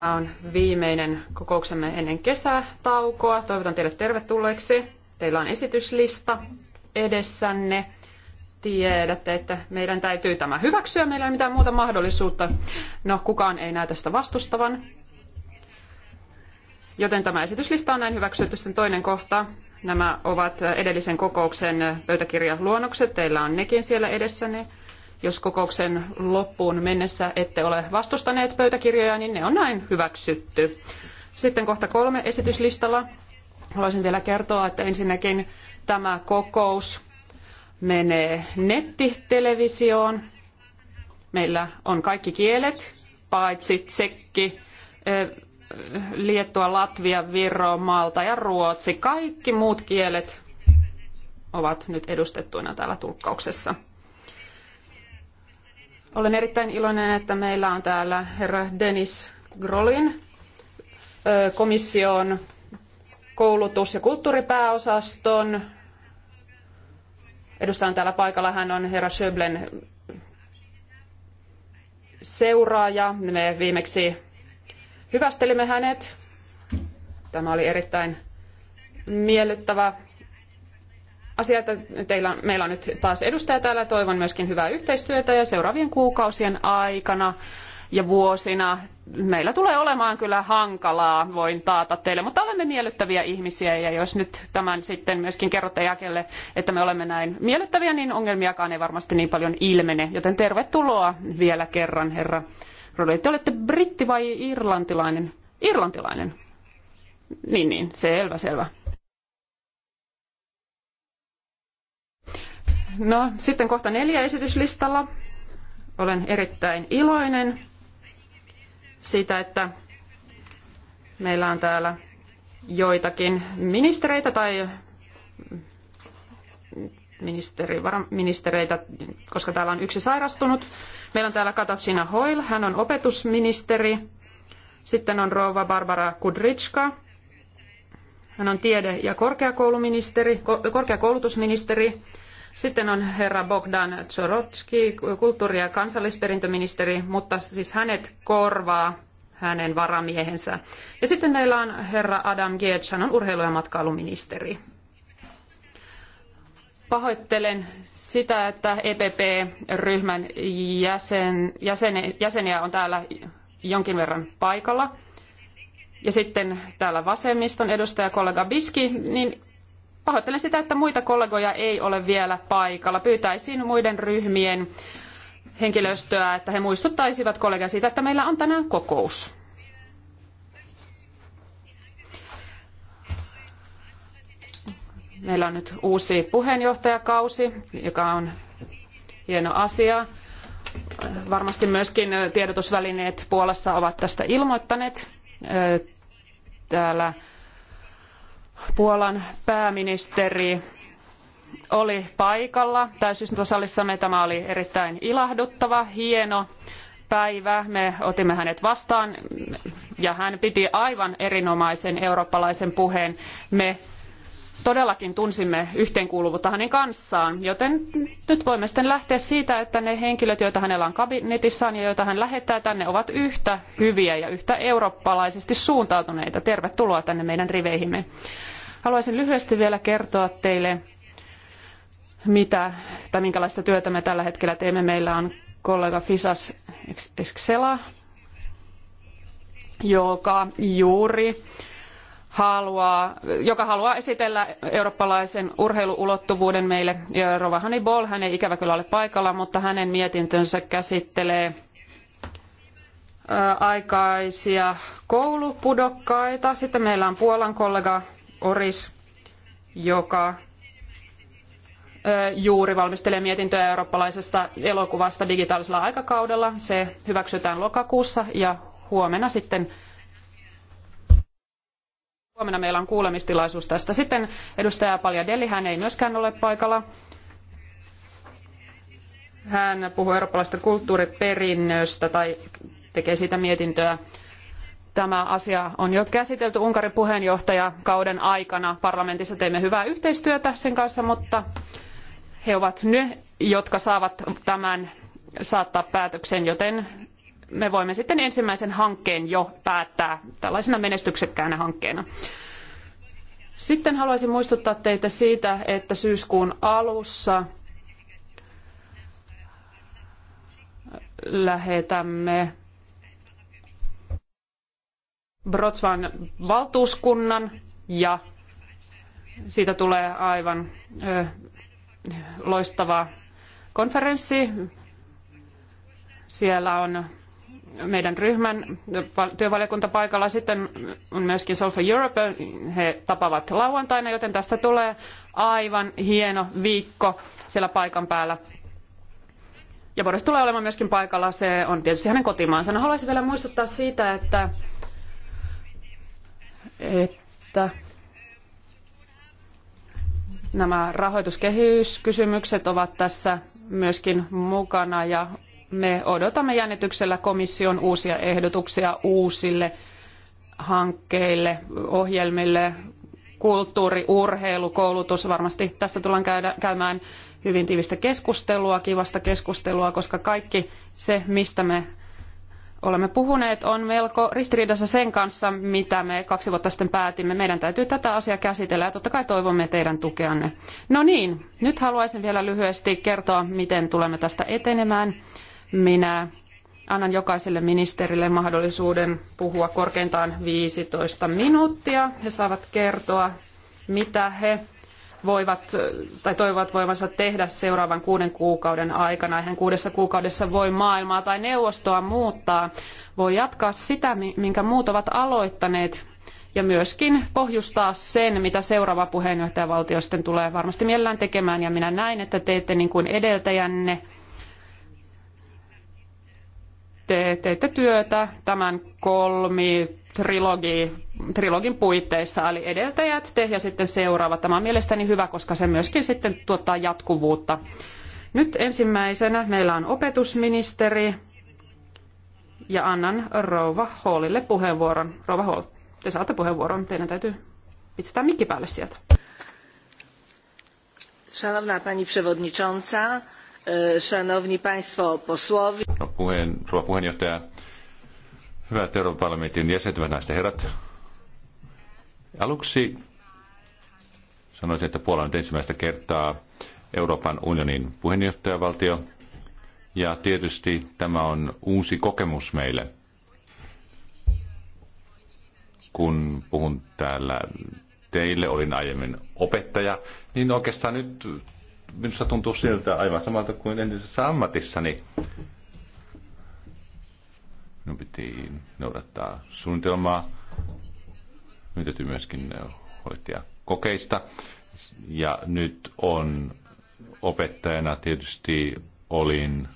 Tämä on viimeinen kokouksemme ennen kesätaukoa. Toivotan teidät tervetulleeksi. Teillä on esityslista edessänne. Tiedätte, että meidän täytyy tämä hyväksyä. Meillä ei ole mitään muuta mahdollisuutta. No, kukaan ei näytä sitä vastustavan. Joten tämä esityslista on näin hyväksytty. Sitten toinen kohta. Nämä ovat edellisen kokouksen pöytäkirjaluonnokset. Teillä on nekin siellä edessänne. Jos kokouksen loppuun mennessä ette ole vastustaneet pöytäkirjoja, niin ne on näin hyväksytty. Sitten kohta kolme esityslistalla. Haluaisin vielä kertoa, että ensinnäkin tämä kokous menee nettitelevisioon. Meillä on kaikki kielet, paitsi tsekki, Liettua, Latvia, Viro, Malta ja Ruotsi. Kaikki muut kielet ovat nyt edustettuina täällä tulkkauksessa. Olen erittäin iloinen, että meillä on täällä herra Dennis Grolin komission koulutus- ja kulttuuripääosaston. Edustajan täällä paikalla hän on herra Schöblen seuraaja. Me viimeksi hyvästelimme hänet. Tämä oli erittäin miellyttävä asia, että teillä, meillä on nyt taas edustaja täällä. Toivon myöskin hyvää yhteistyötä ja seuraavien kuukausien aikana ja vuosina meillä tulee olemaan kyllä hankalaa, voin taata teille, mutta olemme miellyttäviä ihmisiä ja jos nyt tämän sitten myöskin kerrotte jakelle, että me olemme näin miellyttäviä, niin ongelmiakaan ei varmasti niin paljon ilmene, joten tervetuloa vielä kerran, herra Rodoli. Te olette britti vai irlantilainen? Irlantilainen. Niin, niin, selvä, selvä. No, sitten kohta neljä esityslistalla. Olen erittäin iloinen siitä, että meillä on täällä joitakin ministereitä tai ministeri, ministereitä, koska täällä on yksi sairastunut. Meillä on täällä Katarzyna Hoil, hän on opetusministeri. Sitten on rouva Barbara Kudritska, hän on tiede- ja korkeakouluministeri, korkeakoulutusministeri. Sitten on herra Bogdan Chorotski, kulttuuri- ja kansallisperintöministeri, mutta siis hänet korvaa hänen varamiehensä. Ja sitten meillä on herra Adam Gietsch, hän on urheilu- ja matkailuministeri. Pahoittelen sitä, että EPP-ryhmän jäsen, jäseniä on täällä jonkin verran paikalla. Ja sitten täällä vasemmiston edustaja kollega Biski, niin Pahoittelen sitä, että muita kollegoja ei ole vielä paikalla. Pyytäisin muiden ryhmien henkilöstöä, että he muistuttaisivat kollegaa siitä, että meillä on tänään kokous. Meillä on nyt uusi puheenjohtajakausi, joka on hieno asia. Varmasti myöskin tiedotusvälineet Puolassa ovat tästä ilmoittaneet. Täällä Puolan pääministeri oli paikalla täysistuntosalissamme. Tämä oli erittäin ilahduttava, hieno päivä. Me otimme hänet vastaan ja hän piti aivan erinomaisen eurooppalaisen puheen. Me todellakin tunsimme yhteenkuuluvuutta hänen kanssaan, joten nyt voimme sitten lähteä siitä, että ne henkilöt, joita hänellä on kabinetissaan ja joita hän lähettää tänne, ovat yhtä hyviä ja yhtä eurooppalaisesti suuntautuneita. Tervetuloa tänne meidän riveihimme. Haluaisin lyhyesti vielä kertoa teille, mitä tai minkälaista työtä me tällä hetkellä teemme. Meillä on kollega Fisas Excela, joka juuri haluaa, joka haluaa esitellä eurooppalaisen urheiluulottuvuuden meille. ja rovahani Ball, hän ei ikävä kyllä ole paikalla, mutta hänen mietintönsä käsittelee aikaisia koulupudokkaita. Sitten meillä on Puolan kollega Oris, joka juuri valmistelee mietintöä eurooppalaisesta elokuvasta digitaalisella aikakaudella. Se hyväksytään lokakuussa ja huomenna sitten Huomenna meillä on kuulemistilaisuus tästä. Sitten edustaja Palja Deli, hän ei myöskään ole paikalla. Hän puhuu eurooppalaisesta kulttuuriperinnöstä tai tekee siitä mietintöä. Tämä asia on jo käsitelty Unkarin puheenjohtajakauden aikana. Parlamentissa teimme hyvää yhteistyötä sen kanssa, mutta he ovat ne, jotka saavat tämän saattaa päätökseen joten me voimme sitten ensimmäisen hankkeen jo päättää tällaisena menestyksekkäänä hankkeena. Sitten haluaisin muistuttaa teitä siitä, että syyskuun alussa lähetämme Brotsvan valtuuskunnan ja siitä tulee aivan ö, loistava konferenssi. Siellä on meidän ryhmän paikalla Sitten on myöskin Solve for Europe. He tapaavat lauantaina, joten tästä tulee aivan hieno viikko siellä paikan päällä. Ja Boris tulee olemaan myöskin paikalla. Se on tietysti hänen kotimaansa. No, haluaisin vielä muistuttaa siitä, että, että nämä rahoituskehyskysymykset ovat tässä myöskin mukana ja me odotamme jännityksellä komission uusia ehdotuksia uusille hankkeille, ohjelmille, kulttuuri, urheilu, koulutus. Varmasti tästä tullaan käydä, käymään hyvin tiivistä keskustelua, kivasta keskustelua, koska kaikki se, mistä me olemme puhuneet, on melko ristiriidassa sen kanssa, mitä me kaksi vuotta sitten päätimme. Meidän täytyy tätä asiaa käsitellä ja totta kai toivomme teidän tukeanne. No niin, nyt haluaisin vielä lyhyesti kertoa, miten tulemme tästä etenemään. Minä annan jokaiselle ministerille mahdollisuuden puhua korkeintaan 15 minuuttia. He saavat kertoa, mitä he voivat tai toivovat voivansa tehdä seuraavan kuuden kuukauden aikana. Eihän kuudessa kuukaudessa voi maailmaa tai neuvostoa muuttaa. Voi jatkaa sitä, minkä muut ovat aloittaneet ja myöskin pohjustaa sen, mitä seuraava puheenjohtajavaltio sitten tulee varmasti mielellään tekemään. Ja minä näin, että teette niin kuin edeltäjänne te teette työtä tämän kolmi trilogi, trilogin puitteissa, eli edeltäjät te ja sitten seuraava. Tämä on mielestäni hyvä, koska se myöskin sitten tuottaa jatkuvuutta. Nyt ensimmäisenä meillä on opetusministeri ja annan Rouva Hallille puheenvuoron. Rouva Hall, te saatte puheenvuoron. Teidän täytyy pitää mikki päälle sieltä. Szanowna Pani Przewodnicząca, E, szanowni Państwo posłowie. No, puheen, rouva puheenjohtaja, hyvät Euroopan parlamentin jäsenet, hyvät naiset ja herrat. Aluksi sanoisin, että Puola on ensimmäistä kertaa Euroopan unionin puheenjohtajavaltio. Ja tietysti tämä on uusi kokemus meille. Kun puhun täällä teille, olin aiemmin opettaja, niin oikeastaan nyt minusta tuntuu siltä aivan samalta kuin entisessä ammatissani. Minun piti noudattaa suunnitelmaa. Minun täytyy myöskin huolehtia kokeista. Ja nyt on opettajana tietysti olin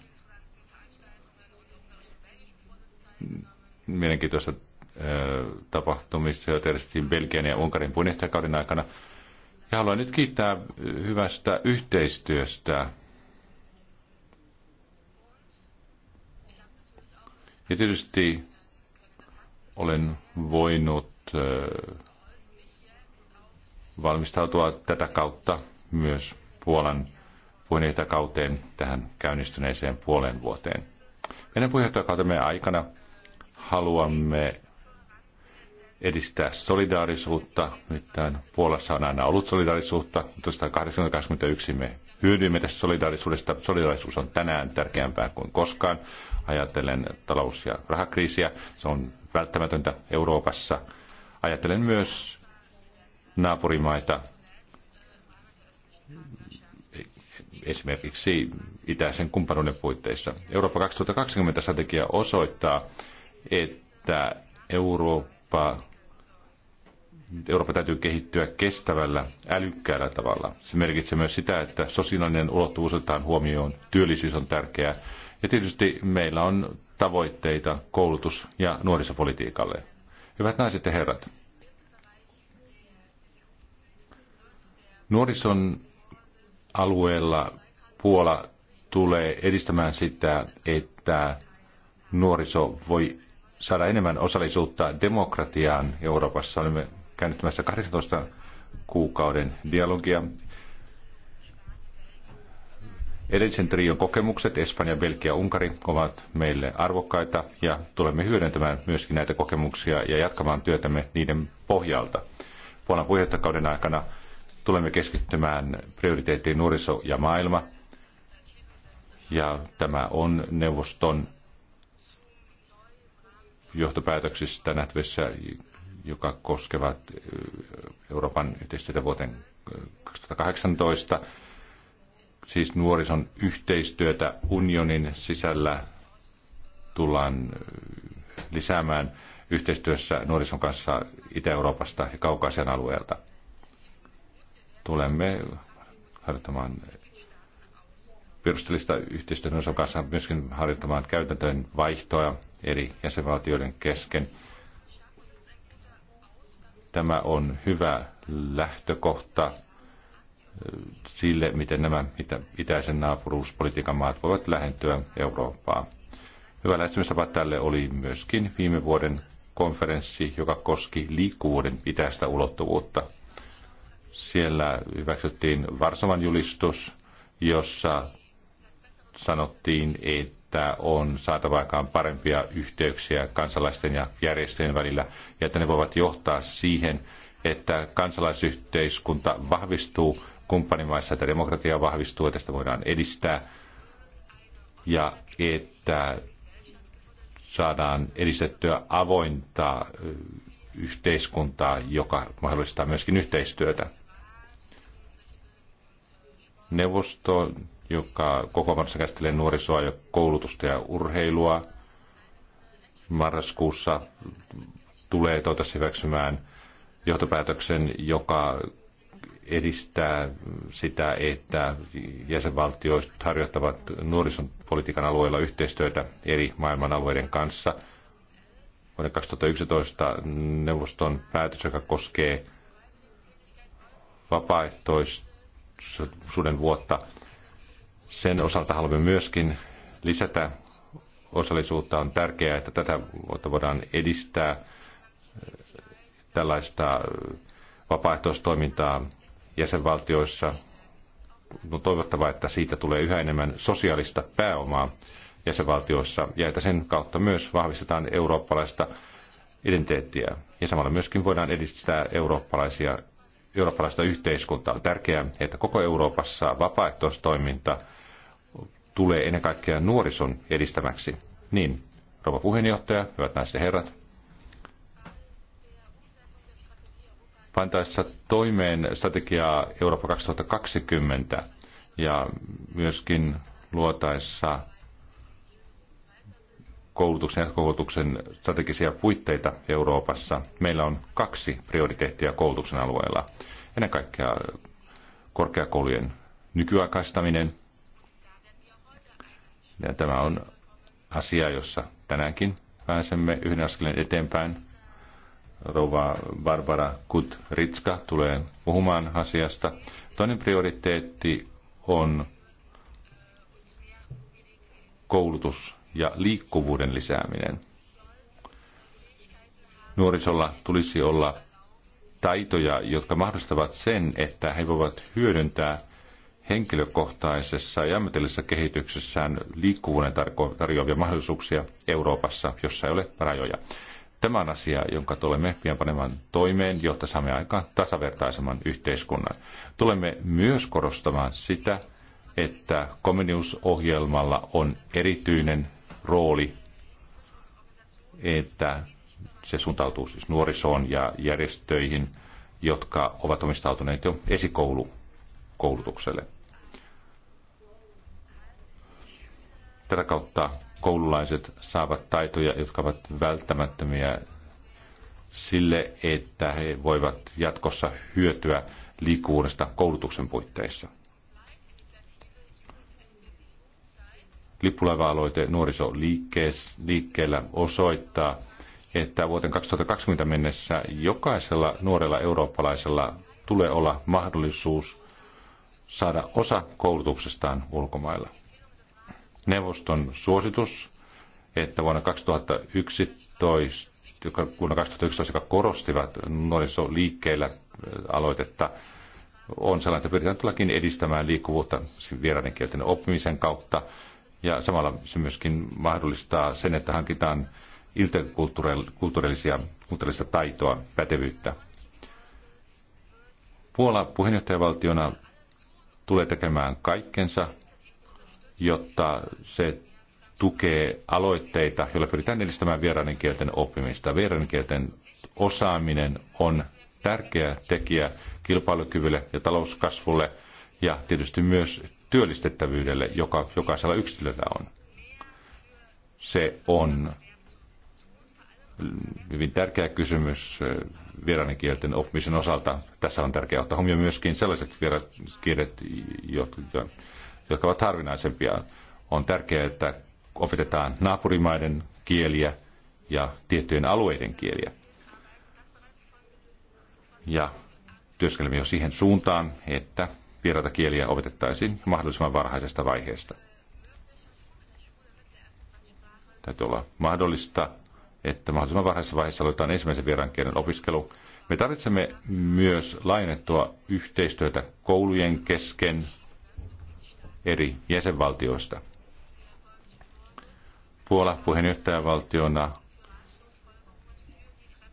mielenkiintoista tapahtumista, joita järjestettiin Belgian ja Unkarin puheenjohtajakauden aikana – ja haluan nyt kiittää hyvästä yhteistyöstä. Ja tietysti olen voinut valmistautua tätä kautta myös Puolan puheenjohtajakauteen tähän käynnistyneeseen puolen vuoteen. Meidän puheenjohtajakautemme aikana haluamme edistää solidaarisuutta. Nimittäin Puolassa on aina ollut solidaarisuutta. 1881 me hyödyimme tästä solidaarisuudesta. Solidaarisuus on tänään tärkeämpää kuin koskaan. Ajatellen talous- ja rahakriisiä. Se on välttämätöntä Euroopassa. Ajattelen myös naapurimaita, esimerkiksi itäisen kumppanuuden puitteissa. Eurooppa 2020 strategia osoittaa, että Eurooppa Eurooppa täytyy kehittyä kestävällä, älykkäällä tavalla. Se merkitsee myös sitä, että sosiaalinen ulottuvuus otetaan huomioon, työllisyys on tärkeää. Ja tietysti meillä on tavoitteita koulutus- ja nuorisopolitiikalle. Hyvät naiset ja herrat, nuorison alueella Puola tulee edistämään sitä, että nuoriso voi saada enemmän osallisuutta demokratiaan Euroopassa. Olemme käynnistämässä 18 kuukauden dialogia. Edellisen trion kokemukset, Espanja, Belgia, Unkari, ovat meille arvokkaita ja tulemme hyödyntämään myöskin näitä kokemuksia ja jatkamaan työtämme niiden pohjalta. Puolan puheenjohtajakauden aikana tulemme keskittymään prioriteettiin nuoriso ja maailma. Ja tämä on neuvoston johtopäätöksistä nähtävissä joka koskevat Euroopan yhteistyötä vuoteen 2018, siis nuorison yhteistyötä unionin sisällä tullaan lisäämään yhteistyössä nuorison kanssa Itä-Euroopasta ja kaukaisen alueelta. Tulemme harjoittamaan perusteellista yhteistyötä nuorison kanssa myöskin harjoittamaan käytäntöjen vaihtoa eri jäsenvaltioiden kesken – Tämä on hyvä lähtökohta äh, sille, miten nämä itäisen naapuruuspolitiikan maat voivat lähentyä Eurooppaa. Hyvä lähestymistapa tälle oli myöskin viime vuoden konferenssi, joka koski liikkuvuuden itäistä ulottuvuutta. Siellä hyväksyttiin Varsovan julistus, jossa sanottiin, että että on saatava aikaan parempia yhteyksiä kansalaisten ja järjestöjen välillä, ja että ne voivat johtaa siihen, että kansalaisyhteiskunta vahvistuu kumppanimaissa, että demokratia vahvistuu, että sitä voidaan edistää, ja että saadaan edistettyä avointa yhteiskuntaa, joka mahdollistaa myöskin yhteistyötä. Neuvosto joka kokoomassa käsittelee nuorisoa ja koulutusta ja urheilua. Marraskuussa tulee toivottavasti hyväksymään johtopäätöksen, joka edistää sitä, että jäsenvaltiot harjoittavat nuorison politiikan alueella yhteistyötä eri maailman alueiden kanssa. Vuoden 2011 neuvoston päätös, joka koskee vapaaehtoisuuden vuotta, sen osalta haluamme myöskin lisätä osallisuutta. On tärkeää, että tätä voidaan edistää äh, tällaista äh, vapaaehtoistoimintaa jäsenvaltioissa. On toivottavaa, että siitä tulee yhä enemmän sosiaalista pääomaa jäsenvaltioissa ja että sen kautta myös vahvistetaan eurooppalaista identiteettiä. Ja samalla myöskin voidaan edistää eurooppalaisia, eurooppalaista yhteiskuntaa. On tärkeää, että koko Euroopassa vapaaehtoistoiminta – tulee ennen kaikkea nuorison edistämäksi. Niin, rouva puheenjohtaja, hyvät naiset ja herrat. Pantaessa toimeen strategiaa Eurooppa 2020 ja myöskin luotaessa koulutuksen ja koulutuksen strategisia puitteita Euroopassa. Meillä on kaksi prioriteettia koulutuksen alueella. Ennen kaikkea korkeakoulujen nykyaikaistaminen ja tämä on asia, jossa tänäänkin pääsemme yhden askeleen eteenpäin. Rouva Barbara Kutritska tulee puhumaan asiasta. Toinen prioriteetti on koulutus ja liikkuvuuden lisääminen. Nuorisolla tulisi olla taitoja, jotka mahdollistavat sen, että he voivat hyödyntää henkilökohtaisessa ja ammatillisessa kehityksessään liikkuvuuden tarjoavia mahdollisuuksia Euroopassa, jossa ei ole rajoja. Tämä on asia, jonka tulemme pian panemaan toimeen, jotta saamme aikaan tasavertaisemman yhteiskunnan. Tulemme myös korostamaan sitä, että Comenius-ohjelmalla on erityinen rooli, että se suuntautuu siis nuorisoon ja järjestöihin, jotka ovat omistautuneet jo esikoulukoulutukselle. Tätä kautta koululaiset saavat taitoja, jotka ovat välttämättömiä sille, että he voivat jatkossa hyötyä liikkuvuudesta koulutuksen puitteissa. Lippulaiva-aloite nuorisoliikkeellä osoittaa, että vuoteen 2020 mennessä jokaisella nuorella eurooppalaisella tulee olla mahdollisuus saada osa koulutuksestaan ulkomailla neuvoston suositus, että vuonna 2011, vuonna 2011 joka korostivat nuorisoliikkeellä äh, aloitetta, on sellainen, että pyritään tullakin edistämään liikkuvuutta siis vieraiden kielten oppimisen kautta. Ja samalla se myöskin mahdollistaa sen, että hankitaan interkulttuurillisia kulttuurillista taitoa, pätevyyttä. Puola puheenjohtajavaltiona tulee tekemään kaikkensa, jotta se tukee aloitteita, joilla pyritään edistämään vieraiden kielten oppimista. Vieraiden kielten osaaminen on tärkeä tekijä kilpailukyvylle ja talouskasvulle ja tietysti myös työllistettävyydelle, joka jokaisella yksilöllä on. Se on hyvin tärkeä kysymys vieraiden kielten oppimisen osalta. Tässä on tärkeää ottaa huomioon myöskin sellaiset vieraat kielet, jotka jotka ovat harvinaisempia. On tärkeää, että opetetaan naapurimaiden kieliä ja tiettyjen alueiden kieliä. Ja työskentelemme jo siihen suuntaan, että vieraita kieliä opetettaisiin mahdollisimman varhaisesta vaiheesta. Täytyy olla mahdollista, että mahdollisimman varhaisessa vaiheessa aloitetaan ensimmäisen vieraan kielen opiskelu. Me tarvitsemme myös lainettua yhteistyötä koulujen kesken, eri jäsenvaltioista. Puola puheenjohtajavaltiona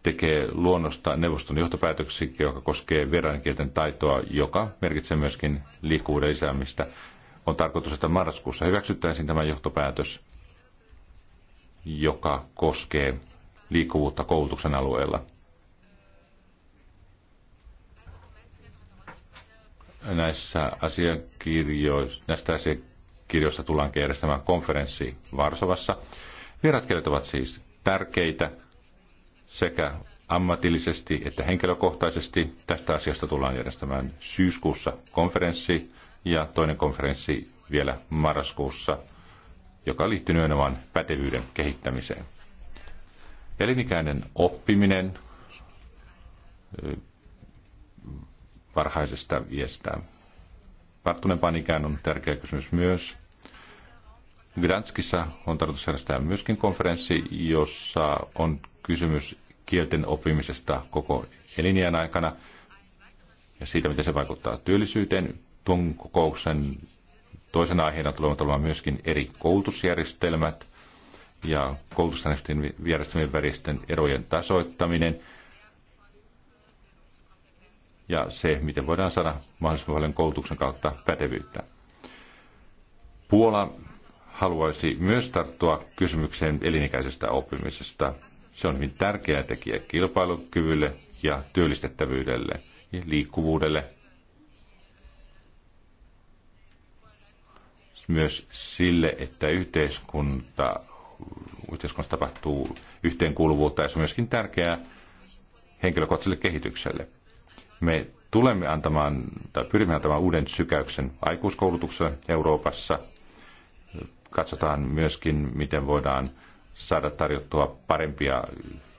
tekee luonnosta neuvoston johtopäätöksiä, joka koskee vieraankielten taitoa, joka merkitsee myöskin liikkuvuuden lisäämistä. On tarkoitus, että marraskuussa hyväksyttäisiin tämä johtopäätös, joka koskee liikkuvuutta koulutuksen alueella. näissä asiakirjoissa, näistä asiakirjoista tullaan järjestämään konferenssi Varsovassa. Vieratkielet ovat siis tärkeitä sekä ammatillisesti että henkilökohtaisesti. Tästä asiasta tullaan järjestämään syyskuussa konferenssi ja toinen konferenssi vielä marraskuussa, joka liittyy nimenomaan pätevyyden kehittämiseen. Elinikäinen oppiminen varhaisesta viestää. Varttuneempaan panikään on tärkeä kysymys myös. Gdanskissa on tarkoitus järjestää myöskin konferenssi, jossa on kysymys kielten oppimisesta koko elinjään aikana ja siitä, miten se vaikuttaa työllisyyteen. Tuon kokouksen toisena aiheena tulevat olemaan myöskin eri koulutusjärjestelmät ja koulutusjärjestelmien väristen erojen tasoittaminen – ja se, miten voidaan saada mahdollisimman paljon koulutuksen kautta pätevyyttä. Puola haluaisi myös tarttua kysymykseen elinikäisestä oppimisesta. Se on hyvin tärkeä tekijä kilpailukyvylle ja työllistettävyydelle ja liikkuvuudelle. Myös sille, että yhteiskunta, yhteiskunnassa tapahtuu yhteenkuuluvuutta ja se on myöskin tärkeää henkilökohtaiselle kehitykselle. Me tulemme antamaan tai pyrimme antamaan uuden sykäyksen aikuiskoulutukselle Euroopassa. Katsotaan myöskin, miten voidaan saada tarjottua parempia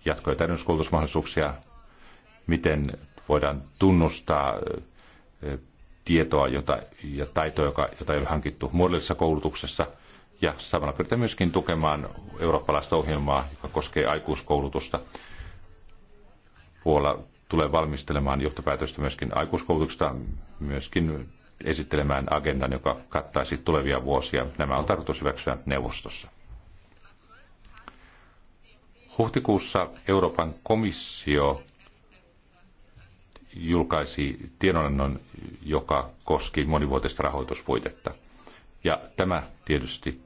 jatko- ja täydennyskoulutusmahdollisuuksia, miten voidaan tunnustaa eh, tietoa jota, ja taitoa, joka, jota ei ole hankittu muodollisessa koulutuksessa. Ja samalla pyritään myöskin tukemaan eurooppalaista ohjelmaa, joka koskee aikuiskoulutusta. Puola tulee valmistelemaan johtopäätöstä myöskin aikuiskoulutuksesta, myöskin esittelemään agendan, joka kattaisi tulevia vuosia. Nämä on tarkoitus hyväksyä neuvostossa. Huhtikuussa Euroopan komissio julkaisi tiedonannon, joka koski monivuotista rahoituspuitetta. Ja tämä tietysti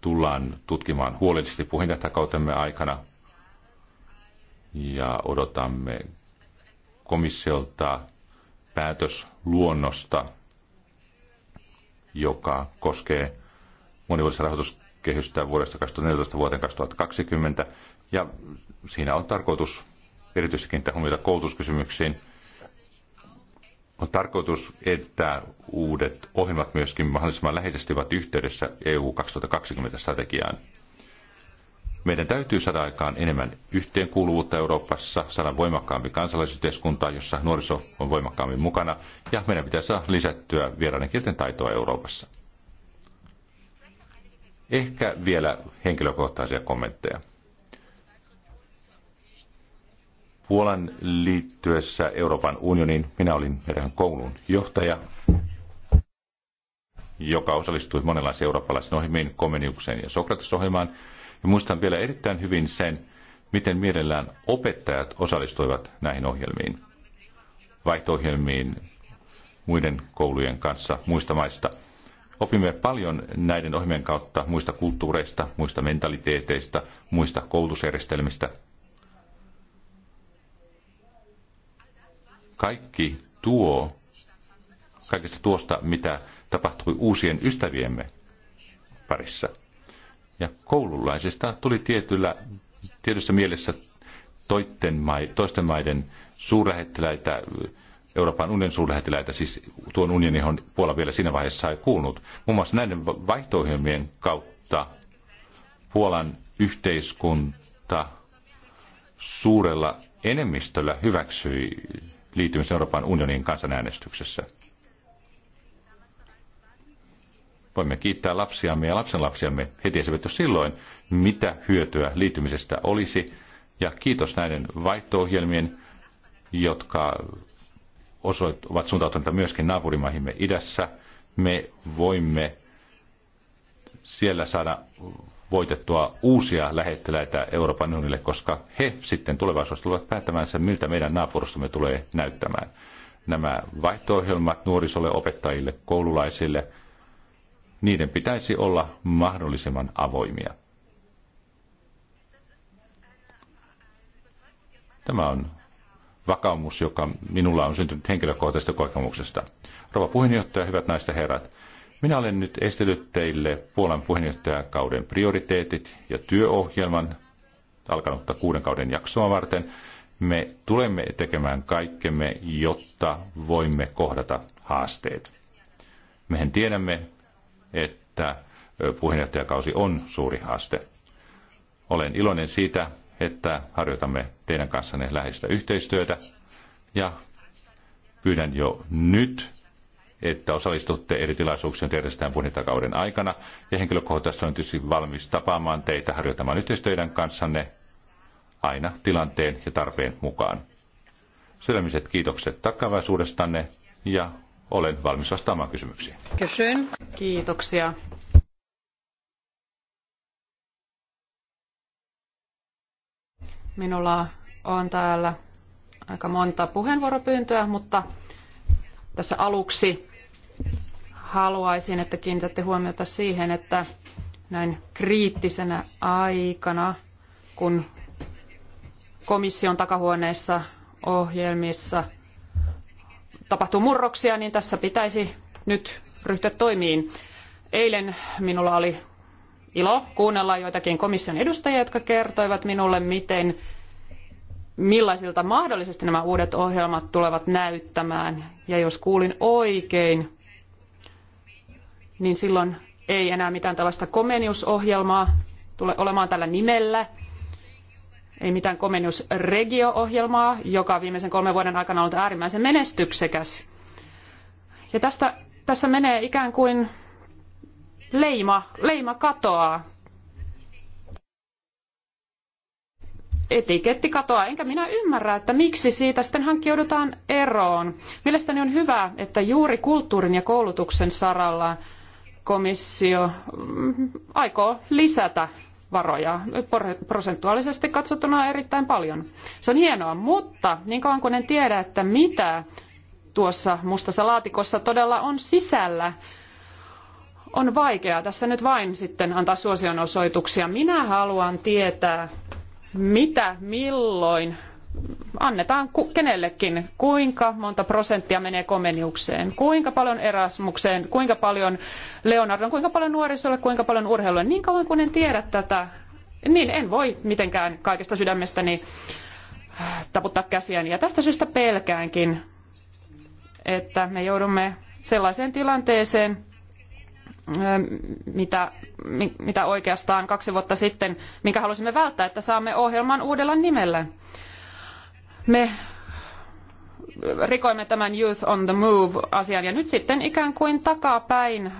tullaan tutkimaan huolellisesti puheenjohtajakautemme aikana ja odotamme komissiolta päätösluonnosta, joka koskee monivuotista rahoituskehystä vuodesta 2014 vuoteen 2020. Ja siinä on tarkoitus erityisesti kiinnittää huomiota koulutuskysymyksiin. On tarkoitus, että uudet ohjelmat myöskin mahdollisimman läheisesti ovat yhteydessä EU 2020 strategiaan. Meidän täytyy saada aikaan enemmän yhteenkuuluvuutta Euroopassa, saada voimakkaampi kansalaisyhteiskunta, jossa nuoriso on voimakkaammin mukana, ja meidän pitää saada lisättyä vieraiden kielten taitoa Euroopassa. Ehkä vielä henkilökohtaisia kommentteja. Puolan liittyessä Euroopan unioniin minä olin meidän koulun johtaja, joka osallistui monenlaisiin eurooppalaisiin ohjelmiin, Komeniukseen ja Sokratesohjelmaan – ja muistan vielä erittäin hyvin sen, miten mielellään opettajat osallistuivat näihin ohjelmiin, vaihto muiden koulujen kanssa muista maista. Opimme paljon näiden ohjelmien kautta muista kulttuureista, muista mentaliteeteista, muista koulutusjärjestelmistä. Kaikki tuo, kaikesta tuosta, mitä tapahtui uusien ystäviemme parissa – ja koululaisista tuli tietyllä, tietyssä mielessä toisten, toisten maiden suurlähettiläitä, Euroopan unionin suurlähettiläitä, siis tuon unionin, johon Puola vielä siinä vaiheessa ei kuulunut. Muun muassa näiden vaihto kautta Puolan yhteiskunta suurella enemmistöllä hyväksyi liittymisen Euroopan unionin kansanäänestyksessä. Voimme kiittää lapsiamme ja lapsenlapsiamme. He tiesivät jo silloin, mitä hyötyä liittymisestä olisi. Ja kiitos näiden vaihto-ohjelmien, jotka osoit, ovat suuntautuneita myöskin naapurimaihimme idässä. Me voimme siellä saada voitettua uusia lähettiläitä Euroopan unionille, koska he sitten tulevaisuudessa tulevat päättämään sen, miltä meidän naapurustamme tulee näyttämään. Nämä vaihto-ohjelmat nuorisolle, opettajille, koululaisille – niiden pitäisi olla mahdollisimman avoimia. Tämä on vakaumus, joka minulla on syntynyt henkilökohtaisesta kokemuksesta. Rova puheenjohtaja, hyvät naiset herrat, minä olen nyt estellyt teille Puolan puheenjohtajakauden prioriteetit ja työohjelman alkanutta kuuden kauden jaksoa varten. Me tulemme tekemään kaikkemme, jotta voimme kohdata haasteet. Mehän tiedämme, että puheenjohtajakausi on suuri haaste. Olen iloinen siitä, että harjoitamme teidän kanssanne läheistä yhteistyötä ja pyydän jo nyt, että osallistutte eri tilaisuuksien järjestetään puheenjohtajakauden aikana ja henkilökohtaisesti olen tietysti valmis tapaamaan teitä harjoittamaan yhteistyötä kanssanne aina tilanteen ja tarpeen mukaan. Sydämiset kiitokset takavaisuudestanne ja olen valmis vastaamaan kysymyksiin. Kysyn. Kiitoksia. Minulla on täällä aika monta puheenvuoropyyntöä, mutta tässä aluksi haluaisin, että kiinnitätte huomiota siihen, että näin kriittisenä aikana, kun komission takahuoneessa ohjelmissa – tapahtuu murroksia, niin tässä pitäisi nyt ryhtyä toimiin. Eilen minulla oli ilo kuunnella joitakin komission edustajia, jotka kertoivat minulle, miten millaisilta mahdollisesti nämä uudet ohjelmat tulevat näyttämään. Ja jos kuulin oikein, niin silloin ei enää mitään tällaista komeniusohjelmaa tule olemaan tällä nimellä, ei mitään regio ohjelmaa joka viimeisen kolmen vuoden aikana on ollut äärimmäisen menestyksekäs. Ja tästä, tässä menee ikään kuin leima, leima katoaa. Etiketti katoaa, enkä minä ymmärrä, että miksi siitä sitten hankkiudutaan eroon. Mielestäni on hyvä, että juuri kulttuurin ja koulutuksen saralla komissio mm, aikoo lisätä varoja prosentuaalisesti katsottuna erittäin paljon. Se on hienoa, mutta niin kauan kuin en tiedä, että mitä tuossa mustassa laatikossa todella on sisällä, on vaikeaa tässä nyt vain sitten antaa suosionosoituksia. Minä haluan tietää, mitä milloin annetaan kenellekin, kuinka monta prosenttia menee komeniukseen, kuinka paljon Erasmukseen, kuinka paljon Leonardon, kuinka paljon nuorisolle, kuinka paljon urheilulle. Niin kauan kuin en tiedä tätä, niin en voi mitenkään kaikesta sydämestäni taputtaa käsiäni. Ja tästä syystä pelkäänkin, että me joudumme sellaiseen tilanteeseen, mitä, mitä oikeastaan kaksi vuotta sitten, minkä halusimme välttää, että saamme ohjelman uudella nimellä me rikoimme tämän Youth on the Move-asian ja nyt sitten ikään kuin takapäin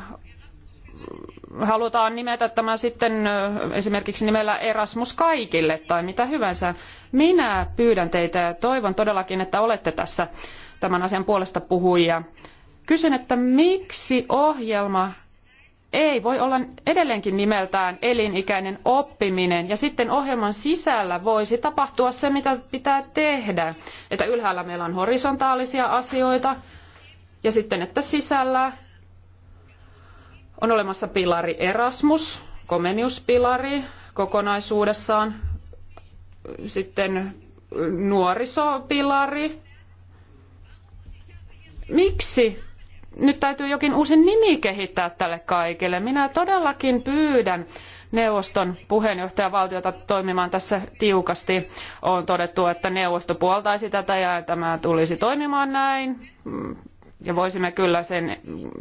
halutaan nimetä tämä sitten esimerkiksi nimellä Erasmus kaikille tai mitä hyvänsä. Minä pyydän teitä ja toivon todellakin, että olette tässä tämän asian puolesta puhujia. Kysyn, että miksi ohjelma ei voi olla edelleenkin nimeltään elinikäinen oppiminen. Ja sitten ohjelman sisällä voisi tapahtua se, mitä pitää tehdä. Että ylhäällä meillä on horisontaalisia asioita ja sitten, että sisällä on olemassa pilari Erasmus, komeniuspilari kokonaisuudessaan, sitten nuorisopilari. Miksi nyt täytyy jokin uusi nimi kehittää tälle kaikille. Minä todellakin pyydän neuvoston puheenjohtajavaltiota toimimaan tässä tiukasti. On todettu, että neuvosto puoltaisi tätä ja tämä tulisi toimimaan näin. Ja voisimme kyllä sen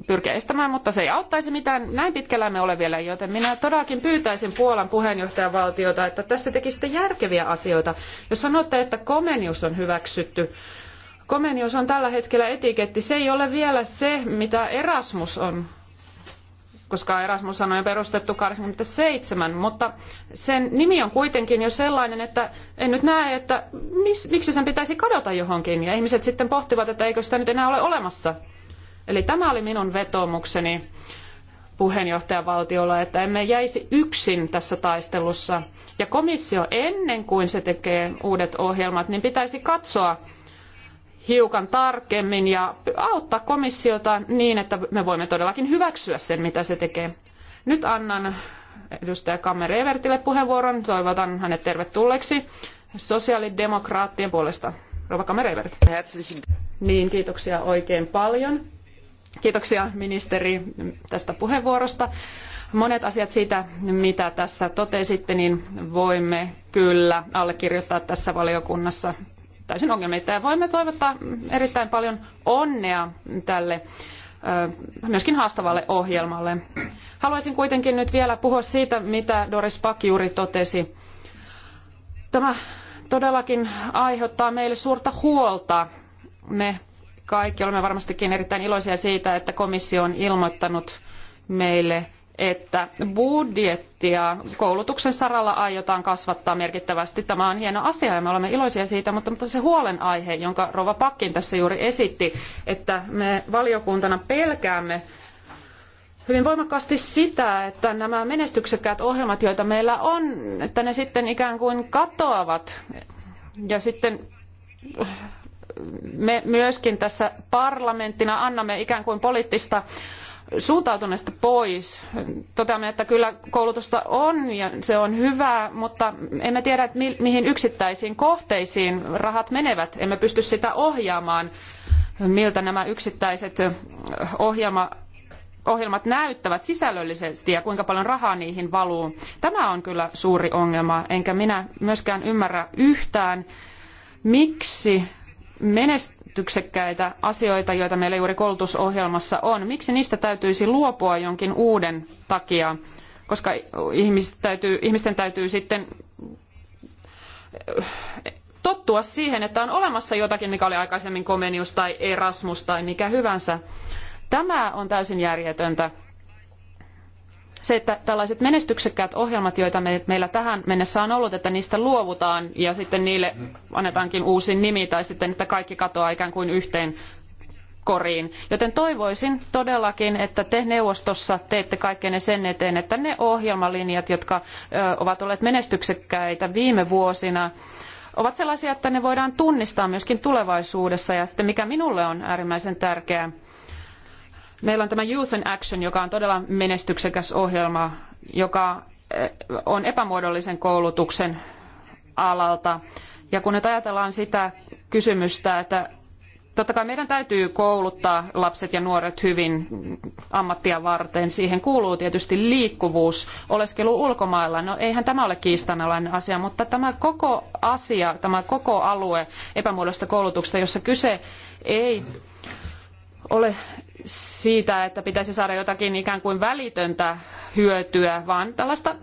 pyrkiä estämään, mutta se ei auttaisi mitään. Näin pitkällä me ole vielä, joten minä todellakin pyytäisin Puolan puheenjohtajavaltiota, että tässä tekisitte järkeviä asioita. Jos sanotte, että komenius on hyväksytty, Komenius on tällä hetkellä etiketti. Se ei ole vielä se, mitä Erasmus on, koska Erasmus on jo perustettu 87, mutta sen nimi on kuitenkin jo sellainen, että en nyt näe, että mis, miksi sen pitäisi kadota johonkin. Ja ihmiset sitten pohtivat, että eikö sitä nyt enää ole olemassa. Eli tämä oli minun vetoomukseni puheenjohtajavaltiolla, että emme jäisi yksin tässä taistelussa. Ja komissio ennen kuin se tekee uudet ohjelmat, niin pitäisi katsoa, hiukan tarkemmin ja auttaa komissiota niin, että me voimme todellakin hyväksyä sen, mitä se tekee. Nyt annan edustaja Kammer Evertille puheenvuoron. Toivotan hänet tervetulleeksi sosiaalidemokraattien puolesta. Rova Kammer Evert. Niin, kiitoksia oikein paljon. Kiitoksia ministeri tästä puheenvuorosta. Monet asiat siitä, mitä tässä totesitte, niin voimme kyllä allekirjoittaa tässä valiokunnassa täysin ongelmitta. Ja voimme toivottaa erittäin paljon onnea tälle myöskin haastavalle ohjelmalle. Haluaisin kuitenkin nyt vielä puhua siitä, mitä Doris Pak juuri totesi. Tämä todellakin aiheuttaa meille suurta huolta. Me kaikki olemme varmastikin erittäin iloisia siitä, että komissio on ilmoittanut meille että budjettia koulutuksen saralla aiotaan kasvattaa merkittävästi. Tämä on hieno asia ja me olemme iloisia siitä, mutta, mutta se huolenaihe, jonka Rova Pakkin tässä juuri esitti, että me valiokuntana pelkäämme hyvin voimakkaasti sitä, että nämä menestyksekkäät ohjelmat, joita meillä on, että ne sitten ikään kuin katoavat ja sitten me myöskin tässä parlamenttina annamme ikään kuin poliittista suuntautuneesta pois. Toteamme, että kyllä koulutusta on ja se on hyvää, mutta emme tiedä, mihin yksittäisiin kohteisiin rahat menevät. Emme pysty sitä ohjaamaan, miltä nämä yksittäiset ohjelma, ohjelmat näyttävät sisällöllisesti ja kuinka paljon rahaa niihin valuu. Tämä on kyllä suuri ongelma, enkä minä myöskään ymmärrä yhtään, miksi menest merkityksekkäitä asioita, joita meillä juuri koulutusohjelmassa on. Miksi niistä täytyisi luopua jonkin uuden takia? Koska täytyy, ihmisten täytyy sitten eh, tottua siihen, että on olemassa jotakin, mikä oli aikaisemmin Comenius tai Erasmus tai mikä hyvänsä. Tämä on täysin järjetöntä se, että tällaiset menestyksekkäät ohjelmat, joita meillä tähän mennessä on ollut, että niistä luovutaan ja sitten niille annetaankin uusi nimi tai sitten, että kaikki katoaa ikään kuin yhteen koriin. Joten toivoisin todellakin, että te neuvostossa teette kaikkenne sen eteen, että ne ohjelmalinjat, jotka ovat olleet menestyksekkäitä viime vuosina, ovat sellaisia, että ne voidaan tunnistaa myöskin tulevaisuudessa. Ja sitten mikä minulle on äärimmäisen tärkeää, Meillä on tämä Youth in Action, joka on todella menestyksekäs ohjelma, joka eh, on epämuodollisen koulutuksen alalta. Ja kun nyt ajatellaan sitä kysymystä, että totta kai meidän täytyy kouluttaa lapset ja nuoret hyvin ammattia varten. Siihen kuuluu tietysti liikkuvuus, oleskelu ulkomailla. No eihän tämä ole kiistanalainen asia, mutta tämä koko asia, tämä koko alue epämuodollista koulutuksesta, jossa kyse ei ole siitä, että pitäisi saada jotakin ikään kuin välitöntä hyötyä, vaan tällaista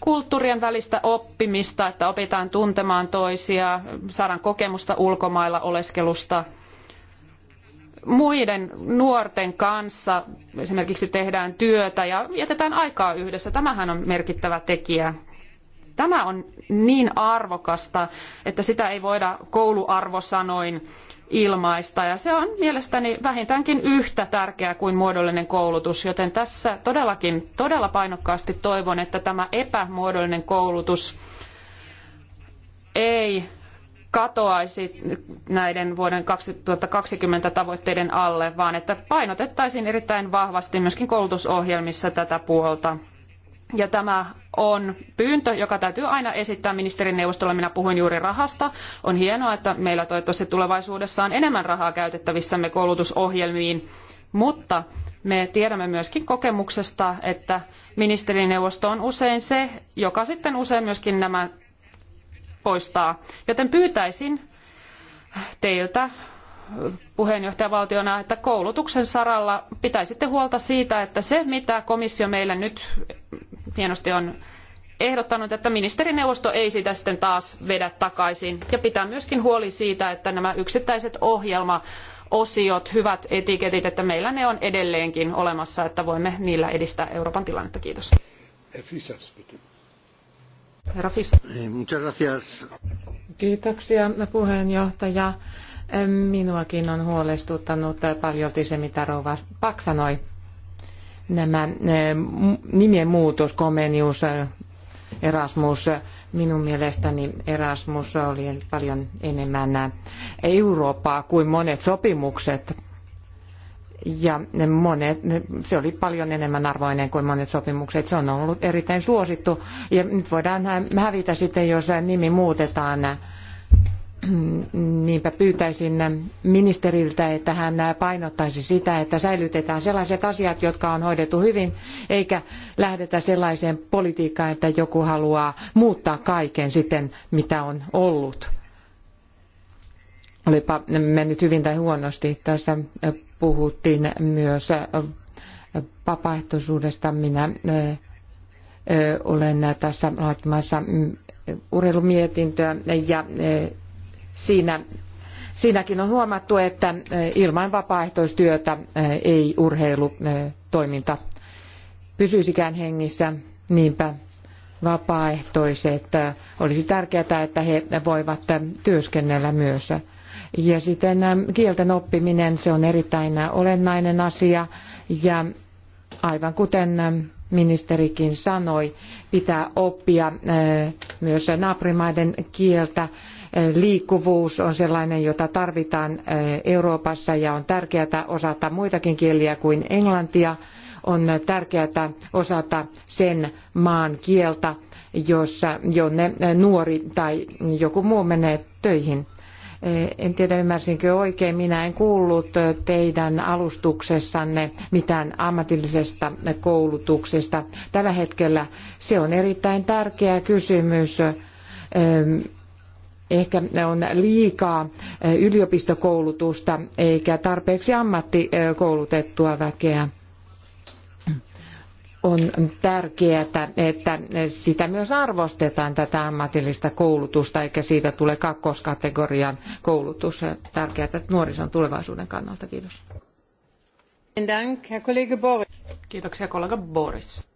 kulttuurien välistä oppimista, että opitaan tuntemaan toisia, saadaan kokemusta ulkomailla oleskelusta muiden nuorten kanssa esimerkiksi tehdään työtä ja jätetään aikaa yhdessä. Tämähän on merkittävä tekijä. Tämä on niin arvokasta, että sitä ei voida kouluarvosanoin ilmaista. Ja se on mielestäni vähintäänkin yhtä tärkeää kuin muodollinen koulutus, joten tässä todellakin todella painokkaasti toivon, että tämä epämuodollinen koulutus ei katoaisi näiden vuoden 2020 tavoitteiden alle, vaan että painotettaisiin erittäin vahvasti myöskin koulutusohjelmissa tätä puolta. Ja tämä on pyyntö, joka täytyy aina esittää ministerineuvostolle. Minä puhuin juuri rahasta. On hienoa, että meillä toivottavasti tulevaisuudessa on enemmän rahaa käytettävissämme koulutusohjelmiin, mutta me tiedämme myöskin kokemuksesta, että ministerineuvosto on usein se, joka sitten usein myöskin nämä poistaa. Joten pyytäisin teiltä puheenjohtajavaltiona, että koulutuksen saralla pitäisitte huolta siitä, että se mitä komissio meillä nyt hienosti on ehdottanut, että ministerineuvosto ei sitä sitten taas vedä takaisin. Ja pitää myöskin huoli siitä, että nämä yksittäiset ohjelmaosiot, hyvät etiketit, että meillä ne on edelleenkin olemassa, että voimme niillä edistää Euroopan tilannetta. Kiitos. Herra Muchas gracias. Kiitoksia puheenjohtaja. Minuakin on huolestuttanut paljolti se, mitä Rouva Pak sanoi. Nämä nimien muutos, Komenius, Erasmus, minun mielestäni Erasmus oli paljon enemmän Eurooppaa kuin monet sopimukset ja monet, se oli paljon enemmän arvoinen kuin monet sopimukset. Se on ollut erittäin suosittu ja nyt voidaan hävitä sitten, jos nimi muutetaan. Niinpä pyytäisin ministeriltä, että hän painottaisi sitä, että säilytetään sellaiset asiat, jotka on hoidettu hyvin, eikä lähdetä sellaiseen politiikkaan, että joku haluaa muuttaa kaiken sitten, mitä on ollut olipa mennyt hyvin tai huonosti. Tässä puhuttiin myös vapaaehtoisuudesta. Minä olen tässä laatimassa urheilumietintöä ja siinä, siinäkin on huomattu, että ilman vapaaehtoistyötä ei urheilutoiminta pysyisikään hengissä. Niinpä vapaaehtoiset olisi tärkeää, että he voivat työskennellä myös ja sitten ähm, kielten oppiminen, se on erittäin äh, olennainen asia ja aivan kuten ähm, ministerikin sanoi, pitää oppia äh, myös naapurimaiden kieltä. Äh, liikkuvuus on sellainen, jota tarvitaan Euroopassa ja on tärkeää osata muitakin kieliä kuin englantia. On tärkeää osata sen maan kieltä, jossa, jonne nuori tai joku muu menee töihin. Eh, en tiedä, ymmärsinkö oikein. Minä en kuullut eh, teidän alustuksessanne mitään ammatillisesta koulutuksesta. Tällä hetkellä se on erittäin tärkeä kysymys. Ehkä on liikaa eh, yliopistokoulutusta eikä tarpeeksi ammattikoulutettua väkeä on tärkeää, että sitä myös arvostetaan tätä ammatillista koulutusta, eikä siitä tule kakkoskategorian koulutus. Tärkeää nuorison tulevaisuuden kannalta. Kiitos. Kiitoksia kollega Boris.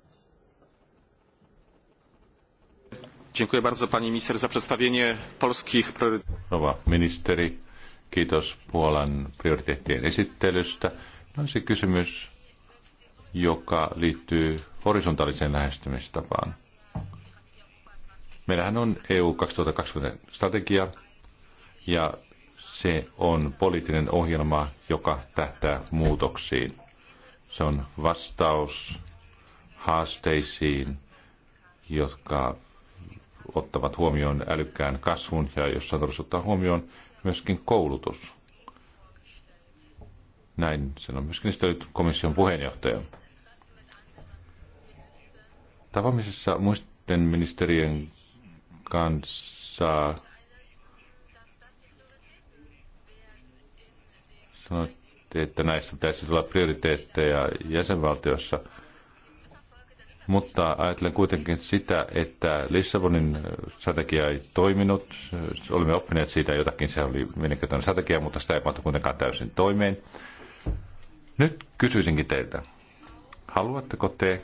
Dziękuję bardzo pani minister za przedstawienie polskich priorytetów. kiitos Puolan prioriteettien esittelystä. No se kysymys joka liittyy horisontaaliseen lähestymistapaan. Meillähän on EU 2020 strategia ja se on poliittinen ohjelma, joka tähtää muutoksiin. Se on vastaus haasteisiin, jotka ottavat huomioon älykkään kasvun ja jossa on ottaa huomioon myöskin koulutus. Näin sen on myöskin esitellyt komission puheenjohtaja. Tapaamisessa muisten ministerien kanssa sanoitte, että näistä pitäisi olla prioriteetteja jäsenvaltiossa. Mutta ajattelen kuitenkin sitä, että Lissabonin strategia ei toiminut. Olimme oppineet siitä jotakin, se oli mielenkiintoinen strategia, mutta sitä ei pantu kuitenkaan täysin toimeen. Nyt kysyisinkin teiltä, haluatteko te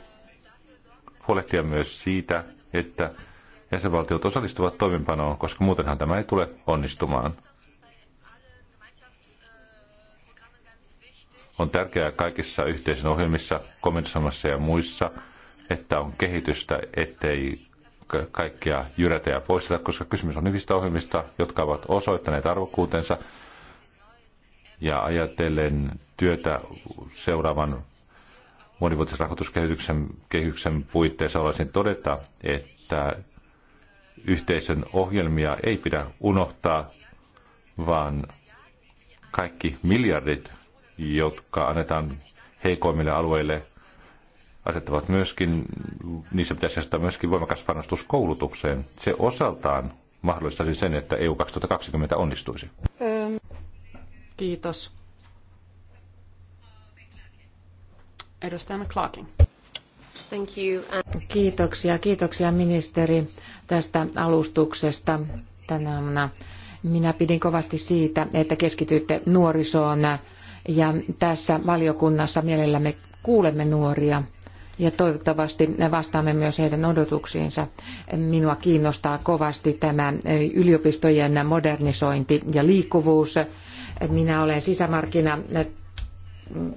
huolehtia myös siitä, että jäsenvaltiot osallistuvat toimenpanoon, koska muutenhan tämä ei tule onnistumaan. On tärkeää kaikissa yhteisön ohjelmissa, komentosomassa ja muissa, että on kehitystä, ettei kaikkia jyrätä ja poisteta, koska kysymys on hyvistä ohjelmista, jotka ovat osoittaneet arvokkuutensa. Ja ajatellen työtä seuraavan monivuotisrahoituskehyksen kehyksen puitteissa haluaisin todeta, että yhteisön ohjelmia ei pidä unohtaa, vaan kaikki miljardit, jotka annetaan heikoimmille alueille, asettavat myöskin, niissä pitäisi asettaa myöskin voimakas panostus koulutukseen. Se osaltaan mahdollistaisi sen, että EU 2020 onnistuisi. Kiitos. Edustaja McClarkin. Thank you. Kiitoksia, kiitoksia ministeri tästä alustuksesta tänä aamuna. Minä pidin kovasti siitä, että keskityitte nuorisoon ja tässä valiokunnassa mielellämme kuulemme nuoria ja toivottavasti vastaamme myös heidän odotuksiinsa. Minua kiinnostaa kovasti tämä yliopistojen modernisointi ja liikkuvuus. Minä olen sisämarkkina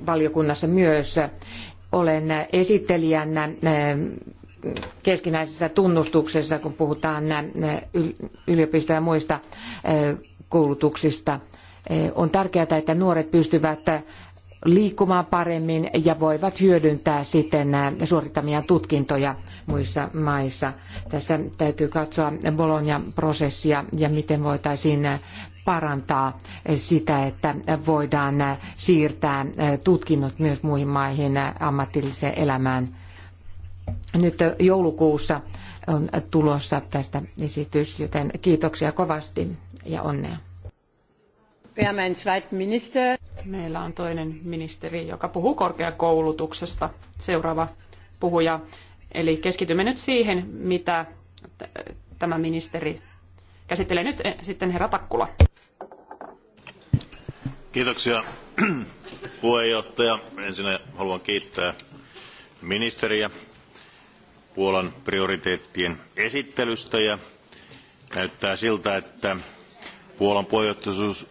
valiokunnassa myös. Olen esittelijänä äh, keskinäisessä tunnustuksessa, kun puhutaan äh, yliopistojen ja muista äh, koulutuksista. On tärkeää, että nuoret pystyvät liikkumaan paremmin ja voivat hyödyntää sitten suorittamia tutkintoja muissa maissa. Tässä täytyy katsoa Bologna-prosessia ja miten voitaisiin parantaa sitä, että voidaan siirtää tutkinnot myös muihin maihin ammatilliseen elämään. Nyt joulukuussa on tulossa tästä esitys, joten kiitoksia kovasti ja onnea. Meillä on toinen ministeri, joka puhuu korkeakoulutuksesta. Seuraava puhuja. Eli keskitymme nyt siihen, mitä tämä ministeri käsittelee nyt eh, sitten herra Takkula. Kiitoksia puheenjohtaja. Ensin haluan kiittää ministeriä Puolan prioriteettien esittelystä ja näyttää siltä, että Puolan puheenjohtaisuus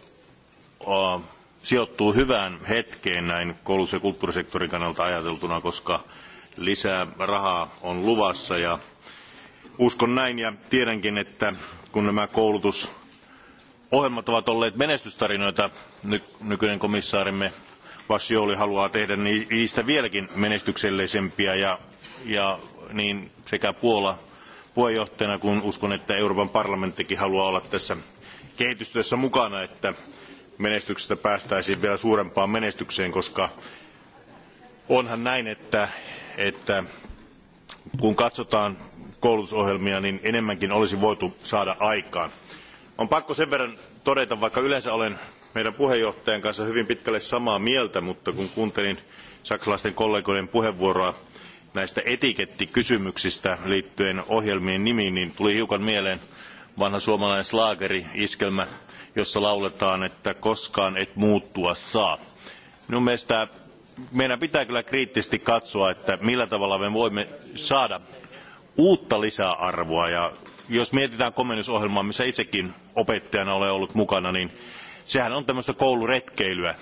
sijoittuu hyvään hetkeen näin koulutus- ja kulttuurisektorin kannalta ajateltuna, koska lisää rahaa on luvassa ja uskon näin ja tiedänkin, että kun nämä koulutusohjelmat ovat olleet menestystarinoita, nykyinen komissaarimme Vassioli haluaa tehdä niin niistä vieläkin menestyksellisempiä ja, ja niin sekä Puola puheenjohtajana kun uskon, että Euroopan parlamenttikin haluaa olla tässä kehitystyössä mukana, että menestyksestä päästäisiin vielä suurempaan menestykseen, koska onhan näin, että, että kun katsotaan koulutusohjelmia niin enemmänkin olisi voitu saada aikaan. on pakko sen verran todeta vaikka yleensä olen meidän puheenjohtajan kanssa hyvin pitkälle samaa mieltä mutta kun kuuntelin saksalaisten kollegoiden puheenvuoroa näistä etikettikysymyksistä liittyen ohjelmien nimiin niin tuli hiukan mieleen vanha suomalainen slaageri iskelmä jossa lauletaan että koskaan et muuttua saa. minun mielestäni meidän pitää kyllä kriittisesti katsoa että millä tavalla me voimme saada uutta lisäarvoa. Ja jos mietitään komennusohjelmaa, missä itsekin opettajana olen ollut mukana, niin sehän on tämmöistä kouluretkeilyä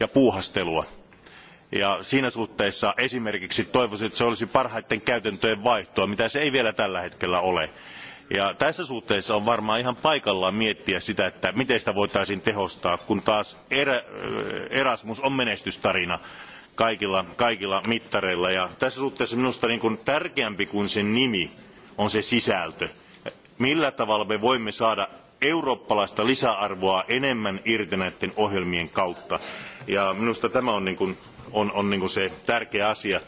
ja puuhastelua. Ja siinä suhteessa esimerkiksi toivoisin, että se olisi parhaiten käytäntöjen vaihtoa, mitä se ei vielä tällä hetkellä ole. Ja tässä suhteessa on varmaan ihan paikallaan miettiä sitä, että miten sitä voitaisiin tehostaa, kun taas Erasmus on menestystarina kaikilla, kaikilla mittareilla. Ja tässä suhteessa minusta niin tärkeämpi kuin sen nimi on se sisältö. Millä tavalla me voimme saada eurooppalaista lisäarvoa enemmän irti näiden ohjelmien kautta. Ja minusta tämä on, niin kuin, on, on niin kuin se tärkeä asia.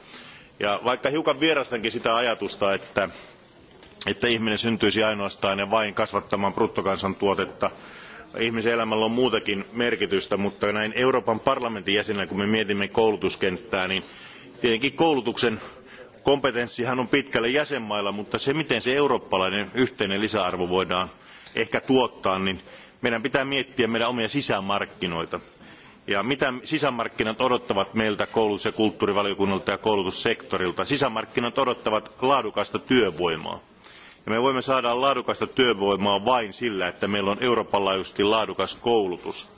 Ja vaikka hiukan vierastankin sitä ajatusta, että, että ihminen syntyisi ainoastaan ja vain kasvattamaan bruttokansantuotetta, ihmisen elämällä on muutakin merkitystä, mutta näin Euroopan parlamentin jäsenenä, kun me mietimme koulutuskenttää, niin tietenkin koulutuksen kompetenssihan on pitkälle jäsenmailla, mutta se miten se eurooppalainen yhteinen lisäarvo voidaan ehkä tuottaa, niin meidän pitää miettiä meidän omia sisämarkkinoita. Ja mitä sisämarkkinat odottavat meiltä koulutus- ja kulttuurivaliokunnalta ja koulutussektorilta? Sisämarkkinat odottavat laadukasta työvoimaa ja me voimme saada laadukasta työvoimaa vain sillä, että meillä on Euroopan laajuisesti laadukas koulutus.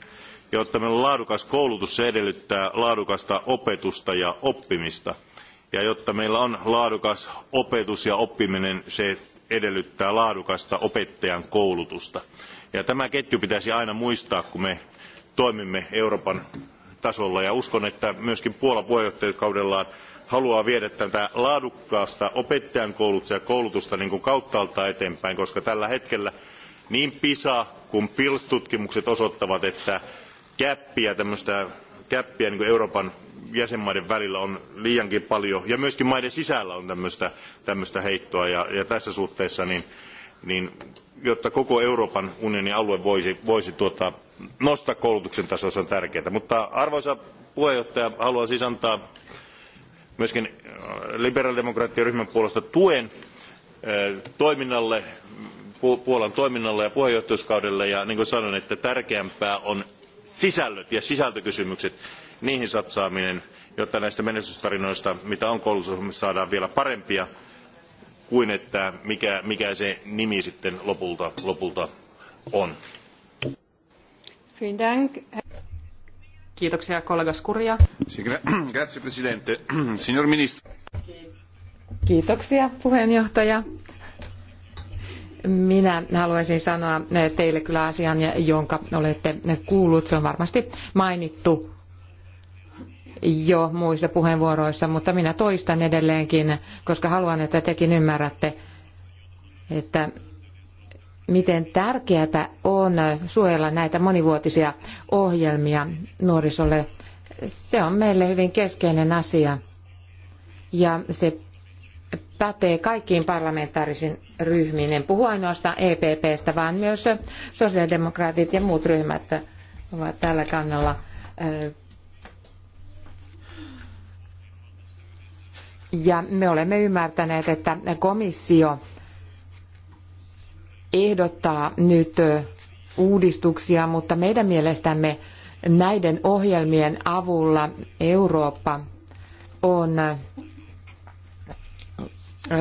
Jotta meillä on laadukas koulutus, se edellyttää laadukasta opetusta ja oppimista. Ja jotta meillä on laadukas opetus ja oppiminen, se edellyttää laadukasta opettajan koulutusta. Ja tämä ketju pitäisi aina muistaa, kun me toimimme Euroopan tasolla. Ja uskon, että myöskin Puola puheenjohtajakaudellaan haluaa viedä tätä laadukkaasta opettajan koulutusta ja koulutusta niin kuin kauttaaltaan eteenpäin, koska tällä hetkellä niin PISA kuin PILS-tutkimukset osoittavat, että käppiä, tämmöistä käppiä niin Euroopan jäsenmaiden välillä on liiankin paljon, ja myöskin maiden sisällä on tämmöistä, tämmöistä heittoa, ja, ja, tässä suhteessa, niin, niin, jotta koko Euroopan unionin alue voisi, voisi tuota, nostaa koulutuksen tasoa, se on tärkeää. Mutta arvoisa puheenjohtaja, haluan siis antaa myös äh, liberaalidemokraattien ryhmän puolesta tuen äh, toiminnalle, Puolan toiminnalle ja puheenjohtajuuskaudelle. Ja niin kuin sanoin, että tärkeämpää on sisällöt ja sisältökysymykset, niihin satsaaminen, jotta näistä menestystarinoista, mitä on koulutusohjelmissa, saadaan vielä parempia kuin että mikä, mikä se nimi sitten lopulta, lopulta on. Vielen Dank. Kiitoksia kollega Skuria. Grazie presidente. Signor ministro. Kiitoksia puheenjohtaja. Minä haluaisin sanoa teille kyllä asian, jonka olette kuullut. Se on varmasti mainittu jo muissa puheenvuoroissa, mutta minä toistan edelleenkin, koska haluan, että tekin ymmärrätte, että miten tärkeää on suojella näitä monivuotisia ohjelmia nuorisolle. Se on meille hyvin keskeinen asia ja se pätee kaikkiin parlamentaarisiin ryhmiin. En puhu ainoastaan EPPstä, vaan myös sosiaalidemokraatit ja muut ryhmät ovat tällä kannalla. Ja me olemme ymmärtäneet, että komissio ehdottaa nyt uudistuksia, mutta meidän mielestämme näiden ohjelmien avulla Eurooppa on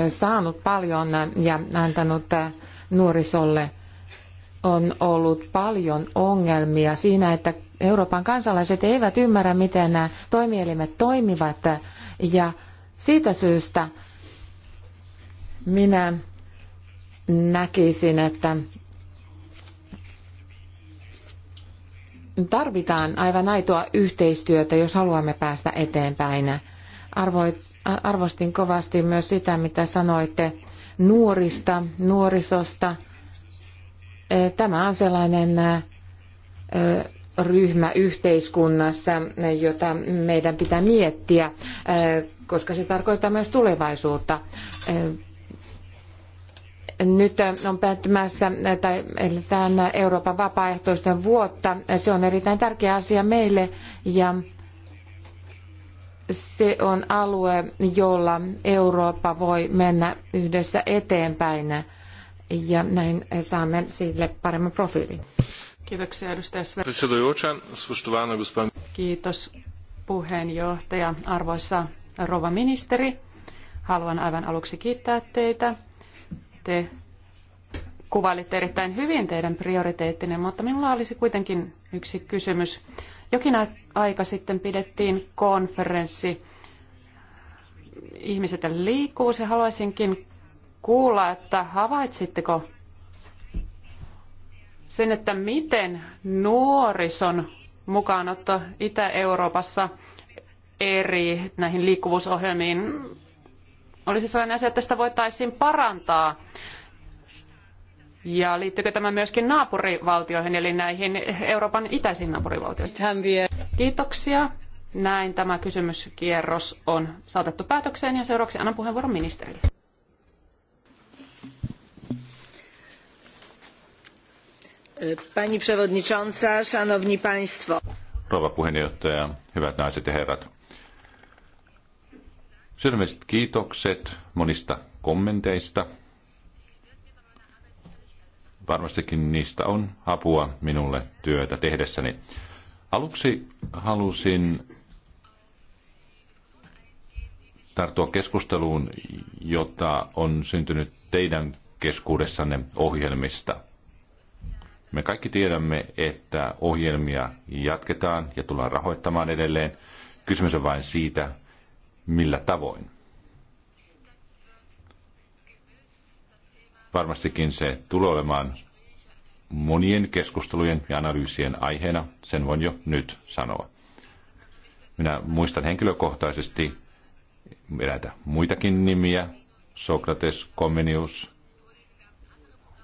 saanut paljon ja antanut nuorisolle on ollut paljon ongelmia siinä, että Euroopan kansalaiset eivät ymmärrä, miten nämä toimielimet toimivat. Ja siitä syystä minä näkisin, että tarvitaan aivan aitoa yhteistyötä, jos haluamme päästä eteenpäin. Arvoit, arvostin kovasti myös sitä, mitä sanoitte nuorista, nuorisosta. Tämä on sellainen ryhmä yhteiskunnassa, jota meidän pitää miettiä, koska se tarkoittaa myös tulevaisuutta. Nyt on päättymässä tai eletään Euroopan vapaaehtoisten vuotta. Se on erittäin tärkeä asia meille ja se on alue, jolla Eurooppa voi mennä yhdessä eteenpäin ja näin saamme sille paremman profiilin. Kiitoksia edustaja Sve. Kiitos puheenjohtaja, arvoisa rouva ministeri. Haluan aivan aluksi kiittää teitä te kuvailitte erittäin hyvin teidän prioriteettinne, mutta minulla olisi kuitenkin yksi kysymys. Jokin aika sitten pidettiin konferenssi Ihmiset liikkuvuus ja haluaisinkin kuulla, että havaitsitteko sen, että miten nuorison mukaanotto Itä-Euroopassa eri näihin liikkuvuusohjelmiin olisi sellainen asia, että sitä voitaisiin parantaa. Ja liittyykö tämä myöskin naapurivaltioihin, eli näihin Euroopan itäisiin naapurivaltioihin? Kiitoksia. Näin tämä kysymyskierros on saatettu päätökseen ja seuraavaksi annan puheenvuoron ministerille. Pani przewodnicząca, szanowni państwo. Rouva puheenjohtaja, hyvät naiset ja herrat sydämelliset kiitokset monista kommenteista. Varmastikin niistä on apua minulle työtä tehdessäni. Aluksi halusin tarttua keskusteluun, jota on syntynyt teidän keskuudessanne ohjelmista. Me kaikki tiedämme, että ohjelmia jatketaan ja tullaan rahoittamaan edelleen. Kysymys on vain siitä, millä tavoin. Varmastikin se tulee olemaan monien keskustelujen ja analyysien aiheena, sen voin jo nyt sanoa. Minä muistan henkilökohtaisesti eräitä muitakin nimiä, Sokrates, Komenius,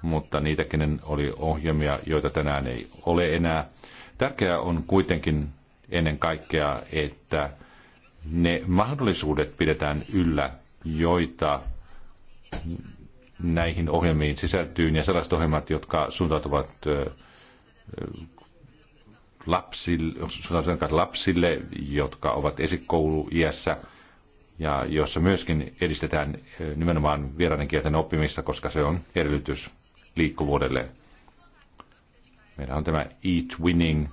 mutta niitäkin oli ohjelmia, joita tänään ei ole enää. Tärkeää on kuitenkin ennen kaikkea, että ne mahdollisuudet pidetään yllä, joita näihin ohjelmiin sisältyy, ja sellaiset ohjelmat, jotka suuntautuvat lapsille, lapsille jotka ovat esikouluiässä, ja jossa myöskin edistetään nimenomaan vieraiden kielten oppimista, koska se on edellytys liikkuvuudelle. Meillä on tämä e-twinning,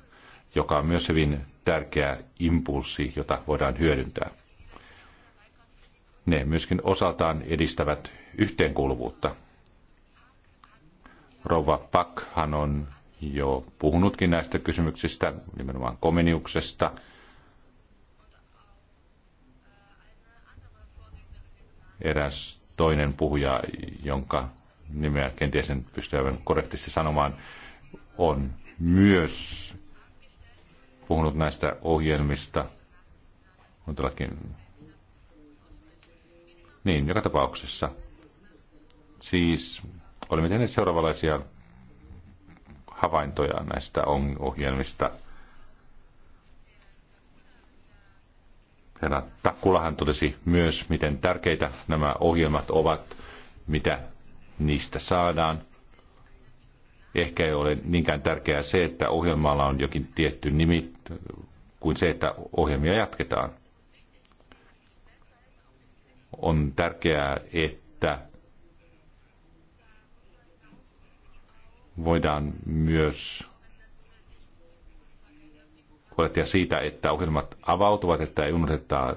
joka on myös hyvin tärkeä impulssi, jota voidaan hyödyntää. Ne myöskin osaltaan edistävät yhteenkuuluvuutta. Rova Pakhan on jo puhunutkin näistä kysymyksistä, nimenomaan komeniuksesta. Eräs toinen puhuja, jonka nimeä kenties en pysty aivan korrektisti sanomaan, on myös puhunut näistä ohjelmista. On todellakin... Niin, joka tapauksessa. Siis olemme tehneet seuraavanlaisia havaintoja näistä ohjelmista. Herra Takkulahan totesi myös, miten tärkeitä nämä ohjelmat ovat, mitä niistä saadaan. Ehkä ei ole niinkään tärkeää se, että ohjelmalla on jokin tietty nimi, kuin se, että ohjelmia jatketaan. On tärkeää, että voidaan myös huolehtia siitä, että ohjelmat avautuvat, että ei unohdeta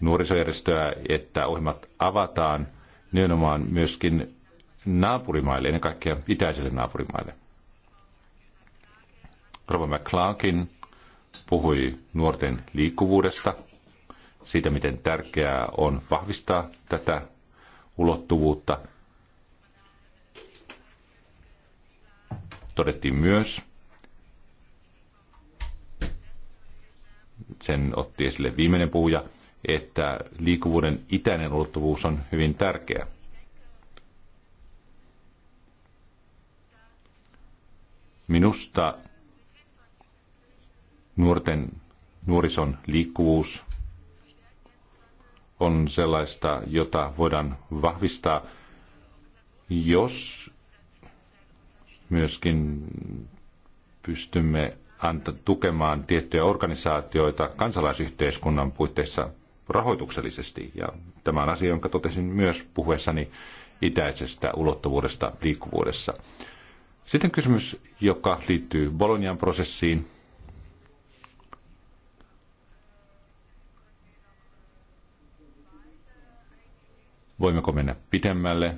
nuorisojärjestöä, että ohjelmat avataan nimenomaan myöskin naapurimaille, ennen kaikkea itäisille naapurimaille. Rova McClarkin puhui nuorten liikkuvuudesta, siitä miten tärkeää on vahvistaa tätä ulottuvuutta. Todettiin myös, sen otti esille viimeinen puhuja, että liikkuvuuden itäinen ulottuvuus on hyvin tärkeä. Minusta nuorten nuorison liikkuvuus on sellaista, jota voidaan vahvistaa, jos myöskin pystymme anta, tukemaan tiettyjä organisaatioita kansalaisyhteiskunnan puitteissa rahoituksellisesti. Ja tämä on asia, jonka totesin myös puhuessani itäisestä ulottuvuudesta liikkuvuudessa. Sitten kysymys, joka liittyy Bolonian prosessiin. Voimmeko mennä pidemmälle?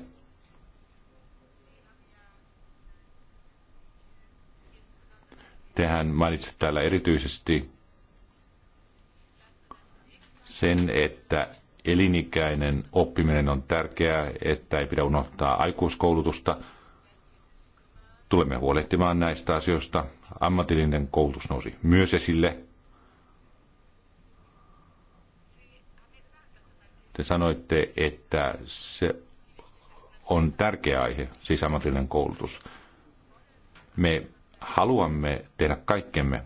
Tehän mainitsit täällä erityisesti sen, että elinikäinen oppiminen on tärkeää, että ei pidä unohtaa aikuiskoulutusta – Tulemme huolehtimaan näistä asioista. Ammatillinen koulutus nousi myös esille. Te sanoitte, että se on tärkeä aihe, siis ammatillinen koulutus. Me haluamme tehdä kaikkemme,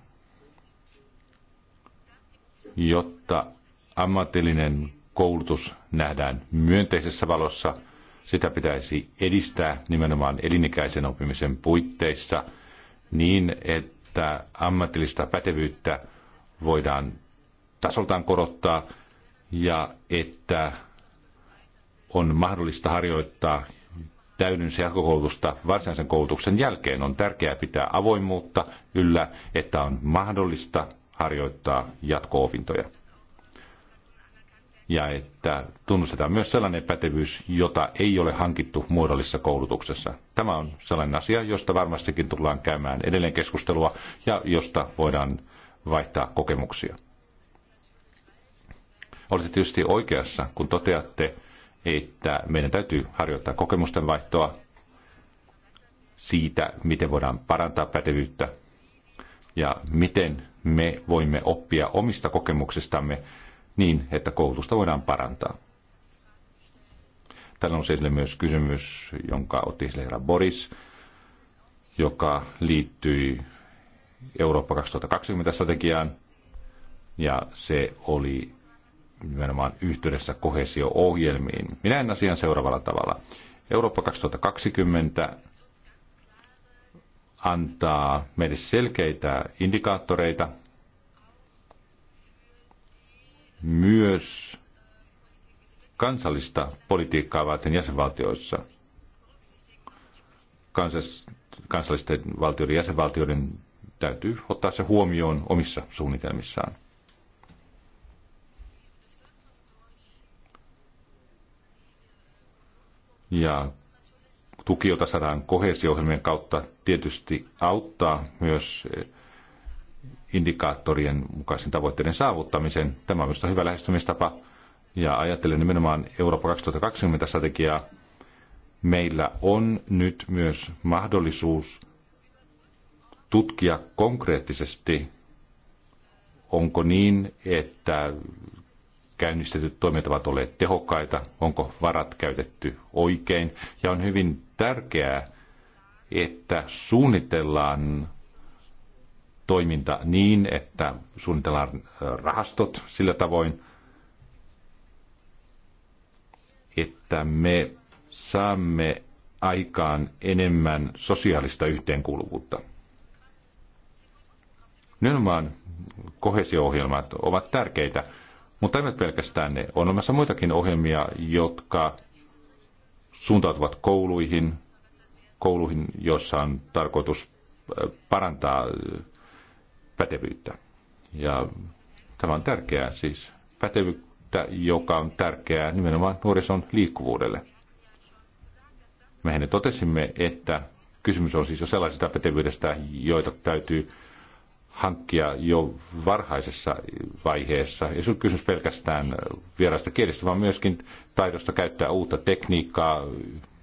jotta ammatillinen koulutus nähdään myönteisessä valossa – sitä pitäisi edistää nimenomaan elinikäisen oppimisen puitteissa niin, että ammatillista pätevyyttä voidaan tasoltaan korottaa ja että on mahdollista harjoittaa täydennys- ja jatkokoulutusta varsinaisen koulutuksen jälkeen. On tärkeää pitää avoimuutta yllä, että on mahdollista harjoittaa jatko-opintoja ja että tunnustetaan myös sellainen pätevyys, jota ei ole hankittu muodollisessa koulutuksessa. Tämä on sellainen asia, josta varmastikin tullaan käymään edelleen keskustelua ja josta voidaan vaihtaa kokemuksia. Olette tietysti oikeassa, kun toteatte, että meidän täytyy harjoittaa kokemusten vaihtoa siitä, miten voidaan parantaa pätevyyttä ja miten me voimme oppia omista kokemuksistamme niin, että koulutusta voidaan parantaa. Täällä on esille myös kysymys, jonka otti esille herra Boris, joka liittyi Eurooppa 2020-strategiaan, ja se oli nimenomaan yhteydessä kohesio-ohjelmiin. Minä näen asian seuraavalla tavalla. Eurooppa 2020 antaa meille selkeitä indikaattoreita, myös kansallista politiikkaa varten jäsenvaltioissa. Kansas, kansallisten valtioiden jäsenvaltioiden täytyy ottaa se huomioon omissa suunnitelmissaan. Ja tuki, jota saadaan kohesio kautta, tietysti auttaa myös indikaattorien mukaisen tavoitteiden saavuttamisen. Tämä on minusta hyvä lähestymistapa ja ajattelen nimenomaan Eurooppa 2020 strategiaa. Meillä on nyt myös mahdollisuus tutkia konkreettisesti, onko niin, että käynnistetyt toimet ovat olleet tehokkaita, onko varat käytetty oikein. Ja on hyvin tärkeää, että suunnitellaan toiminta niin, että suunnitellaan rahastot sillä tavoin, että me saamme aikaan enemmän sosiaalista yhteenkuuluvuutta. Nimenomaan kohesio-ohjelmat ovat tärkeitä, mutta eivät pelkästään ne. On olemassa muitakin ohjelmia, jotka suuntautuvat kouluihin, kouluihin, joissa on tarkoitus parantaa pätevyyttä. Ja tämä on tärkeää siis pätevyyttä, joka on tärkeää nimenomaan nuorison liikkuvuudelle. Mehän totesimme, että kysymys on siis jo sellaisista pätevyydestä, joita täytyy hankkia jo varhaisessa vaiheessa. Ei se kysymys pelkästään vieraista kielistä, vaan myöskin taidosta käyttää uutta tekniikkaa,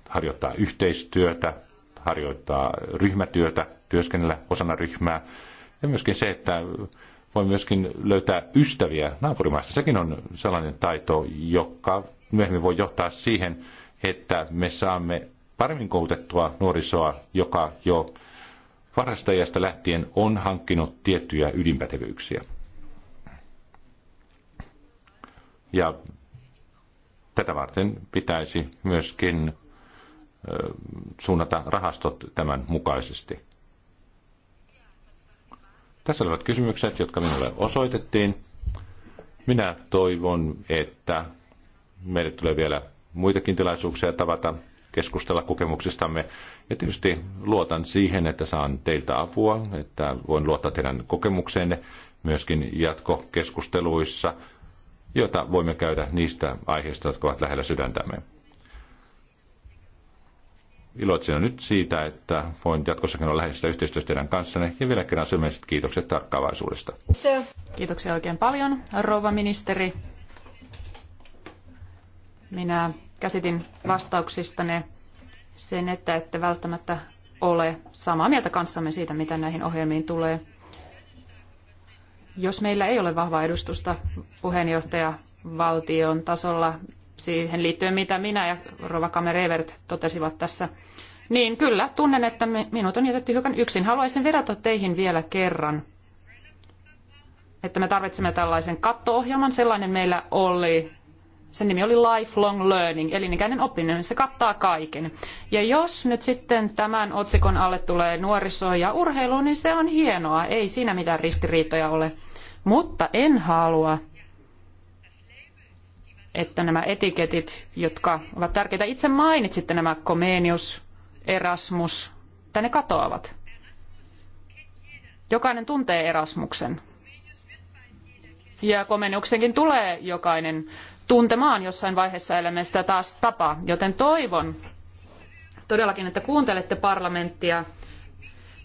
harjoittaa yhteistyötä, harjoittaa ryhmätyötä, työskennellä osana ryhmää, ja myöskin se, että voi myöskin löytää ystäviä naapurimaista. Sekin on sellainen taito, joka myöhemmin voi johtaa siihen, että me saamme paremmin koulutettua nuorisoa, joka jo varastajasta lähtien on hankkinut tiettyjä ydinpätevyyksiä. Ja tätä varten pitäisi myöskin suunnata rahastot tämän mukaisesti. Tässä olivat kysymykset, jotka minulle osoitettiin. Minä toivon, että meille tulee vielä muitakin tilaisuuksia tavata, keskustella kokemuksistamme. Ja tietysti luotan siihen, että saan teiltä apua, että voin luottaa teidän kokemukseenne myöskin jatkokeskusteluissa, joita voimme käydä niistä aiheista, jotka ovat lähellä sydäntämme iloitsen nyt siitä, että voin jatkossakin olla läheisessä yhteistyössä teidän kanssanne ja vielä kerran sydämiset kiitokset tarkkaavaisuudesta. Kiitoksia oikein paljon, rouva ministeri. Minä käsitin vastauksistanne sen, että ette välttämättä ole samaa mieltä kanssamme siitä, mitä näihin ohjelmiin tulee. Jos meillä ei ole vahvaa edustusta puheenjohtaja valtion tasolla, siihen liittyen, mitä minä ja Rova Kamerevert totesivat tässä. Niin kyllä, tunnen, että minut on jätetty hiukan yksin. Haluaisin vedota teihin vielä kerran, että me tarvitsemme tällaisen katto-ohjelman. Sellainen meillä oli. Sen nimi oli Lifelong Learning, elinikäinen oppiminen. Se kattaa kaiken. Ja jos nyt sitten tämän otsikon alle tulee nuoriso ja urheilu, niin se on hienoa. Ei siinä mitään ristiriitoja ole. Mutta en halua, että nämä etiketit, jotka ovat tärkeitä, itse mainitsitte nämä Comenius, Erasmus, tänne ne katoavat. Jokainen tuntee Erasmuksen. Ja komennuksenkin tulee jokainen tuntemaan jossain vaiheessa elämästä taas tapa, Joten toivon todellakin, että kuuntelette parlamenttia.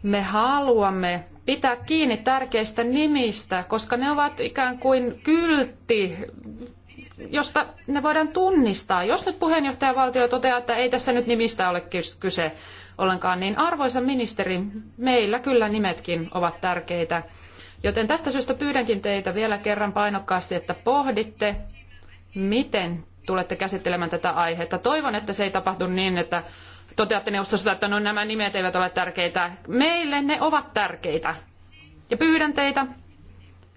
Me haluamme pitää kiinni tärkeistä nimistä, koska ne ovat ikään kuin kyltti josta ne voidaan tunnistaa. Jos nyt puheenjohtajavaltio toteaa, että ei tässä nyt nimistä ole kyse ollenkaan, niin arvoisa ministeri, meillä kyllä nimetkin ovat tärkeitä. Joten tästä syystä pyydänkin teitä vielä kerran painokkaasti, että pohditte, miten tulette käsittelemään tätä aihetta. Toivon, että se ei tapahdu niin, että toteatte neuvostossa, että no nämä nimet eivät ole tärkeitä. Meille ne ovat tärkeitä. Ja pyydän teitä,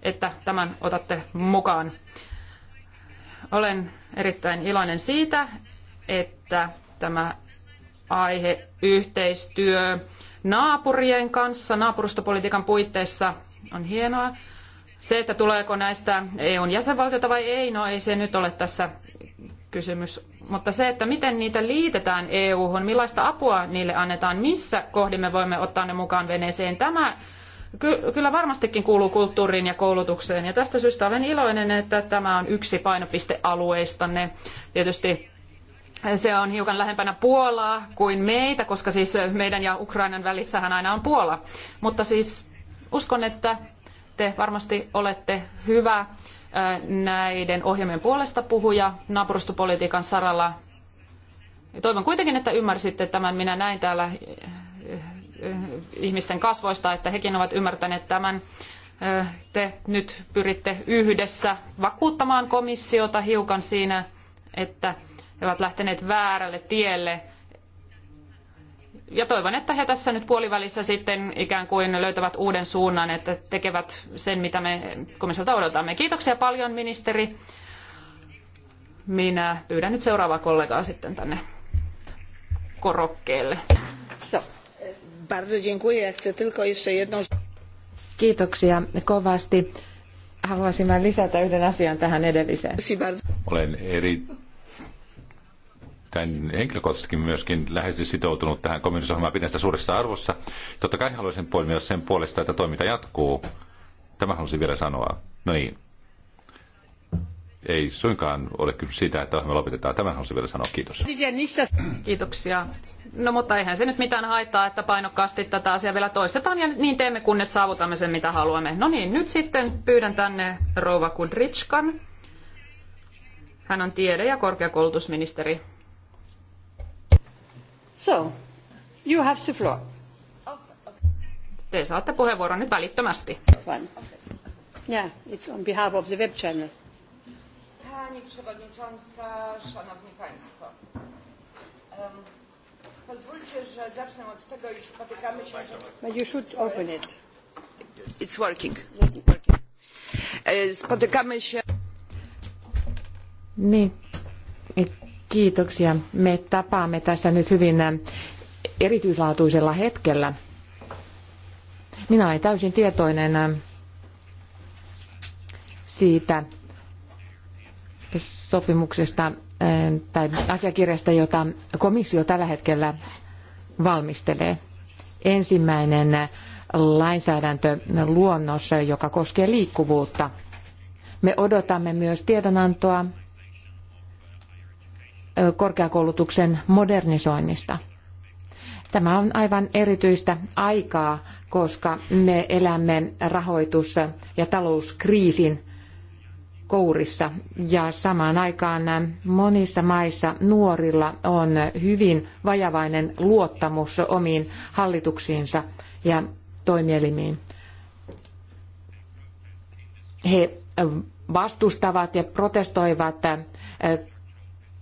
että tämän otatte mukaan. Olen erittäin iloinen siitä, että tämä aihe yhteistyö naapurien kanssa naapurustopolitiikan puitteissa on hienoa. Se, että tuleeko näistä EUn jäsenvaltiota vai ei, no ei se nyt ole tässä kysymys. Mutta se, että miten niitä liitetään EU-hun, millaista apua niille annetaan, missä kohdin me voimme ottaa ne mukaan veneeseen, tämä ky- kyllä varmastikin kuuluu kulttuuriin ja koulutukseen. Ja tästä syystä olen iloinen, että tämä on yksi painopistealueistanne. Tietysti se on hiukan lähempänä Puolaa kuin meitä, koska siis meidän ja Ukrainan välissähän aina on Puola. Mutta siis uskon, että te varmasti olette hyvä äh, näiden ohjelmien puolesta puhuja naapurustopolitiikan saralla. Toivon kuitenkin, että ymmärsitte tämän. Minä näin täällä Eh, ihmisten kasvoista, että hekin ovat ymmärtäneet tämän. Eh, te nyt pyritte yhdessä vakuuttamaan komissiota hiukan siinä, että he ovat lähteneet väärälle tielle. Ja toivon, että he tässä nyt puolivälissä sitten ikään kuin löytävät uuden suunnan, että tekevät sen, mitä me komissiolta odotamme. Kiitoksia paljon, ministeri. Minä pyydän nyt seuraavaa kollegaa sitten tänne korokkeelle. So. Bardzo dziękuję. Chcę tylko jeszcze jedną... Kiitoksia kovasti. Haluaisin vain lisätä yhden asian tähän edelliseen. Olen eri erittäin henkilökohtaisestikin myöskin läheisesti sitoutunut tähän komennusohjelmaan. pidän sitä suuressa arvossa. Totta kai haluaisin poimia sen puolesta, että toiminta jatkuu. Tämä halusin vielä sanoa. No niin. Ei suinkaan ole kysymys siitä, että me lopetetaan. Tämän haluaisin vielä sanoa. Kiitos. Kiitoksia. No mutta eihän se nyt mitään haittaa, että painokkaasti tätä asiaa vielä toistetaan ja niin teemme, kunnes saavutamme sen, mitä haluamme. No niin, nyt sitten pyydän tänne Rouva Kudritskan. Hän on tiede- ja korkeakoulutusministeri. So, you have the floor. Te saatte puheenvuoron nyt välittömästi. Yeah, it's on behalf of the web channel. Pani Przewodnicząca, Szanowni Państwo. Um, pozwólcie, że zacznę od tego, iż spotykamy się... But you should open it. It's working. E, spotykamy się... Niin, kiitoksia. Me tapaamme tässä nyt hyvin erityislaatuisella hetkellä. Minä olen täysin tietoinen siitä, sopimuksesta eh, tai asiakirjasta, jota komissio tällä hetkellä valmistelee. Ensimmäinen lainsäädäntöluonnos, joka koskee liikkuvuutta. Me odotamme myös tiedonantoa eh, korkeakoulutuksen modernisoinnista. Tämä on aivan erityistä aikaa, koska me elämme rahoitus- ja talouskriisin kourissa ja samaan aikaan monissa maissa nuorilla on hyvin vajavainen luottamus omiin hallituksiinsa ja toimielimiin. He vastustavat ja protestoivat äh,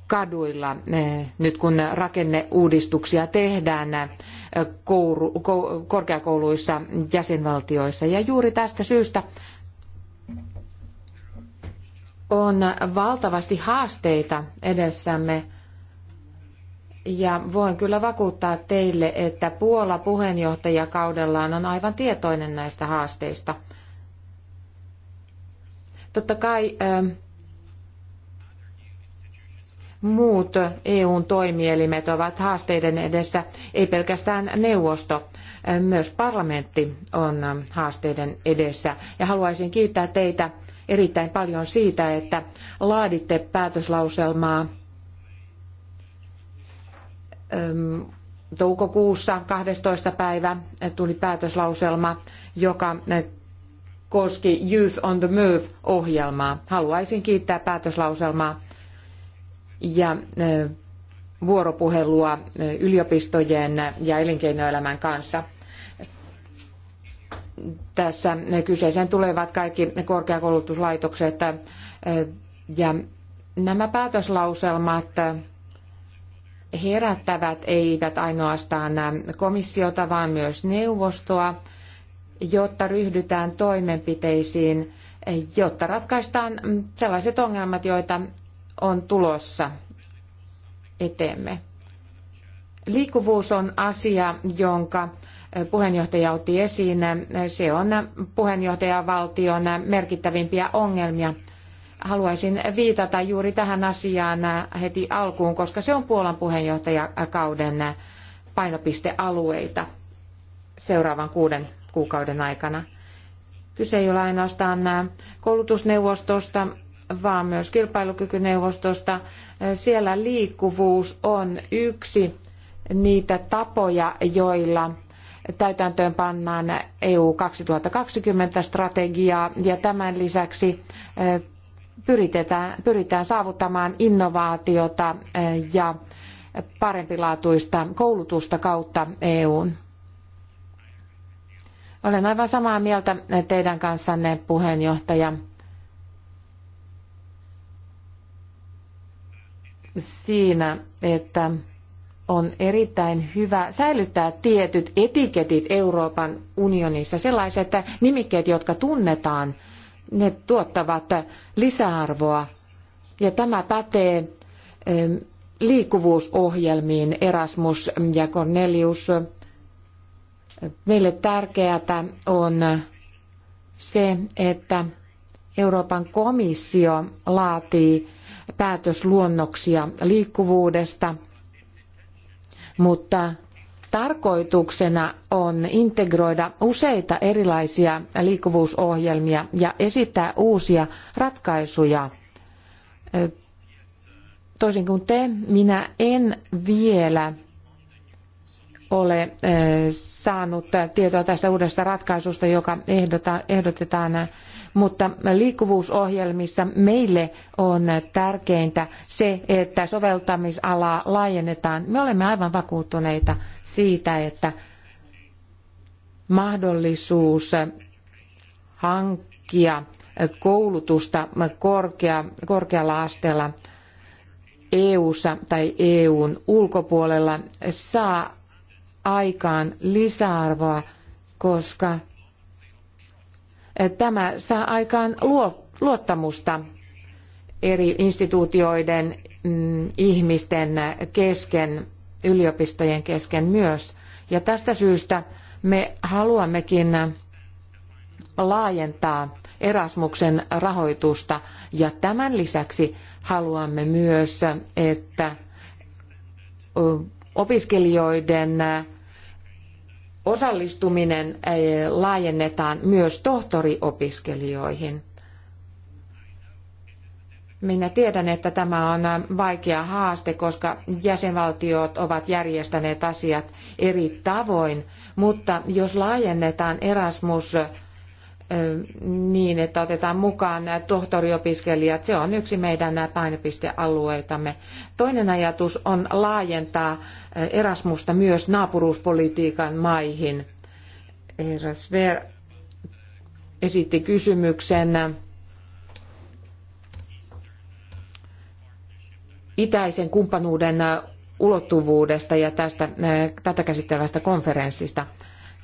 kaduilla äh, nyt kun rakenneuudistuksia tehdään äh, korkeakouluissa jäsenvaltioissa. Ja juuri tästä syystä on valtavasti haasteita edessämme. Ja voin kyllä vakuuttaa teille, että Puola puheenjohtajakaudellaan on aivan tietoinen näistä haasteista. Totta kai muut EUn toimielimet ovat haasteiden edessä, ei pelkästään neuvosto, myös parlamentti on haasteiden edessä. Ja haluaisin kiittää teitä erittäin paljon siitä, että laaditte päätöslauselmaa ähm, toukokuussa 12. päivä tuli päätöslauselma, joka äh, koski Youth on the Move-ohjelmaa. Haluaisin kiittää päätöslauselmaa ja äh, vuoropuhelua äh, yliopistojen ja elinkeinoelämän kanssa tässä kyseeseen tulevat kaikki korkeakoulutuslaitokset ja nämä päätöslauselmat herättävät eivät ainoastaan komissiota, vaan myös neuvostoa, jotta ryhdytään toimenpiteisiin, jotta ratkaistaan sellaiset ongelmat, joita on tulossa eteemme. Liikkuvuus on asia, jonka puheenjohtaja otti esiin, se on puheenjohtajavaltion merkittävimpiä ongelmia. Haluaisin viitata juuri tähän asiaan heti alkuun, koska se on Puolan puheenjohtajakauden painopistealueita seuraavan kuuden kuukauden aikana. Kyse ei ole ainoastaan koulutusneuvostosta, vaan myös kilpailukykyneuvostosta. Siellä liikkuvuus on yksi niitä tapoja, joilla täytäntöön pannaan EU 2020 strategiaa ja tämän lisäksi pyritään saavuttamaan innovaatiota ja parempilaatuista koulutusta kautta EUn. Olen aivan samaa mieltä teidän kanssanne puheenjohtaja siinä, että on erittäin hyvä säilyttää tietyt etiketit Euroopan unionissa, sellaiset nimikkeet, jotka tunnetaan, ne tuottavat lisäarvoa. Ja tämä pätee liikkuvuusohjelmiin Erasmus ja Cornelius. Meille tärkeää on se, että Euroopan komissio laatii päätösluonnoksia liikkuvuudesta – mutta tarkoituksena on integroida useita erilaisia liikkuvuusohjelmia ja esittää uusia ratkaisuja. Toisin kuin te, minä en vielä ole eh, saanut tietoa tästä uudesta ratkaisusta, joka ehdotetaan, mutta liikkuvuusohjelmissa meille on tärkeintä se, että soveltamisalaa laajennetaan. Me olemme aivan vakuuttuneita siitä, että mahdollisuus hankkia koulutusta korkea, korkealla asteella EU-ssa tai EUn ulkopuolella saa aikaan lisäarvoa, koska eh, tämä saa aikaan luottamusta eri instituutioiden mm, ihmisten kesken, yliopistojen kesken myös. Ja tästä syystä me haluammekin laajentaa Erasmuksen rahoitusta ja tämän lisäksi haluamme myös, että opiskelijoiden osallistuminen eh, laajennetaan myös tohtoriopiskelijoihin. Minä tiedän, että tämä on eh, vaikea haaste, koska jäsenvaltiot ovat järjestäneet asiat eri tavoin, mutta jos laajennetaan Erasmus eh, niin, että otetaan mukaan nämä tohtoriopiskelijat. Se on yksi meidän nämä painopistealueitamme. Toinen ajatus on laajentaa Erasmusta myös naapuruuspolitiikan maihin. Erasver esitti kysymyksen itäisen kumppanuuden ulottuvuudesta ja tästä, tätä käsittelevästä konferenssista.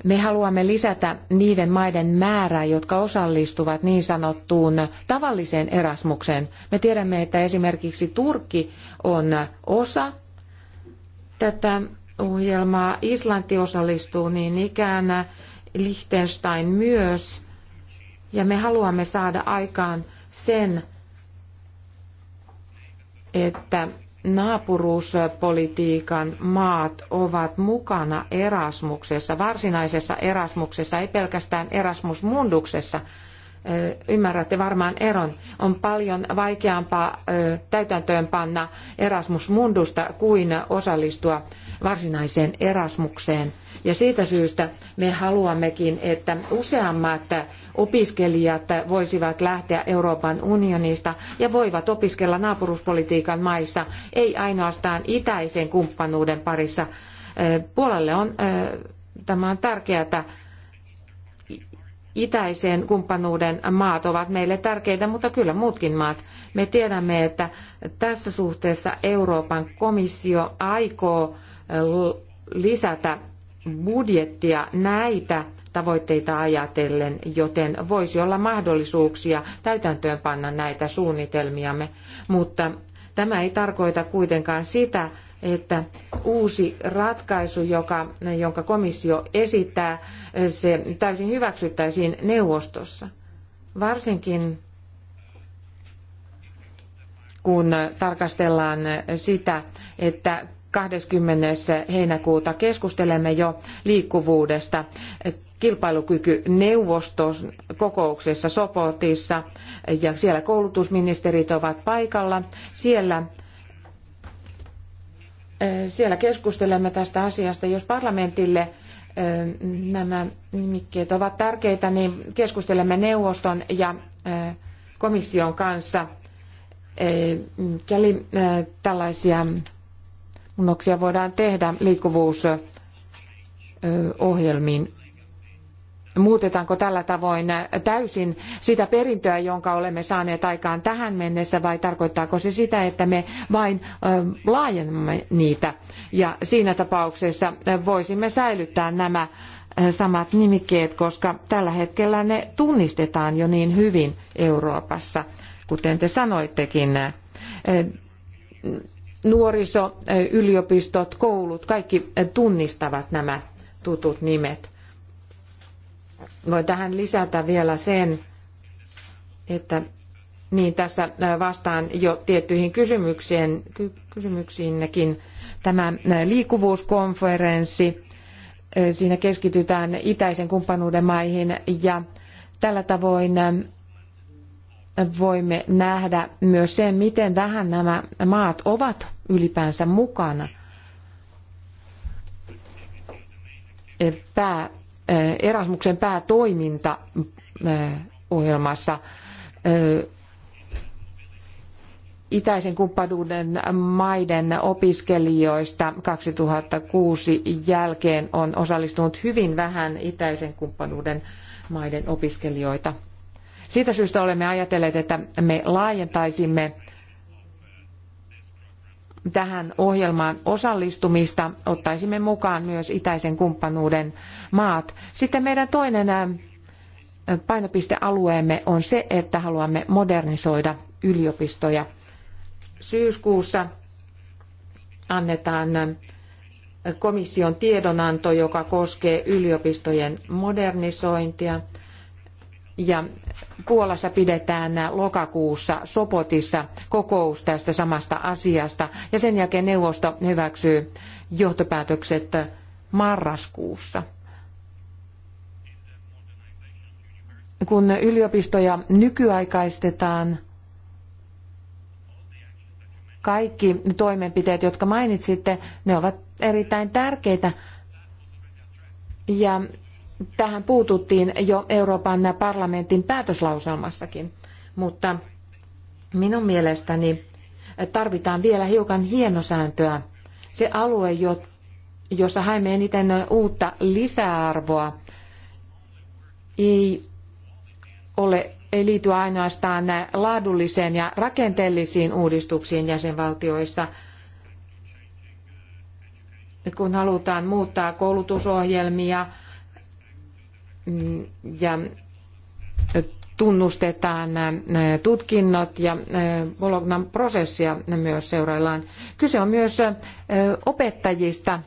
Me haluamme lisätä niiden maiden määrää, jotka osallistuvat niin sanottuun tavalliseen erasmukseen. Me tiedämme, että esimerkiksi Turkki on osa tätä ohjelmaa. Islanti osallistuu niin ikään, Liechtenstein myös. Ja me haluamme saada aikaan sen, että naapuruuspolitiikan maat ovat mukana Erasmuksessa, varsinaisessa Erasmuksessa, ei pelkästään Erasmus Munduksessa. Ymmärrätte varmaan eron. On paljon vaikeampaa täytäntöönpanna Erasmus Mundusta kuin osallistua varsinaiseen Erasmukseen. Ja siitä syystä me haluammekin, että useammat opiskelijat voisivat lähteä Euroopan unionista ja voivat opiskella naapuruspolitiikan maissa, ei ainoastaan itäisen kumppanuuden parissa. Puolalle on, tämä on tärkeää, itäisen kumppanuuden maat ovat meille tärkeitä, mutta kyllä muutkin maat. Me tiedämme, että tässä suhteessa Euroopan komissio aikoo lisätä budjettia näitä tavoitteita ajatellen, joten voisi olla mahdollisuuksia täytäntöönpanna näitä suunnitelmiamme, mutta tämä ei tarkoita kuitenkaan sitä, että uusi ratkaisu, joka, jonka komissio esittää, se täysin hyväksyttäisiin neuvostossa. Varsinkin kun tarkastellaan sitä, että 20. heinäkuuta keskustelemme jo liikkuvuudesta kilpailukykyneuvoston kokouksessa Sopotissa ja siellä koulutusministerit ovat paikalla. Siellä eh, siellä keskustelemme tästä asiasta. Jos parlamentille eh, nämä nimikkeet ovat tärkeitä, niin keskustelemme neuvoston ja eh, komission kanssa. Mikäli tällaisia Muunnoksia voidaan tehdä liikkuvuusohjelmiin. Muutetaanko tällä tavoin täysin sitä perintöä, jonka olemme saaneet aikaan tähän mennessä, vai tarkoittaako se sitä, että me vain laajennamme niitä? Ja siinä tapauksessa voisimme säilyttää nämä samat nimikkeet, koska tällä hetkellä ne tunnistetaan jo niin hyvin Euroopassa, kuten te sanoittekin nuoriso, yliopistot, koulut, kaikki tunnistavat nämä tutut nimet. Voin tähän lisätä vielä sen, että niin tässä vastaan jo tiettyihin kysymyksiin, kysymyksiinkin tämä liikkuvuuskonferenssi. Siinä keskitytään itäisen kumppanuuden maihin ja tällä tavoin voimme nähdä myös sen, miten vähän nämä maat ovat ylipäänsä mukana. Pää, eh, Erasmuksen päätoiminta eh, ohjelmassa eh, itäisen kumppanuuden maiden opiskelijoista 2006 jälkeen on osallistunut hyvin vähän itäisen kumppanuuden maiden opiskelijoita siitä syystä olemme ajatelleet, että me laajentaisimme tähän ohjelmaan osallistumista, ottaisimme mukaan myös itäisen kumppanuuden maat. Sitten meidän toinen painopistealueemme on se, että haluamme modernisoida yliopistoja. Syyskuussa annetaan komission tiedonanto, joka koskee yliopistojen modernisointia. Ja Puolassa pidetään lokakuussa Sopotissa kokous tästä samasta asiasta ja sen jälkeen neuvosto hyväksyy johtopäätökset marraskuussa. Kun yliopistoja nykyaikaistetaan, kaikki toimenpiteet, jotka mainitsitte, ne ovat erittäin tärkeitä. Ja Tähän puututtiin jo Euroopan parlamentin päätöslauselmassakin, mutta minun mielestäni tarvitaan vielä hiukan hienosääntöä. Se alue, jossa haemme eniten uutta lisäarvoa, ei ole ei liity ainoastaan laadulliseen ja rakenteellisiin uudistuksiin jäsenvaltioissa, kun halutaan muuttaa koulutusohjelmia, ja tunnustetaan äh, tutkinnot ja Bolognan äh, prosessia myös seuraillaan. Kyse on myös äh, opettajista.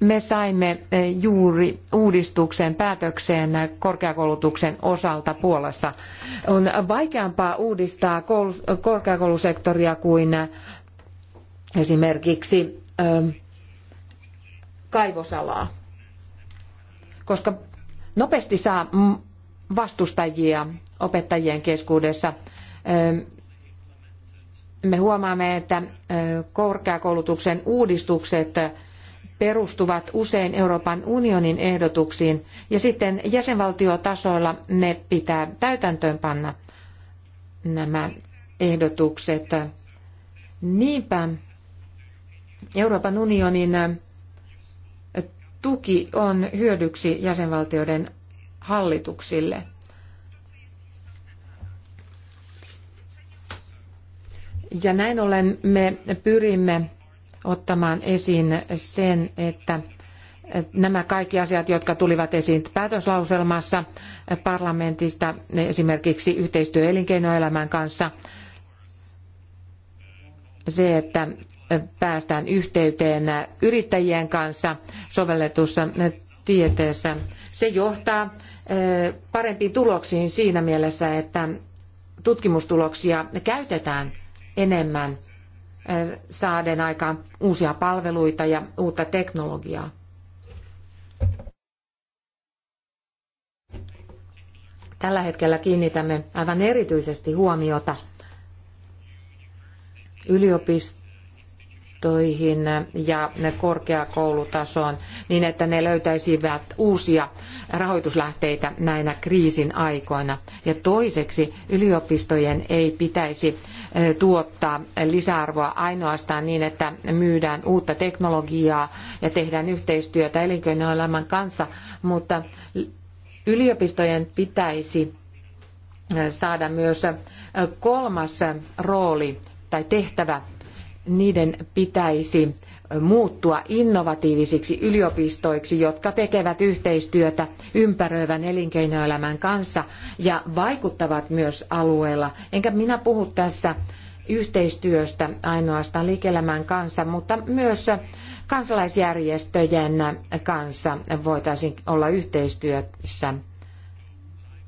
Me saimme juuri uudistuksen päätökseen korkeakoulutuksen osalta Puolassa. On vaikeampaa uudistaa korkeakoulusektoria kuin esimerkiksi kaivosalaa koska nopeasti saa vastustajia opettajien keskuudessa. Me huomaamme, että korkeakoulutuksen uudistukset perustuvat usein Euroopan unionin ehdotuksiin ja sitten jäsenvaltiotasoilla ne pitää täytäntöönpanna nämä ehdotukset. Niinpä Euroopan unionin tuki on hyödyksi jäsenvaltioiden hallituksille. Ja näin ollen me pyrimme ottamaan esiin sen, että nämä kaikki asiat, jotka tulivat esiin päätöslauselmassa parlamentista, esimerkiksi yhteistyö elinkeinoelämän kanssa, se, että päästään yhteyteen yrittäjien kanssa sovelletussa tieteessä. Se johtaa eh, parempiin tuloksiin siinä mielessä, että tutkimustuloksia käytetään enemmän eh, saaden aikaan uusia palveluita ja uutta teknologiaa. Tällä hetkellä kiinnitämme aivan erityisesti huomiota yliopistoon yliopistoihin ja korkeakoulutasoon niin, että ne löytäisivät uusia rahoituslähteitä näinä kriisin aikoina. Ja toiseksi yliopistojen ei pitäisi tuottaa lisäarvoa ainoastaan niin, että myydään uutta teknologiaa ja tehdään yhteistyötä elinkeinoelämän kanssa, mutta yliopistojen pitäisi saada myös kolmas rooli tai tehtävä niiden pitäisi muuttua innovatiivisiksi yliopistoiksi, jotka tekevät yhteistyötä ympäröivän elinkeinoelämän kanssa ja vaikuttavat myös alueella. Enkä minä puhu tässä yhteistyöstä ainoastaan liike-elämän kanssa, mutta myös kansalaisjärjestöjen kanssa voitaisiin olla yhteistyössä.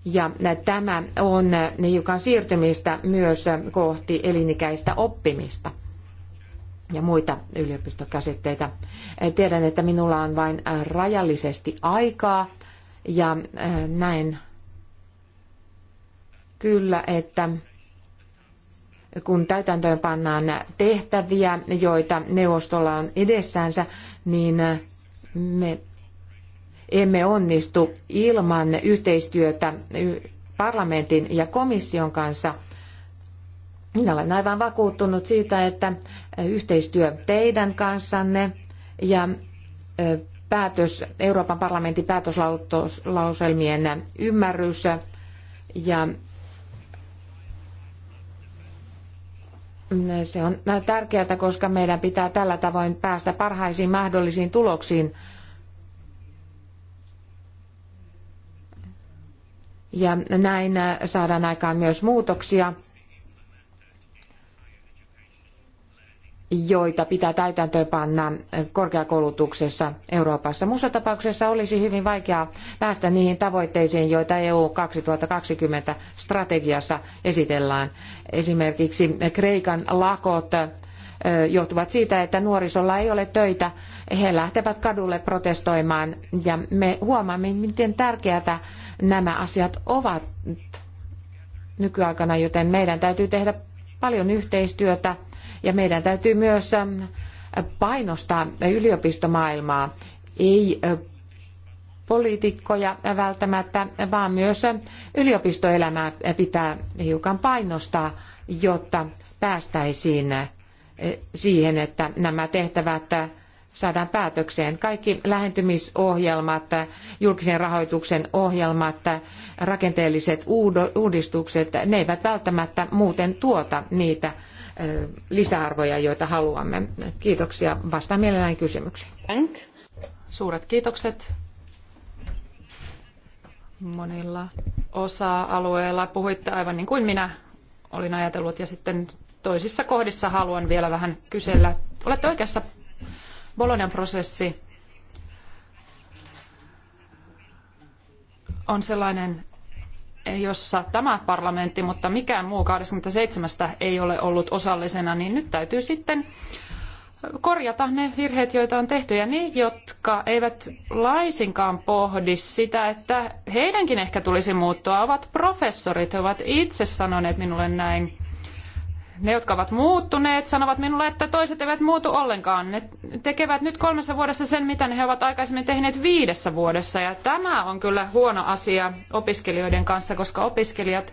Ja tämä on hiukan siirtymistä myös kohti elinikäistä oppimista ja muita yliopistokäsitteitä. Tiedän, että minulla on vain rajallisesti aikaa ja äh, näen kyllä, että kun täytäntöön pannaan tehtäviä, joita neuvostolla on edessänsä, niin äh, me emme onnistu ilman yhteistyötä parlamentin ja komission kanssa – minä olen aivan vakuuttunut siitä, että yhteistyö teidän kanssanne ja päätös, Euroopan parlamentin päätöslauselmien ymmärrys ja se on tärkeää, koska meidän pitää tällä tavoin päästä parhaisiin mahdollisiin tuloksiin. Ja näin saadaan aikaan myös muutoksia joita pitää täytäntöönpanna korkeakoulutuksessa Euroopassa. Muussa tapauksessa olisi hyvin vaikeaa päästä niihin tavoitteisiin, joita EU 2020 strategiassa esitellään. Esimerkiksi Kreikan lakot johtuvat siitä, että nuorisolla ei ole töitä. He lähtevät kadulle protestoimaan ja me huomaamme, miten tärkeätä nämä asiat ovat nykyaikana, joten meidän täytyy tehdä paljon yhteistyötä ja meidän täytyy myös ähm, painostaa yliopistomaailmaa, ei äh, poliitikkoja välttämättä, vaan myös äh, yliopistoelämää pitää hiukan painostaa, jotta päästäisiin äh, siihen, että nämä tehtävät saadaan päätökseen. Kaikki lähentymisohjelmat, julkisen rahoituksen ohjelmat, rakenteelliset uudistukset, ne eivät välttämättä muuten tuota niitä lisäarvoja, joita haluamme. Kiitoksia. Vastaan mielelläni kysymyksiin. Suuret kiitokset. Monilla osa-alueilla puhuitte aivan niin kuin minä olin ajatellut ja sitten toisissa kohdissa haluan vielä vähän kysellä. Olette oikeassa Bolonian prosessi on sellainen, jossa tämä parlamentti, mutta mikään muu 27 ei ole ollut osallisena, niin nyt täytyy sitten korjata ne virheet, joita on tehty. Ja ne, jotka eivät laisinkaan pohdi sitä, että heidänkin ehkä tulisi muuttua, ovat professorit, he ovat itse sanoneet minulle näin. Ne, jotka ovat muuttuneet, sanovat minulle, että toiset eivät muutu ollenkaan. Ne tekevät nyt kolmessa vuodessa sen, mitä he ovat aikaisemmin tehneet viidessä vuodessa. Ja tämä on kyllä huono asia opiskelijoiden kanssa, koska opiskelijat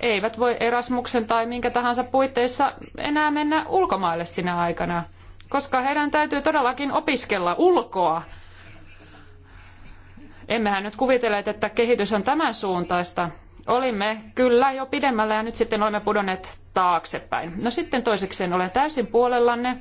eivät voi Erasmuksen tai minkä tahansa puitteissa enää mennä ulkomaille sinä aikana, koska heidän täytyy todellakin opiskella ulkoa. Emmehän nyt kuvitelleet, että kehitys on tämän suuntaista, olimme kyllä jo pidemmällä ja nyt sitten olemme pudonneet taaksepäin. No sitten toisekseen olen täysin puolellanne,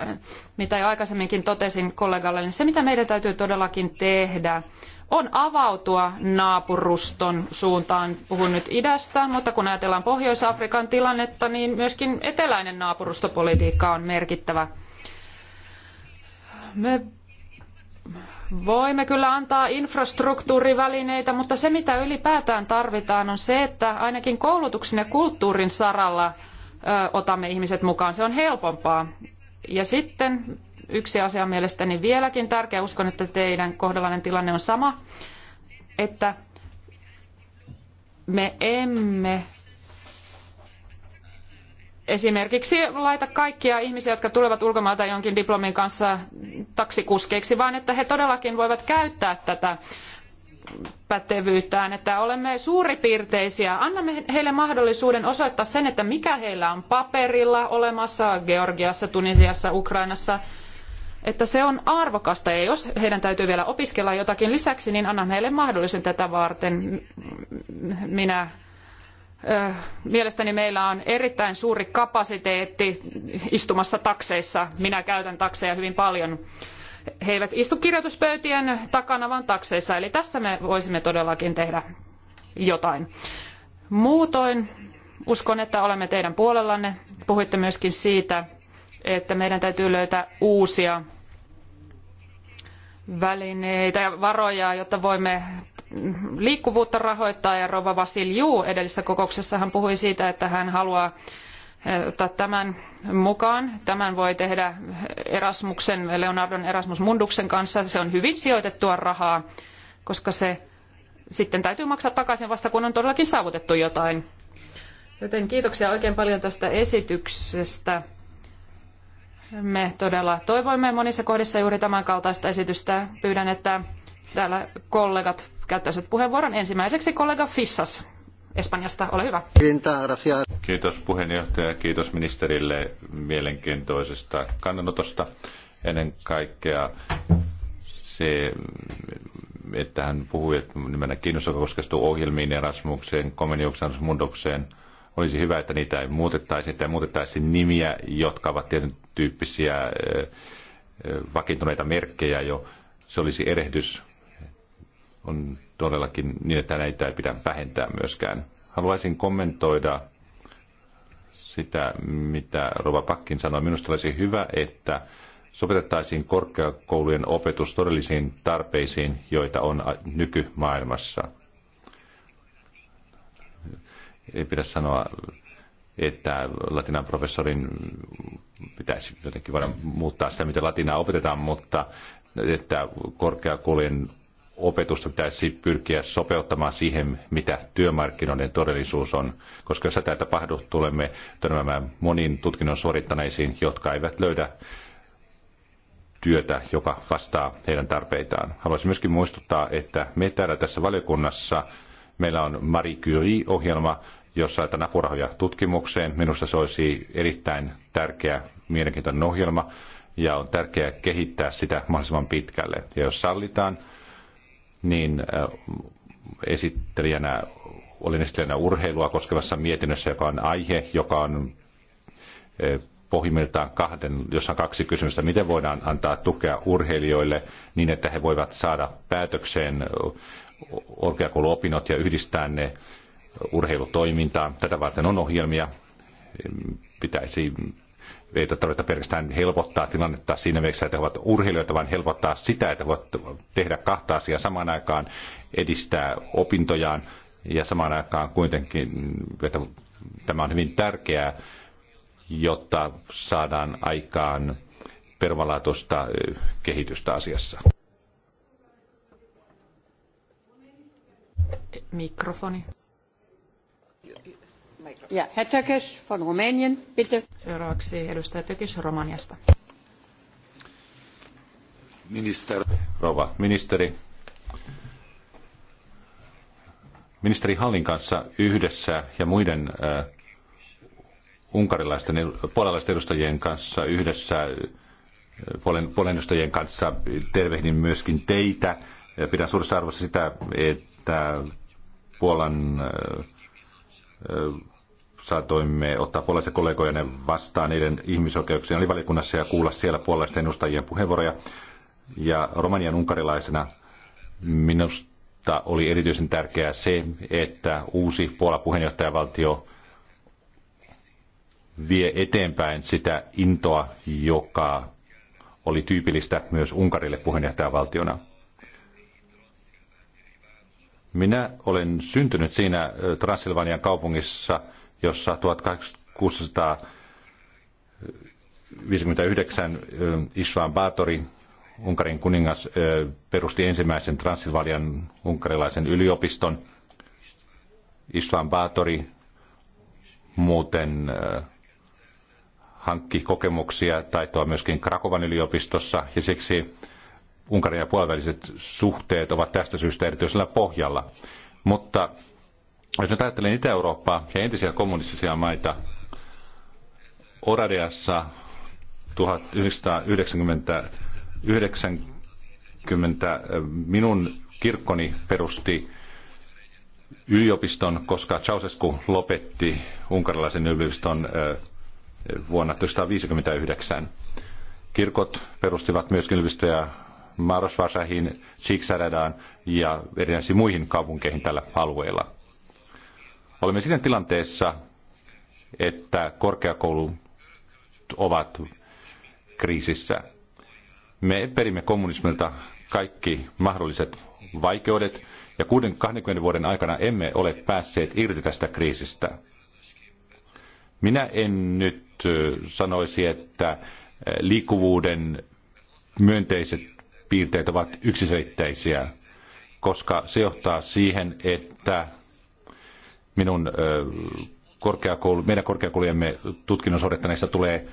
äh, mitä jo aikaisemminkin totesin kollegalle, niin se mitä meidän täytyy todellakin tehdä on avautua naapuruston suuntaan. Puhun nyt idästä, mutta kun ajatellaan Pohjois-Afrikan tilannetta, niin myöskin eteläinen naapurustopolitiikka on merkittävä. Me Voimme kyllä antaa infrastruktuurivälineitä, mutta se mitä ylipäätään tarvitaan on se, että ainakin koulutuksen ja kulttuurin saralla otamme ihmiset mukaan. Se on helpompaa. Ja sitten yksi asia on mielestäni vieläkin tärkeä, uskon, että teidän kohdallainen tilanne on sama, että me emme esimerkiksi laita kaikkia ihmisiä, jotka tulevat ulkomailta jonkin diplomin kanssa taksikuskeiksi, vaan että he todellakin voivat käyttää tätä pätevyyttään, että olemme suuripiirteisiä. Annamme heille mahdollisuuden osoittaa sen, että mikä heillä on paperilla olemassa Georgiassa, Tunisiassa, Ukrainassa, että se on arvokasta. Ja jos heidän täytyy vielä opiskella jotakin lisäksi, niin annamme heille mahdollisuuden tätä varten. Minä mielestäni meillä on erittäin suuri kapasiteetti istumassa takseissa. Minä käytän takseja hyvin paljon. He eivät istu kirjoituspöytien takana, vaan takseissa. Eli tässä me voisimme todellakin tehdä jotain. Muutoin uskon, että olemme teidän puolellanne. Puhuitte myöskin siitä, että meidän täytyy löytää uusia välineitä ja varoja, jotta voimme liikkuvuutta rahoittaa. Ja Rova Vasilju edellisessä kokouksessa hän puhui siitä, että hän haluaa eh, ottaa tämän mukaan. Tämän voi tehdä Erasmuksen, Leonardon Erasmus Munduksen kanssa. Se on hyvin sijoitettua rahaa, koska se sitten täytyy maksaa takaisin vasta, kun on todellakin saavutettu jotain. Joten kiitoksia oikein paljon tästä esityksestä. Me todella toivoimme monissa kohdissa juuri tämän kaltaista esitystä. Pyydän, että täällä kollegat käyttäisivät puheenvuoron. Ensimmäiseksi kollega Fissas Espanjasta. Ole hyvä. Kiitos puheenjohtaja. Kiitos ministerille mielenkiintoisesta kannanotosta. Ennen kaikkea se, että hän puhui, että nimenä kiinnostava koskestuu ohjelmiin, Erasmukseen, Komeniuksen, Mundokseen – olisi hyvä, että niitä ei muutettaisi, että muutettaisiin nimiä, jotka ovat tietyn tyyppisiä vakiintuneita merkkejä jo. Se olisi erehdys. On todellakin niin, että näitä ei pidä vähentää myöskään. Haluaisin kommentoida sitä, mitä Rova Pakkin sanoi. Minusta olisi hyvä, että sopetettaisiin korkeakoulujen opetus todellisiin tarpeisiin, joita on nykymaailmassa – ei pidä sanoa, että latinan professorin pitäisi jotenkin voida muuttaa sitä, mitä latinaa opetetaan, mutta että korkeakoulujen opetusta pitäisi pyrkiä sopeuttamaan siihen, mitä työmarkkinoiden todellisuus on, koska jos tätä tapahdu, tulemme törmäämään moniin tutkinnon suorittaneisiin, jotka eivät löydä työtä, joka vastaa heidän tarpeitaan. Haluaisin myöskin muistuttaa, että me täällä tässä valiokunnassa, meillä on Marie Curie-ohjelma, jossa tämän apurahoja tutkimukseen. Minusta se olisi erittäin tärkeä, mielenkiintoinen ohjelma ja on tärkeää kehittää sitä mahdollisimman pitkälle. Ja jos sallitaan, niin äh, esittelijänä, olin esittelijänä urheilua koskevassa mietinnössä, joka on aihe, joka on äh, pohjimmiltaan kahden, jossa on kaksi kysymystä. Miten voidaan antaa tukea urheilijoille niin, että he voivat saada päätökseen äh, korkeakouluopinnot ja yhdistää ne urheilutoimintaa. Tätä varten on ohjelmia. Pitäisi ei tarvita pelkästään helpottaa tilannetta siinä mielessä, että he ovat urheilijoita, vaan helpottaa sitä, että he voivat tehdä kahta asiaa samaan aikaan, edistää opintojaan ja samaan aikaan kuitenkin, että tämä on hyvin tärkeää, jotta saadaan aikaan pervalaatuista kehitystä asiassa. Mikrofoni. Ja, Herr Tökes von Rumänien, bitte. Seuraavaksi edustaja Tökes Romaniasta. Minister. Rova, ministeri. Ministeri Hallin kanssa yhdessä ja muiden äh, unkarilaisten, puolalaisten edustajien kanssa yhdessä, äh, puolen, edustajien kanssa tervehdin myöskin teitä. Ja pidän suuressa arvossa sitä, että Puolan äh, äh saatoimme ottaa puolalaisia kollegoja vastaan niiden ihmisoikeuksien valikunnassa ja kuulla siellä puolalaisten edustajien puheenvuoroja. Ja romanian unkarilaisena minusta oli erityisen tärkeää se, että uusi Puola puheenjohtajavaltio vie eteenpäin sitä intoa, joka oli tyypillistä myös Unkarille puheenjohtajavaltiona. Minä olen syntynyt siinä äh, Transilvanian kaupungissa – jossa 1659 István Bátori, Unkarin kuningas, perusti ensimmäisen Transilvalian unkarilaisen yliopiston. István Bátori muuten hankki kokemuksia, taitoa myöskin Krakovan yliopistossa, ja siksi Unkarin ja puoliväliset suhteet ovat tästä syystä erityisellä pohjalla. Mutta jos nyt ajattelen Itä-Eurooppaa ja entisiä kommunistisia maita, Oradeassa 1990 minun kirkkoni perusti yliopiston, koska Ceausescu lopetti unkarilaisen yliopiston vuonna 1959. Kirkot perustivat myöskin yliopistoja Marosvasahin, Chiksaradan ja erinäisiin muihin kaupunkeihin tällä alueella. Olemme siinä tilanteessa, että korkeakoulut ovat kriisissä. Me perimme kommunismilta kaikki mahdolliset vaikeudet, ja 20 vuoden aikana emme ole päässeet irti tästä kriisistä. Minä en nyt sanoisi, että liikkuvuuden myönteiset piirteet ovat yksiselitteisiä, koska se johtaa siihen, että minun korkeakoulu, meidän korkeakoulujemme tutkinnon suorittaneista tulee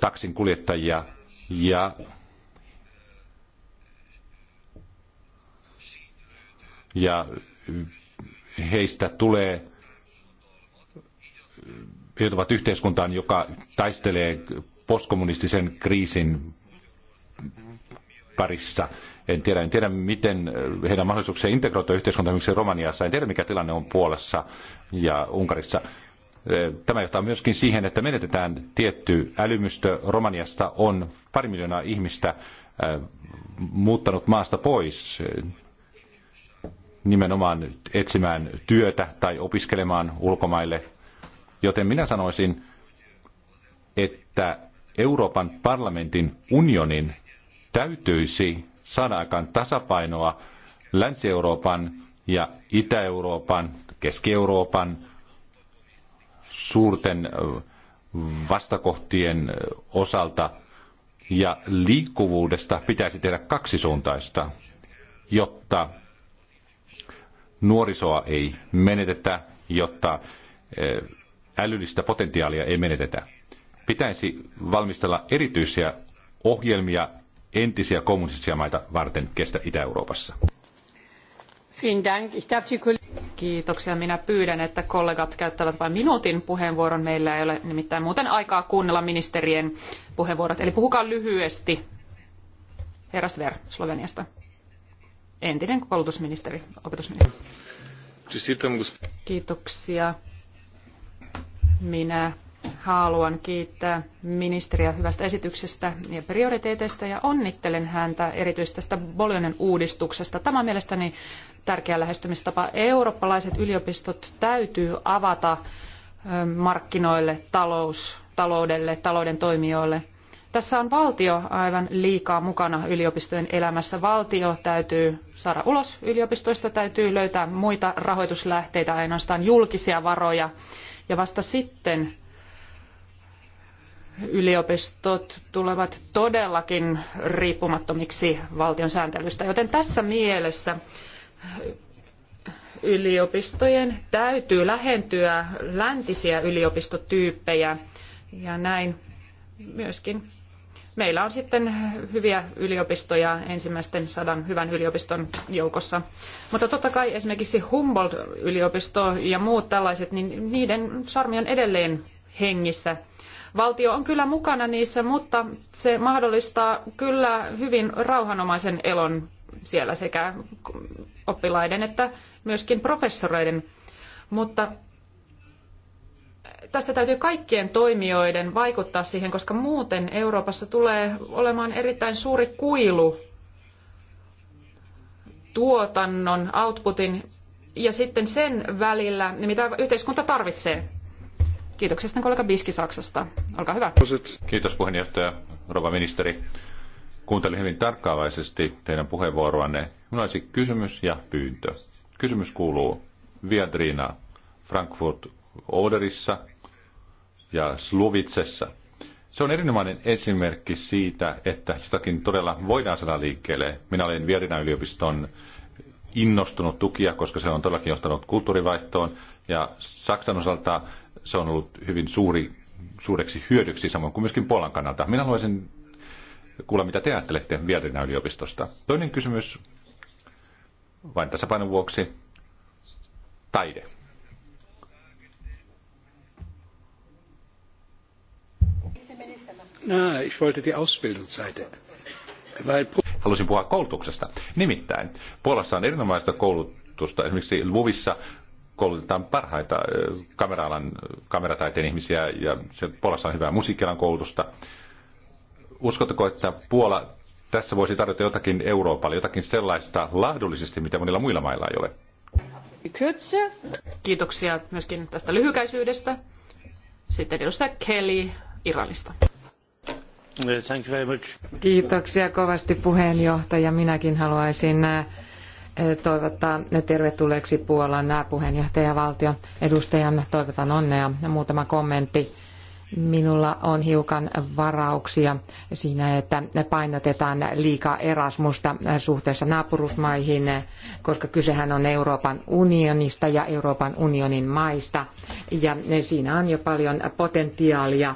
taksin kuljettajia ja ja heistä tulee he ovat yhteiskuntaan, joka taistelee postkommunistisen kriisin parissa. En tiedä, en tiedä miten eh, heidän mahdollisuuksia integroitua yhteiskuntaan, esimerkiksi Romaniassa, en tiedä mikä tilanne on Puolassa ja Unkarissa. Eh, tämä johtaa myöskin siihen, että menetetään tietty älymystö. Romaniasta on pari miljoonaa ihmistä eh, muuttanut maasta pois nimenomaan etsimään työtä tai opiskelemaan ulkomaille. Joten minä sanoisin, että Euroopan parlamentin unionin täytyisi saada aikaan tasapainoa Länsi-Euroopan ja Itä-Euroopan, Keski-Euroopan suurten vastakohtien osalta ja liikkuvuudesta pitäisi tehdä kaksisuuntaista, jotta nuorisoa ei menetetä, jotta älyllistä potentiaalia ei menetetä. Pitäisi valmistella erityisiä ohjelmia entisiä kommunistisia maita varten kestä Itä-Euroopassa. Kiitoksia. Minä pyydän, että kollegat käyttävät vain minuutin puheenvuoron. Meillä ei ole nimittäin muuten aikaa kuunnella ministerien puheenvuorot. Eli puhukaa lyhyesti. Herra Sver Sloveniasta, entinen koulutusministeri, opetusministeri. Kiitoksia. Minä Haluan kiittää ministeriä hyvästä esityksestä ja prioriteeteista ja onnittelen häntä erityisesti tästä Bolognan uudistuksesta. Tämä on mielestäni tärkeä lähestymistapa. Eurooppalaiset yliopistot täytyy avata markkinoille, talous, taloudelle, talouden toimijoille. Tässä on valtio aivan liikaa mukana yliopistojen elämässä. Valtio täytyy saada ulos yliopistoista, täytyy löytää muita rahoituslähteitä, ainoastaan julkisia varoja. Ja vasta sitten yliopistot tulevat todellakin riippumattomiksi valtion sääntelystä. Joten tässä mielessä yliopistojen täytyy lähentyä läntisiä yliopistotyyppejä ja näin myöskin meillä on sitten hyviä yliopistoja ensimmäisten sadan hyvän yliopiston joukossa. Mutta totta kai esimerkiksi Humboldt-yliopisto ja muut tällaiset, niin niiden sarmi on edelleen hengissä Valtio on kyllä mukana niissä, mutta se mahdollistaa kyllä hyvin rauhanomaisen elon siellä sekä oppilaiden että myöskin professoreiden. Mutta tässä täytyy kaikkien toimijoiden vaikuttaa siihen, koska muuten Euroopassa tulee olemaan erittäin suuri kuilu tuotannon, outputin ja sitten sen välillä, mitä yhteiskunta tarvitsee. Kiitoksia sitten kollega Biski Saksasta. Olkaa hyvä. Kiitos puheenjohtaja, rouva ministeri. Kuuntelin hyvin tarkkaavaisesti teidän puheenvuoroanne. Minulla olisi kysymys ja pyyntö. Kysymys kuuluu Viadrina Frankfurt Oderissa ja Sluvitsessa. Se on erinomainen esimerkki siitä, että jotakin todella voidaan saada liikkeelle. Minä olen Viadrinan yliopiston innostunut tukija, koska se on todellakin johtanut kulttuurivaihtoon. Ja Saksan osalta se on ollut hyvin suuri, suureksi hyödyksi, samoin kuin myöskin Puolan kannalta. Minä haluaisin kuulla, mitä te ajattelette Vierinä yliopistosta. Toinen kysymys, vain tasapainon vuoksi, taide. Halusin puhua koulutuksesta. Nimittäin, Puolassa on erinomaista koulutusta. Esimerkiksi Luvissa koulutetaan parhaita kameraalan kamerataiteen ihmisiä ja se Puolassa on hyvää musiikkialan koulutusta. Uskotteko, että Puola tässä voisi tarjota jotakin Euroopalle, jotakin sellaista laadullisesti, mitä monilla muilla mailla ei ole? Kiitoksia myöskin tästä lyhykäisyydestä. Sitten edustaja Kelly Iranista. Thank you very much. Kiitoksia kovasti puheenjohtaja. Minäkin haluaisin äh, toivottaa tervetulleeksi Puolan puheenjohtajavaltion edustajan. Toivotan onnea. Muutama kommentti. Minulla on hiukan varauksia siinä, että painotetaan liikaa Erasmusta suhteessa naapurusmaihin, koska kysehän on Euroopan unionista ja Euroopan unionin maista. Ja siinä on jo paljon potentiaalia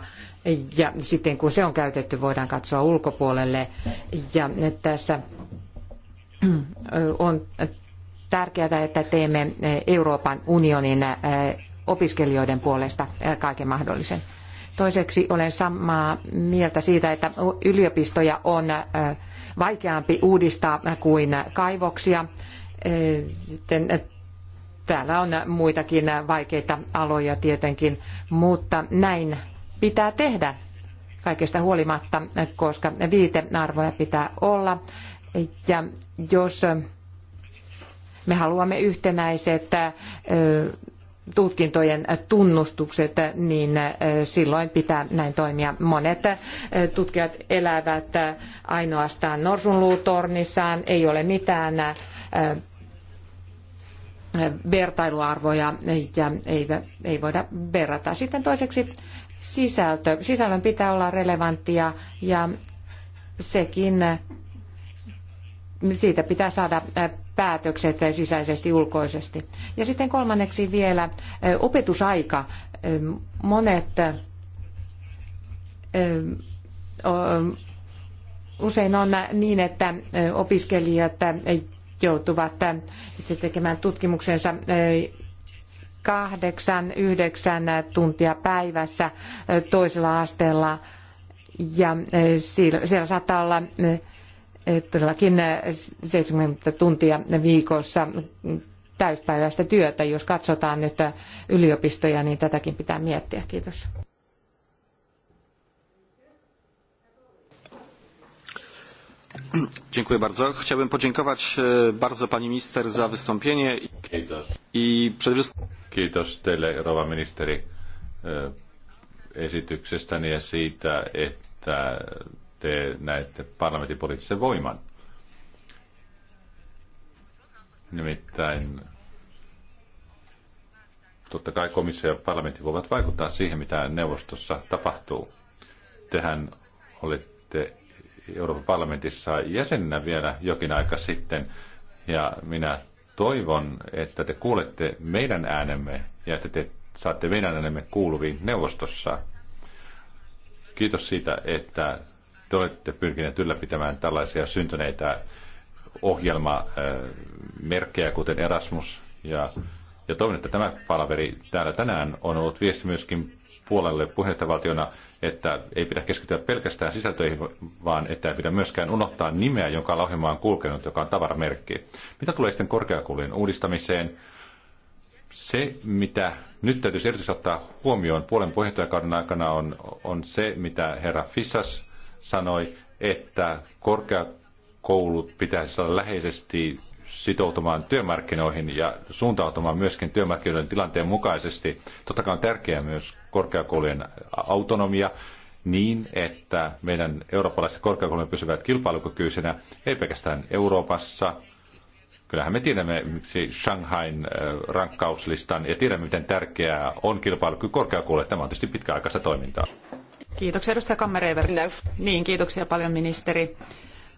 ja sitten kun se on käytetty, voidaan katsoa ulkopuolelle. Ja tässä Mm, on tärkeää, että teemme Euroopan unionin opiskelijoiden puolesta kaiken mahdollisen. Toiseksi olen samaa mieltä siitä, että yliopistoja on vaikeampi uudistaa kuin kaivoksia. Sitten täällä on muitakin vaikeita aloja tietenkin, mutta näin pitää tehdä kaikesta huolimatta, koska viitearvoja pitää olla ja jos me haluamme yhtenäiset tutkintojen tunnustukset, niin silloin pitää näin toimia. Monet tutkijat elävät ainoastaan norsunluutornissaan, ei ole mitään vertailuarvoja ja ei, ei voida verrata. Sitten toiseksi sisältö. Sisällön pitää olla relevanttia ja sekin siitä pitää saada päätökset sisäisesti ulkoisesti. Ja sitten kolmanneksi vielä opetusaika. Monet usein on niin, että opiskelijat joutuvat itse tekemään tutkimuksensa kahdeksan, yhdeksän tuntia päivässä toisella asteella. Ja siellä saattaa olla todellakin 70 tuntia viikossa täyspäiväistä työtä. Jos katsotaan nyt yliopistoja, niin tätäkin pitää miettiä. Kiitos. Dziękuję bardzo. Chciałbym podziękować e, bardzo pani minister za wystąpienie. Kiitos. I przede wszystkim... Kiitos teille, rouva ministeri, e, esityksestäni ja siitä, että te näette parlamentin poliittisen voiman. Nimittäin totta kai komissio ja parlamentti voivat vaikuttaa siihen, mitä neuvostossa tapahtuu. Tehän olitte Euroopan parlamentissa jäsenenä vielä jokin aika sitten, ja minä toivon, että te kuulette meidän äänemme ja että te saatte meidän äänemme kuuluviin neuvostossa. Kiitos siitä, että te olette pyrkineet ylläpitämään tällaisia syntyneitä ohjelmamerkkejä, kuten Erasmus. Ja, ja toivon, että tämä palaveri täällä tänään on ollut viesti myöskin puolelle puheenjohtajavaltiona, että ei pidä keskittyä pelkästään sisältöihin, vaan että ei pidä myöskään unohtaa nimeä, jonka ohjelma on kulkenut, joka on tavaramerkki. Mitä tulee sitten korkeakoulujen uudistamiseen? Se, mitä nyt täytyisi erityisesti ottaa huomioon puolen puheenjohtajakauden aikana, on, on se, mitä herra Fissas sanoi, että korkeakoulut pitäisi saada läheisesti sitoutumaan työmarkkinoihin ja suuntautumaan myöskin työmarkkinoiden tilanteen mukaisesti. Totta kai on tärkeää myös korkeakoulujen autonomia niin, että meidän eurooppalaiset korkeakoulut pysyvät kilpailukykyisenä, ei pelkästään Euroopassa. Kyllähän me tiedämme miksi Shanghain äh, rankkauslistan ja tiedämme, miten tärkeää on kilpailukyky korkeakoulut Tämä on tietysti pitkäaikaista toimintaa. Kiitoksia edustaja no. Niin, kiitoksia paljon ministeri.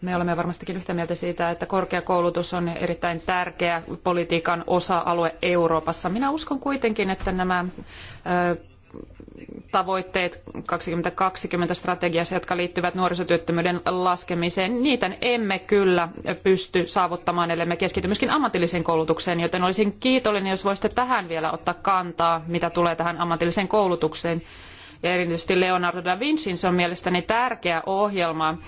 Me olemme varmastikin yhtä mieltä siitä, että korkeakoulutus on erittäin tärkeä politiikan osa-alue Euroopassa. Minä uskon kuitenkin, että nämä tavoitteet 2020 strategiassa, jotka liittyvät nuorisotyöttömyyden laskemiseen, niitä emme kyllä pysty saavuttamaan, ellei me keskity myöskin ammatilliseen koulutukseen, joten olisin kiitollinen, jos voisitte tähän vielä ottaa kantaa, mitä tulee tähän ammatilliseen koulutukseen ja erityisesti Leonardo da Vincin. Se on mielestäni tärkeä ohjelma,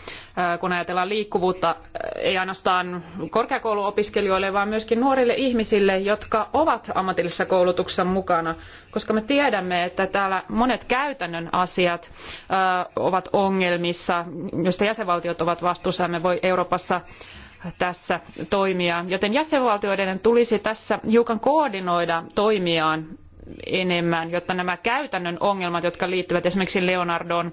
kun ajatellaan liikkuvuutta ei ainoastaan korkeakouluopiskelijoille, vaan myöskin nuorille ihmisille, jotka ovat ammatillisessa koulutuksessa mukana, koska me tiedämme, että täällä monet käytännön asiat ovat ongelmissa, joista jäsenvaltiot ovat vastuussa, ja me voi Euroopassa tässä toimia. Joten jäsenvaltioiden tulisi tässä hiukan koordinoida toimiaan enemmän, jotta nämä käytännön ongelmat, jotka liittyvät esimerkiksi Leonardoon,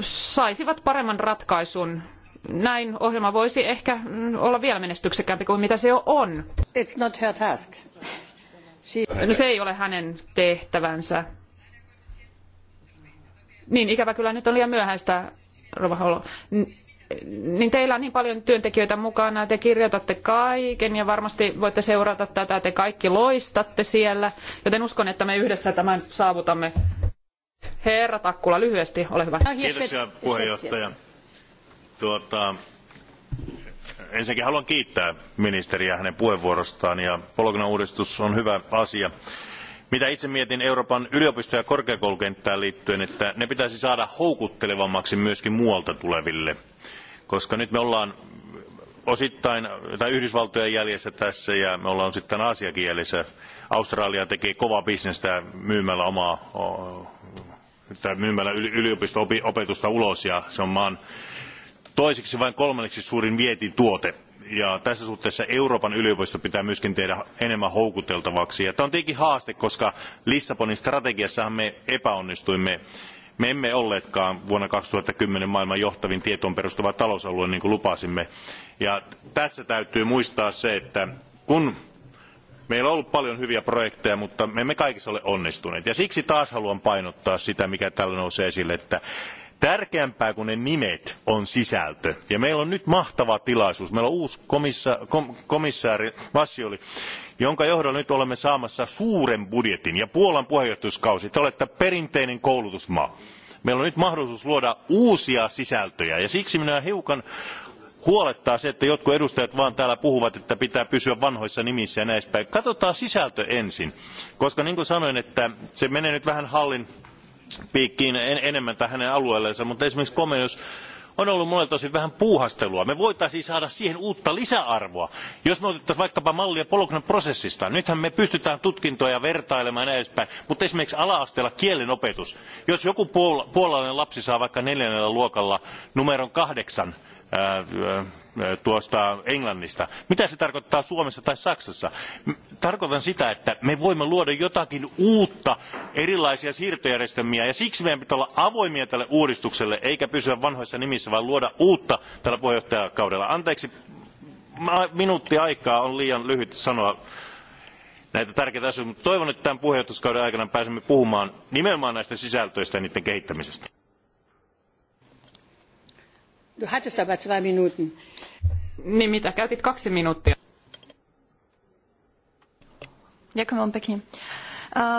saisivat paremman ratkaisun. Näin ohjelma voisi ehkä mm, olla vielä menestyksekkäämpi kuin mitä se jo on. It's not her task. No, se ei ole hänen tehtävänsä. Niin, ikävä kyllä nyt on liian myöhäistä, Rova Holo niin teillä on niin paljon työntekijöitä mukana, te kirjoitatte kaiken ja varmasti voitte seurata tätä, te kaikki loistatte siellä, joten uskon, että me yhdessä tämän saavutamme. Herra Takkula, lyhyesti, ole hyvä. No, Kiitoksia puheenjohtaja. Tuota, ensinnäkin haluan kiittää ministeriä hänen puheenvuorostaan ja Bolognan uudistus on hyvä asia. Mitä itse mietin Euroopan yliopisto- ja korkeakoulukenttään liittyen, että ne pitäisi saada houkuttelevammaksi myöskin muualta tuleville – koska nyt me ollaan osittain tai Yhdysvaltojen jäljessä tässä ja me ollaan sitten Aasiakin jäljessä. Australia tekee kovaa bisnestä myymällä omaa tai myymällä yliopisto-opetusta ulos ja se on maan toiseksi vain kolmanneksi suurin vientituote. Ja tässä suhteessa Euroopan yliopisto pitää myöskin tehdä enemmän houkuteltavaksi. Ja tämä on tietenkin haaste, koska Lissabonin strategiassahan me epäonnistuimme me emme olleetkaan vuonna kaksituhatta kymmenen maailman johtavin tietoon perustuva talousalue niin kuin lupasimme ja tässä täytyy muistaa se että kun meillä on ollut paljon hyviä projekteja mutta me emme kaikissa ole onnistuneet ja siksi taas haluan painottaa sitä mikä täällä nousee esille että tärkeämpää kuin ne nimet on sisältö ja meillä on nyt mahtava tilaisuus meillä on uusi komissaari, kom, komissaari vassioli jonka johdolla nyt olemme saamassa suuren budjetin ja puolan puheenjohtajuuskausi te olette perinteinen koulutusmaa meillä on nyt mahdollisuus luoda uusia sisältöjä ja siksi minä hiukan huolettaa se, että jotkut edustajat vaan täällä puhuvat, että pitää pysyä vanhoissa nimissä ja näistä päin. Katsotaan sisältö ensin, koska niin kuin sanoin, että se menee nyt vähän hallin piikkiin en, enemmän tai hänen alueelleensa, mutta esimerkiksi Komenius on ollut monelta osin vähän puuhastelua. Me voitaisiin saada siihen uutta lisäarvoa, jos me otettaisiin vaikkapa mallia Bolognan prosessista. Nythän me pystytään tutkintoja vertailemaan ja edespäin, mutta esimerkiksi ala-asteella kielenopetus. Jos joku puol- puolalainen lapsi saa vaikka neljännellä luokalla numeron kahdeksan, tuosta Englannista. Mitä se tarkoittaa Suomessa tai Saksassa? Tarkoitan sitä, että me voimme luoda jotakin uutta, erilaisia siirtojärjestelmiä, ja siksi meidän pitää olla avoimia tälle uudistukselle, eikä pysyä vanhoissa nimissä, vaan luoda uutta tällä puheenjohtajakaudella. Anteeksi, minuutti aikaa on liian lyhyt sanoa näitä tärkeitä asioita, mutta toivon, että tämän puheenjohtajakauden aikana pääsemme puhumaan nimenomaan näistä sisältöistä ja niiden kehittämisestä. Du hattest aber zwei Minuten. Niin mitä, käytit kaksi minuuttia. Ďakujem vám pekne.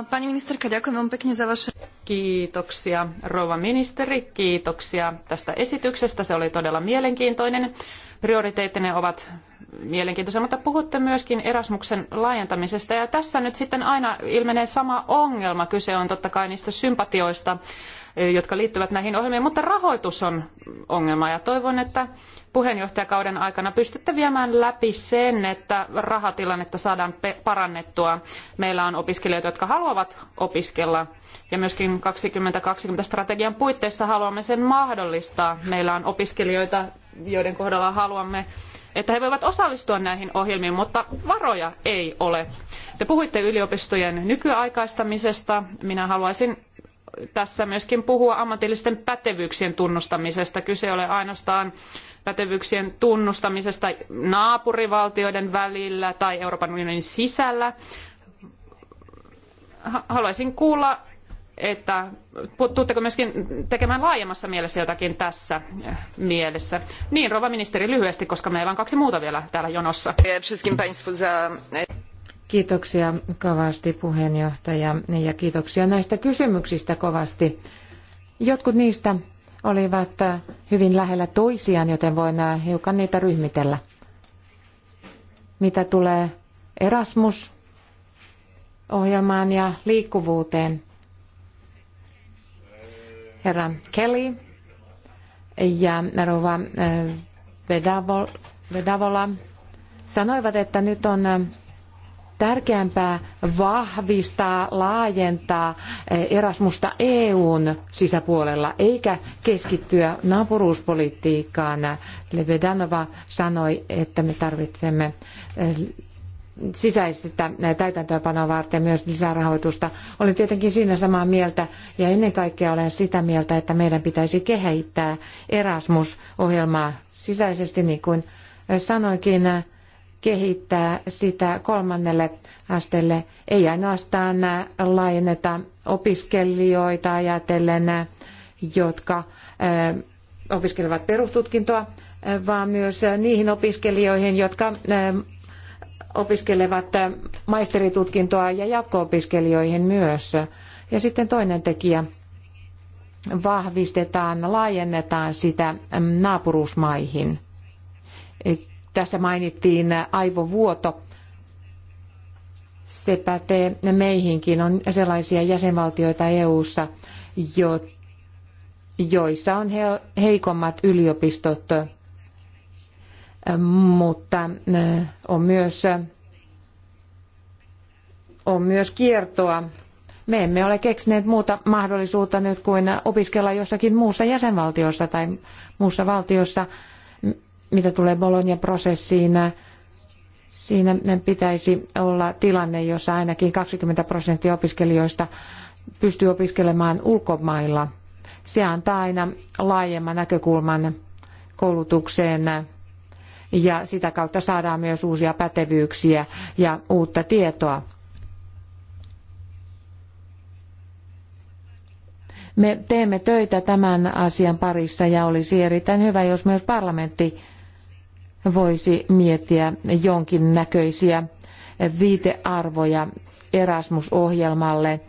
Pani ministerka, ďakujem vám pekne za vaše... Kiitoksia, rouva ministeri. Kiitoksia tästä esityksestä. Se oli todella mielenkiintoinen. Prioriteettinen ovat mielenkiintoisia, mutta puhutte myöskin Erasmuksen laajentamisesta. Ja tässä nyt sitten aina ilmenee sama ongelma. Kyse on totta kai niistä sympatioista, jotka liittyvät näihin ohjelmiin, mutta rahoitus on ongelma. Ja toivon, että puheenjohtajakauden aikana pystytte viemään läpi sen, että rahatilannetta saadaan parannettua. Meillä on opiskelijoita, jotka haluavat opiskella ja myöskin 2020 strategian puitteissa haluamme sen mahdollistaa. Meillä on opiskelijoita, joiden kohdalla haluamme että he voivat osallistua näihin ohjelmiin, mutta varoja ei ole. Te puhuitte yliopistojen nykyaikaistamisesta. Minä haluaisin tässä myöskin puhua ammatillisten pätevyyksien tunnustamisesta. Kyse ei ole ainoastaan pätevyyksien tunnustamisesta naapurivaltioiden välillä tai Euroopan unionin sisällä. Haluaisin kuulla että puuttuutteko myöskin tekemään laajemmassa mielessä jotakin tässä eh, mielessä. Niin, rouva ministeri, lyhyesti, koska meillä on kaksi muuta vielä täällä jonossa. Kiitoksia kovasti puheenjohtaja ja kiitoksia näistä kysymyksistä kovasti. Jotkut niistä olivat eh, hyvin lähellä toisiaan, joten voin eh, hiukan niitä ryhmitellä. Mitä tulee Erasmus-ohjelmaan ja liikkuvuuteen, herra Kelly ja rouva eh, Vedavola sanoivat, että nyt on eh, tärkeämpää vahvistaa, laajentaa eh, Erasmusta EUn sisäpuolella, eikä keskittyä naapuruuspolitiikkaan. Vedanova sanoi, että me tarvitsemme sisäistä täytäntöönpanoa varten myös lisärahoitusta. Olen tietenkin siinä samaa mieltä ja ennen kaikkea olen sitä mieltä, että meidän pitäisi kehittää Erasmus-ohjelmaa sisäisesti, niin kuin sanoinkin, kehittää sitä kolmannelle asteelle. Ei ainoastaan laajenneta opiskelijoita ajatellen, jotka eh, opiskelevat perustutkintoa, eh, vaan myös niihin opiskelijoihin, jotka eh, opiskelevat maisteritutkintoa ja jatko-opiskelijoihin myös. Ja sitten toinen tekijä, vahvistetaan, laajennetaan sitä naapuruusmaihin. Tässä mainittiin aivovuoto. Se pätee meihinkin. On sellaisia jäsenvaltioita EU-ssa, joissa on heikommat yliopistot mutta on myös, on myös kiertoa. Me emme ole keksineet muuta mahdollisuutta nyt kuin opiskella jossakin muussa jäsenvaltiossa tai muussa valtiossa, mitä tulee Bologna-prosessiin. Siinä pitäisi olla tilanne, jossa ainakin 20 prosenttia opiskelijoista pystyy opiskelemaan ulkomailla. Se antaa aina laajemman näkökulman koulutukseen ja sitä kautta saadaan myös uusia pätevyyksiä ja uutta tietoa. Me teemme töitä tämän asian parissa ja olisi erittäin hyvä, jos myös parlamentti voisi miettiä jonkin näköisiä viitearvoja Erasmus-ohjelmalle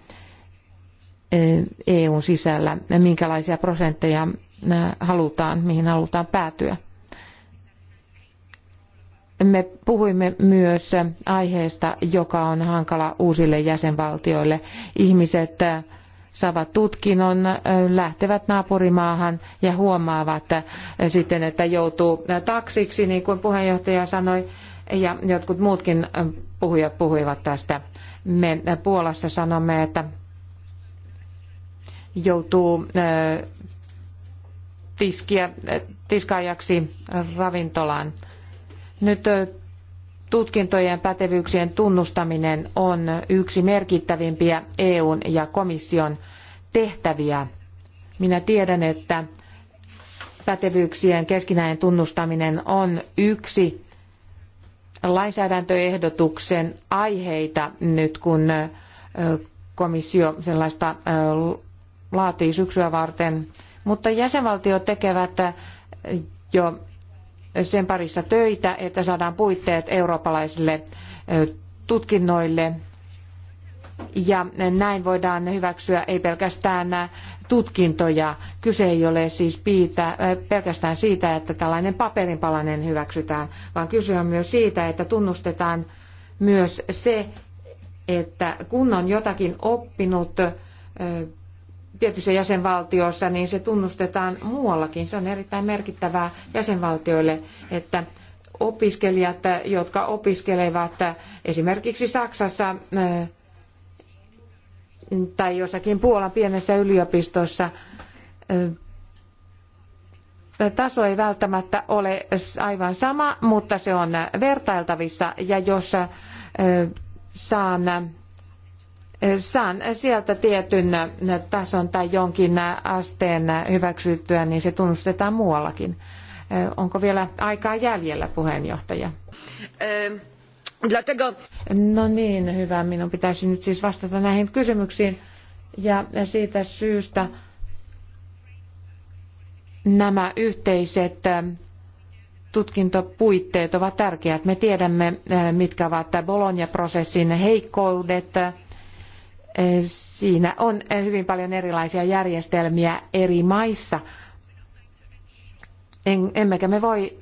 eh, EUn sisällä, minkälaisia prosentteja eh, halutaan, mihin halutaan päätyä. Me puhuimme myös aiheesta, joka on hankala uusille jäsenvaltioille. Ihmiset äh, saavat tutkinnon, äh, lähtevät naapurimaahan ja huomaavat äh, sitten, että joutuu taksiksi, niin kuin puheenjohtaja sanoi, ja jotkut muutkin puhujat puhuivat tästä. Me Puolassa sanomme, että joutuu tiskiä, tiskaajaksi ravintolaan nyt tutkintojen pätevyyksien tunnustaminen on yksi merkittävimpiä EUn ja komission tehtäviä. Minä tiedän, että pätevyyksien keskinäinen tunnustaminen on yksi lainsäädäntöehdotuksen aiheita nyt, kun komissio sellaista laatii syksyä varten, mutta jäsenvaltiot tekevät jo sen parissa töitä, että saadaan puitteet eurooppalaisille tutkinnoille. Ja näin voidaan hyväksyä ei pelkästään tutkintoja. Kyse ei ole siis piitä, pelkästään siitä, että tällainen paperinpalanen hyväksytään, vaan kyse on myös siitä, että tunnustetaan myös se, että kun on jotakin oppinut, tietyissä jäsenvaltioissa, niin se tunnustetaan muuallakin. Se on erittäin merkittävää jäsenvaltioille, että opiskelijat, jotka opiskelevat esimerkiksi Saksassa eh, tai jossakin Puolan pienessä yliopistossa, eh, taso ei välttämättä ole aivan sama, mutta se on vertailtavissa. Ja jos eh, saan saan sieltä tietyn tason tai jonkin asteen hyväksyttyä, niin se tunnustetaan muuallakin. Eh, onko vielä aikaa jäljellä, puheenjohtaja? Eh, no niin, hyvä. Minun pitäisi nyt siis vastata näihin kysymyksiin. Ja siitä syystä nämä yhteiset eh, tutkintopuitteet ovat tärkeät. Me tiedämme, mitkä ovat Bologna-prosessin heikkoudet, Eh, siinä on eh, hyvin paljon erilaisia järjestelmiä eri maissa, emmekä me voi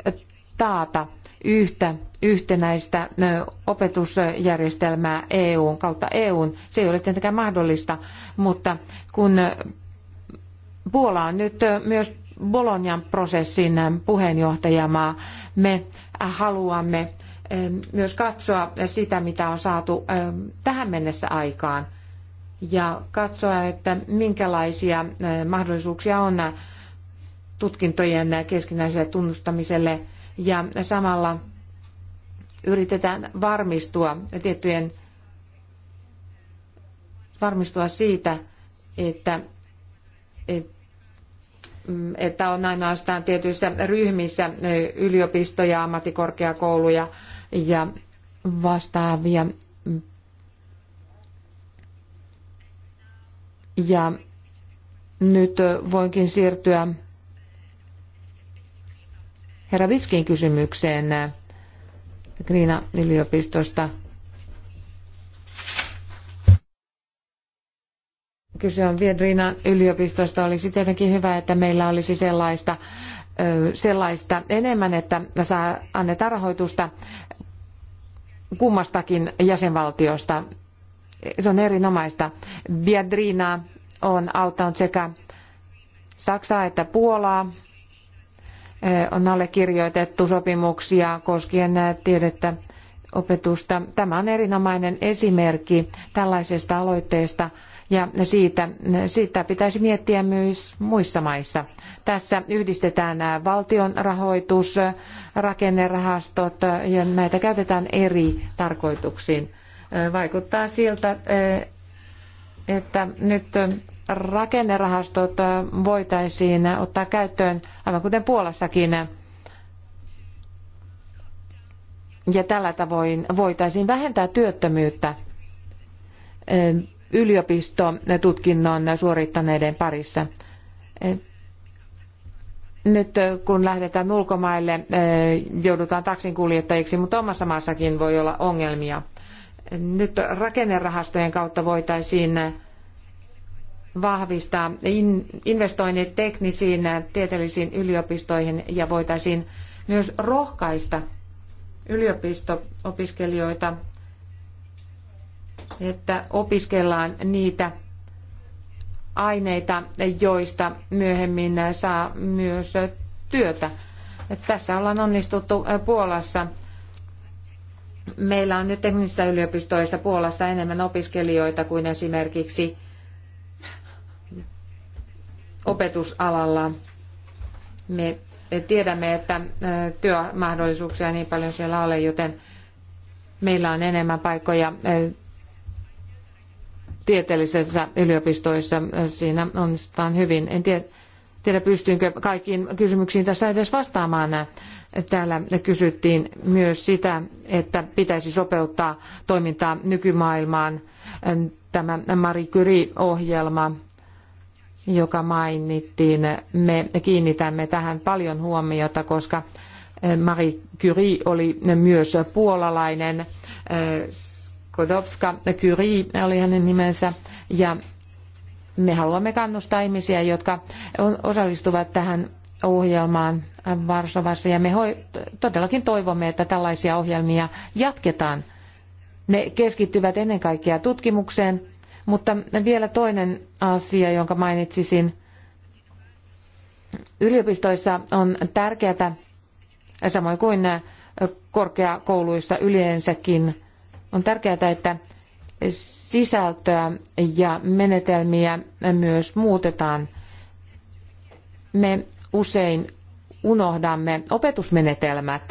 taata yhtä yhtenäistä eh, opetusjärjestelmää EUn kautta EUn. Se ei ole tietenkään mahdollista, mutta kun Puola on nyt myös Bolognan prosessin puheenjohtajamaa, me haluamme myös katsoa sitä, mitä on saatu tähän mennessä aikaan – ja katsoa, että minkälaisia mahdollisuuksia on tutkintojen keskinäiselle tunnustamiselle ja samalla yritetään varmistua tiettyjen varmistua siitä, että, mm, että on ainoastaan tietyissä ryhmissä yliopistoja, ammattikorkeakouluja ja vastaavia Ja nyt voinkin siirtyä herra Vitskin kysymykseen Kriina yliopistosta. Kyse on Viedrinan yliopistosta. Olisi tietenkin hyvä, että meillä olisi sellaista, sellaista enemmän, että saa, annetaan rahoitusta kummastakin jäsenvaltiosta se on erinomaista. Biadrina on auttanut sekä Saksaa että Puolaa. Eh, on allekirjoitettu sopimuksia koskien eh, tiedettä opetusta. Tämä on erinomainen esimerkki tällaisesta aloitteesta ja siitä, eh, sitä pitäisi miettiä myös muissa maissa. Tässä yhdistetään valtion rahoitus, rakennerahastot ja näitä käytetään eri tarkoituksiin. Vaikuttaa siltä, e, että nyt rakennerahastot voitaisiin ottaa käyttöön, aivan kuten Puolassakin, ja tällä tavoin voitaisiin vähentää työttömyyttä e, yliopistotutkinnon suorittaneiden parissa. E, nyt kun lähdetään ulkomaille, joudutaan taksinkuljettajiksi, mutta omassa maassakin voi olla ongelmia nyt rakennerahastojen kautta voitaisiin vahvistaa investoinnit teknisiin tieteellisiin yliopistoihin ja voitaisiin myös rohkaista yliopisto-opiskelijoita, että opiskellaan niitä aineita, joista myöhemmin saa myös työtä. Tässä ollaan onnistuttu Puolassa Meillä on nyt teknisissä yliopistoissa Puolassa enemmän opiskelijoita kuin esimerkiksi opetusalalla. Me tiedämme, että työmahdollisuuksia ei niin paljon siellä ole, joten meillä on enemmän paikkoja tieteellisissä yliopistoissa. Siinä onnistutaan hyvin. En tiedä, tiedä pystyinkö kaikkiin kysymyksiin tässä edes vastaamaan. Täällä kysyttiin myös sitä, että pitäisi sopeuttaa toimintaa nykymaailmaan. Tämä Marie Curie-ohjelma, joka mainittiin, me kiinnitämme tähän paljon huomiota, koska Marie Curie oli myös puolalainen. Kodowska Curie oli hänen nimensä. Ja me haluamme kannustaa ihmisiä, jotka osallistuvat tähän ohjelmaan Varsovassa ja me todellakin toivomme, että tällaisia ohjelmia jatketaan. Ne keskittyvät ennen kaikkea tutkimukseen, mutta vielä toinen asia, jonka mainitsisin. Yliopistoissa on tärkeää, samoin kuin korkeakouluissa yleensäkin, on tärkeää, että sisältöä ja menetelmiä myös muutetaan. Me usein unohdamme opetusmenetelmät.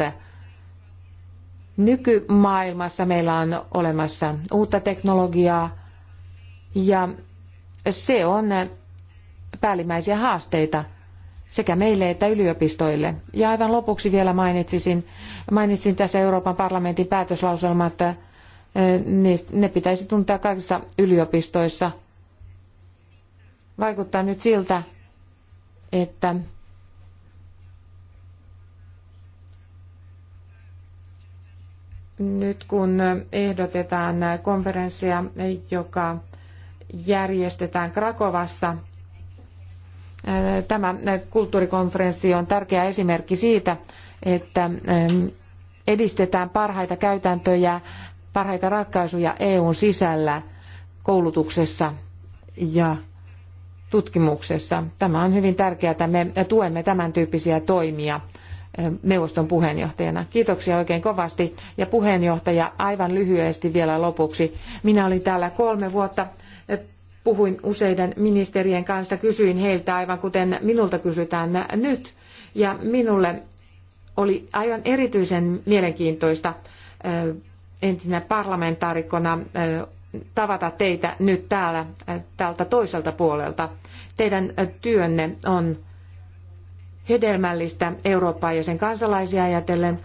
Nykymaailmassa meillä on olemassa uutta teknologiaa ja se on päällimmäisiä haasteita sekä meille että yliopistoille. Ja aivan lopuksi vielä mainitsisin, mainitsin tässä Euroopan parlamentin päätöslauselmat, että ne pitäisi tuntea kaikissa yliopistoissa. Vaikuttaa nyt siltä, että nyt kun ehdotetaan konferenssia, joka järjestetään Krakovassa, tämä kulttuurikonferenssi on tärkeä esimerkki siitä, että edistetään parhaita käytäntöjä, parhaita ratkaisuja EUn sisällä koulutuksessa ja tutkimuksessa. Tämä on hyvin tärkeää, että me tuemme tämän tyyppisiä toimia neuvoston puheenjohtajana. Kiitoksia oikein kovasti. Ja puheenjohtaja, aivan lyhyesti vielä lopuksi. Minä olin täällä kolme vuotta, puhuin useiden ministerien kanssa, kysyin heiltä aivan kuten minulta kysytään nyt. Ja minulle oli aivan erityisen mielenkiintoista entisenä parlamentaarikkona tavata teitä nyt täällä tältä toiselta puolelta. Teidän työnne on hedelmällistä Eurooppaa ja sen kansalaisia ajatellen.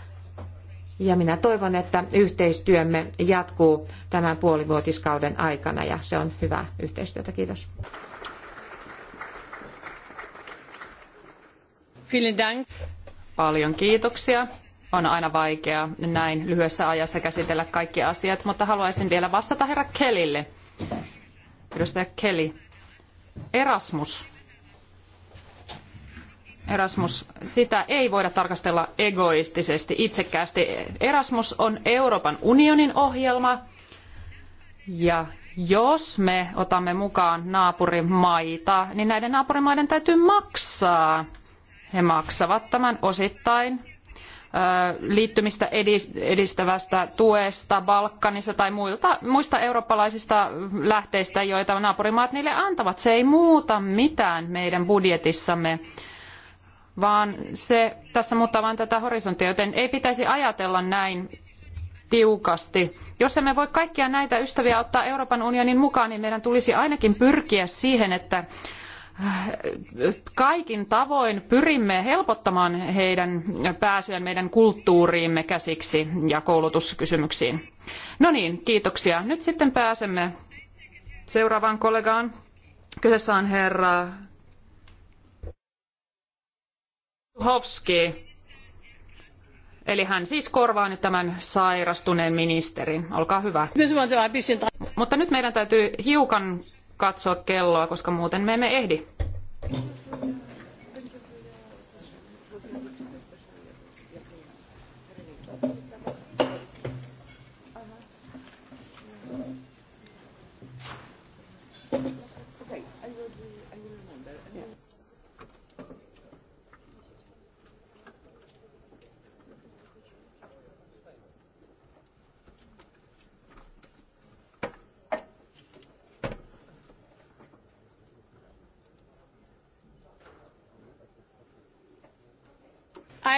Ja minä toivon, että yhteistyömme jatkuu tämän puolivuotiskauden aikana ja se on hyvää yhteistyötä. Kiitos. Paljon kiitoksia. On aina vaikea näin lyhyessä ajassa käsitellä kaikki asiat, mutta haluaisin vielä vastata herra Kellylle, Edustaja Kelly, Erasmus Erasmus, sitä ei voida tarkastella egoistisesti, itsekkäästi. Erasmus on Euroopan unionin ohjelma, ja jos me otamme mukaan naapurimaita, niin näiden naapurimaiden täytyy maksaa. He maksavat tämän osittain liittymistä edistävästä tuesta Balkanissa tai muilta, muista eurooppalaisista lähteistä, joita naapurimaat niille antavat. Se ei muuta mitään meidän budjetissamme vaan se tässä muuttaa vain tätä horisonttia, joten ei pitäisi ajatella näin tiukasti. Jos emme voi kaikkia näitä ystäviä ottaa Euroopan unionin mukaan, niin meidän tulisi ainakin pyrkiä siihen, että äh, kaikin tavoin pyrimme helpottamaan heidän pääsyään meidän kulttuuriimme käsiksi ja koulutuskysymyksiin. No niin, kiitoksia. Nyt sitten pääsemme seuraavaan kollegaan. Kyseessä on herra Tuhovski. Eli hän siis korvaa nyt tämän sairastuneen ministerin. Olkaa hyvä. Mutta nyt meidän täytyy hiukan katsoa kelloa, koska muuten me emme ehdi.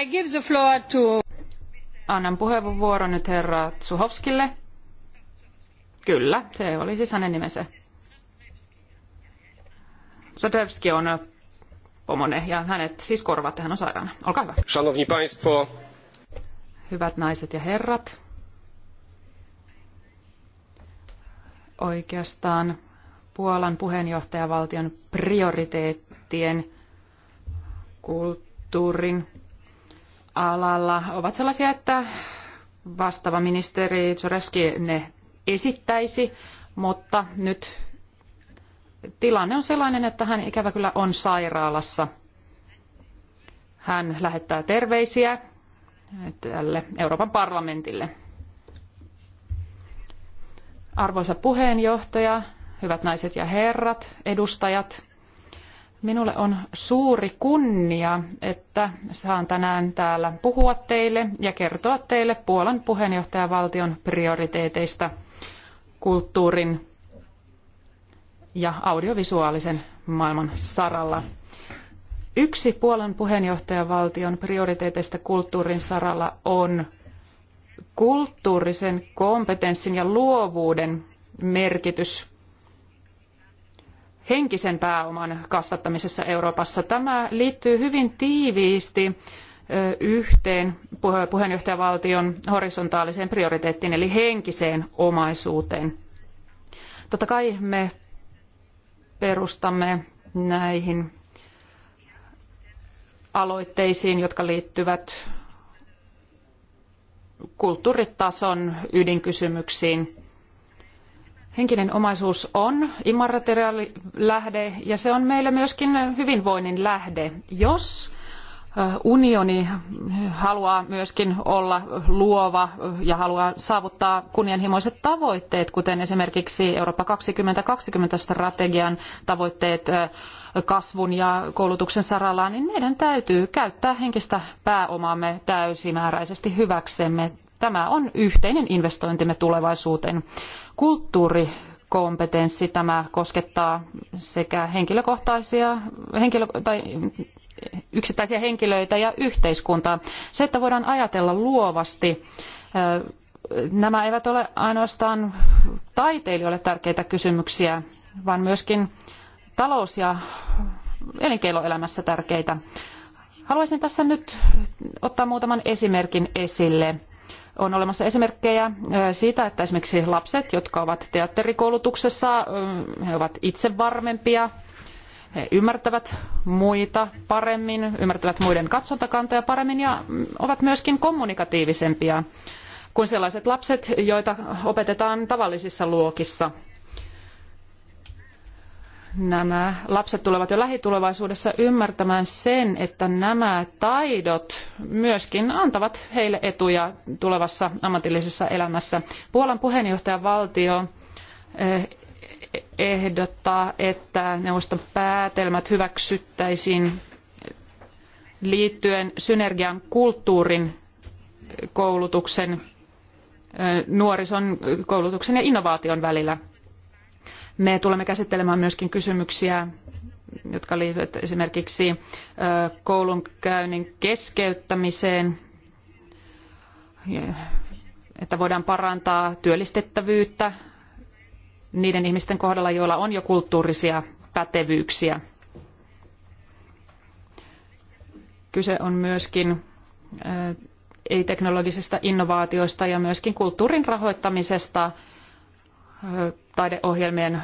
I give the floor to... Annan puheenvuoron nyt herra Suhovskille. Kyllä, se oli siis hänen nimensä. Sodewski on pomone ja hänet siis korvaatte, hän on sairaana. Olkaa hyvä. Szanowni Państwo. Hyvät naiset ja herrat. Oikeastaan Puolan puheenjohtajavaltion prioriteettien kulttuurin alalla ovat sellaisia, että vastaava ministeri Zorevski ne esittäisi, mutta nyt tilanne on sellainen, että hän ikävä kyllä on sairaalassa. Hän lähettää terveisiä tälle Euroopan parlamentille. Arvoisa puheenjohtaja, hyvät naiset ja herrat, edustajat, Minulle on suuri kunnia, että saan tänään täällä puhua teille ja kertoa teille Puolan puheenjohtajavaltion prioriteeteista kulttuurin ja audiovisuaalisen maailman saralla. Yksi Puolan puheenjohtajavaltion prioriteeteista kulttuurin saralla on kulttuurisen kompetenssin ja luovuuden merkitys henkisen pääoman kasvattamisessa Euroopassa. Tämä liittyy hyvin tiiviisti yhteen puheenjohtajavaltion horisontaaliseen prioriteettiin eli henkiseen omaisuuteen. Totta kai me perustamme näihin aloitteisiin, jotka liittyvät kulttuuritason ydinkysymyksiin. Henkinen omaisuus on immateriaalilähde ja se on meille myöskin hyvinvoinnin lähde. Jos unioni haluaa myöskin olla luova ja haluaa saavuttaa kunnianhimoiset tavoitteet, kuten esimerkiksi Eurooppa 2020 strategian tavoitteet kasvun ja koulutuksen saralla, niin meidän täytyy käyttää henkistä pääomaamme täysimääräisesti hyväksemme. Tämä on yhteinen investointimme tulevaisuuteen. Kulttuuri kompetenssi. Tämä koskettaa sekä henkilökohtaisia henkilö, tai yksittäisiä henkilöitä ja yhteiskuntaa. Se, että voidaan ajatella luovasti, nämä eivät ole ainoastaan taiteilijoille tärkeitä kysymyksiä, vaan myöskin talous- ja elinkeinoelämässä tärkeitä. Haluaisin tässä nyt ottaa muutaman esimerkin esille on olemassa esimerkkejä siitä, että esimerkiksi lapset, jotka ovat teatterikoulutuksessa, he ovat itse varmempia, he ymmärtävät muita paremmin, ymmärtävät muiden katsontakantoja paremmin ja mm, ovat myöskin kommunikatiivisempia kuin sellaiset lapset, joita opetetaan tavallisissa luokissa – nämä lapset tulevat jo lähitulevaisuudessa ymmärtämään sen, että nämä taidot myöskin antavat heille etuja tulevassa ammatillisessa elämässä. Puolan puheenjohtajavaltio eh, ehdottaa, että neuvoston päätelmät hyväksyttäisiin liittyen synergian kulttuurin eh, koulutuksen, eh, nuorison koulutuksen ja innovaation välillä – me tulemme käsittelemään myöskin kysymyksiä, jotka liittyvät esimerkiksi koulunkäynnin keskeyttämiseen, että voidaan parantaa työllistettävyyttä niiden ihmisten kohdalla, joilla on jo kulttuurisia pätevyyksiä. Kyse on myöskin ei-teknologisista innovaatioista ja myöskin kulttuurin rahoittamisesta taideohjelmien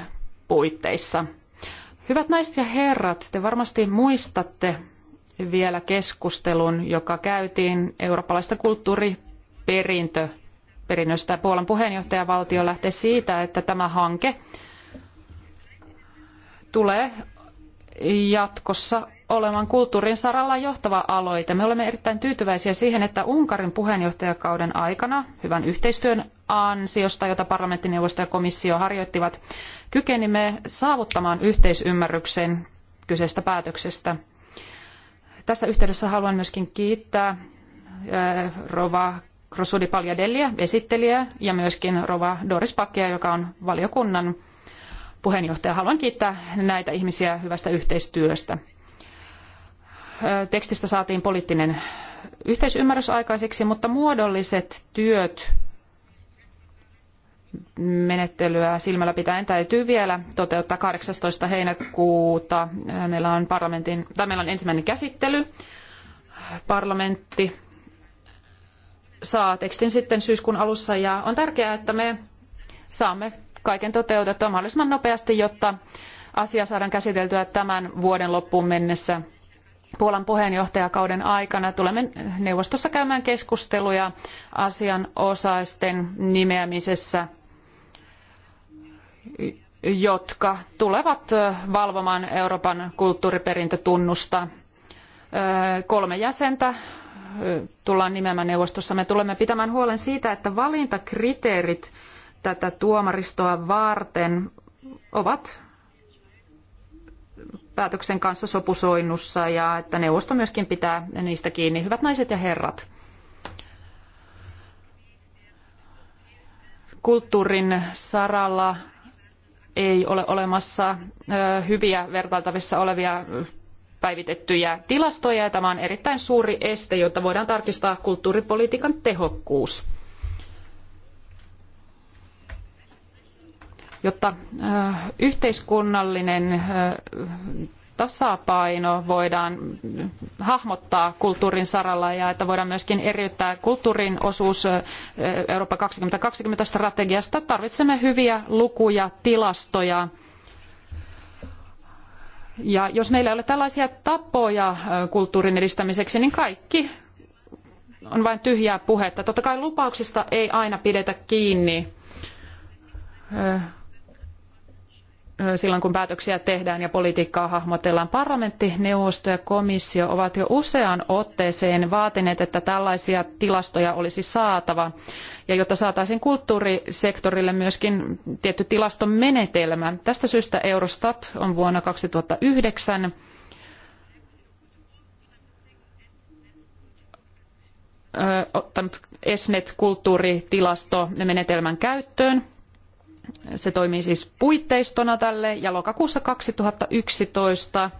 puitteissa. Hyvät naiset ja herrat, te varmasti muistatte vielä keskustelun, joka käytiin eurooppalaista kulttuuriperintö perinnöstä. Puolan puheenjohtajavaltio lähtee siitä, että tämä hanke tulee jatkossa olemaan kulttuurin saralla johtava aloite. Me olemme erittäin tyytyväisiä siihen, että Unkarin puheenjohtajakauden aikana hyvän yhteistyön ansiosta, jota parlamenttineuvosto ja komissio harjoittivat, kykenimme saavuttamaan yhteisymmärryksen kyseisestä päätöksestä. Tässä yhteydessä haluan myöskin kiittää Rova Rosudi Paljadellia, esittelijää, ja myöskin Rova Doris Pakkia, joka on valiokunnan puheenjohtaja. Haluan kiittää näitä ihmisiä hyvästä yhteistyöstä. Tekstistä saatiin poliittinen yhteisymmärrys aikaiseksi, mutta muodolliset työt menettelyä silmällä pitäen täytyy vielä toteuttaa 18. heinäkuuta. Meillä on, parlamentin, tai meillä on ensimmäinen käsittely. Parlamentti saa tekstin sitten syyskuun alussa ja on tärkeää, että me saamme kaiken toteutettua mahdollisimman nopeasti, jotta asia saadaan käsiteltyä tämän vuoden loppuun mennessä. Puolan puheenjohtajakauden aikana tulemme neuvostossa käymään keskusteluja asianosaisten nimeämisessä – jotka tulevat valvomaan Euroopan kulttuuriperintötunnusta. Kolme jäsentä tullaan nimeämään neuvostossa. Me tulemme pitämään huolen siitä, että valintakriteerit tätä tuomaristoa varten ovat päätöksen kanssa sopusoinnussa ja että neuvosto myöskin pitää niistä kiinni. Hyvät naiset ja herrat, kulttuurin saralla ei ole olemassa hyviä vertailtavissa olevia päivitettyjä tilastoja ja tämä on erittäin suuri este, jotta voidaan tarkistaa kulttuuripolitiikan tehokkuus. Jotta yhteiskunnallinen tasapaino voidaan hahmottaa kulttuurin saralla ja että voidaan myöskin eriyttää kulttuurin osuus Eurooppa 2020 strategiasta. Tarvitsemme hyviä lukuja, tilastoja. Ja jos meillä ei ole tällaisia tapoja kulttuurin edistämiseksi, niin kaikki on vain tyhjää puhetta. Totta kai lupauksista ei aina pidetä kiinni silloin kun päätöksiä tehdään ja politiikkaa hahmotellaan. Parlamentti, neuvosto ja komissio ovat jo useaan otteeseen vaatineet, että tällaisia tilastoja olisi saatava. Ja jotta saataisiin kulttuurisektorille myöskin tietty tilastomenetelmä. Tästä syystä Eurostat on vuonna 2009 ottanut Esnet-kulttuuritilasto-menetelmän käyttöön se toimii siis puitteistona tälle ja lokakuussa 2011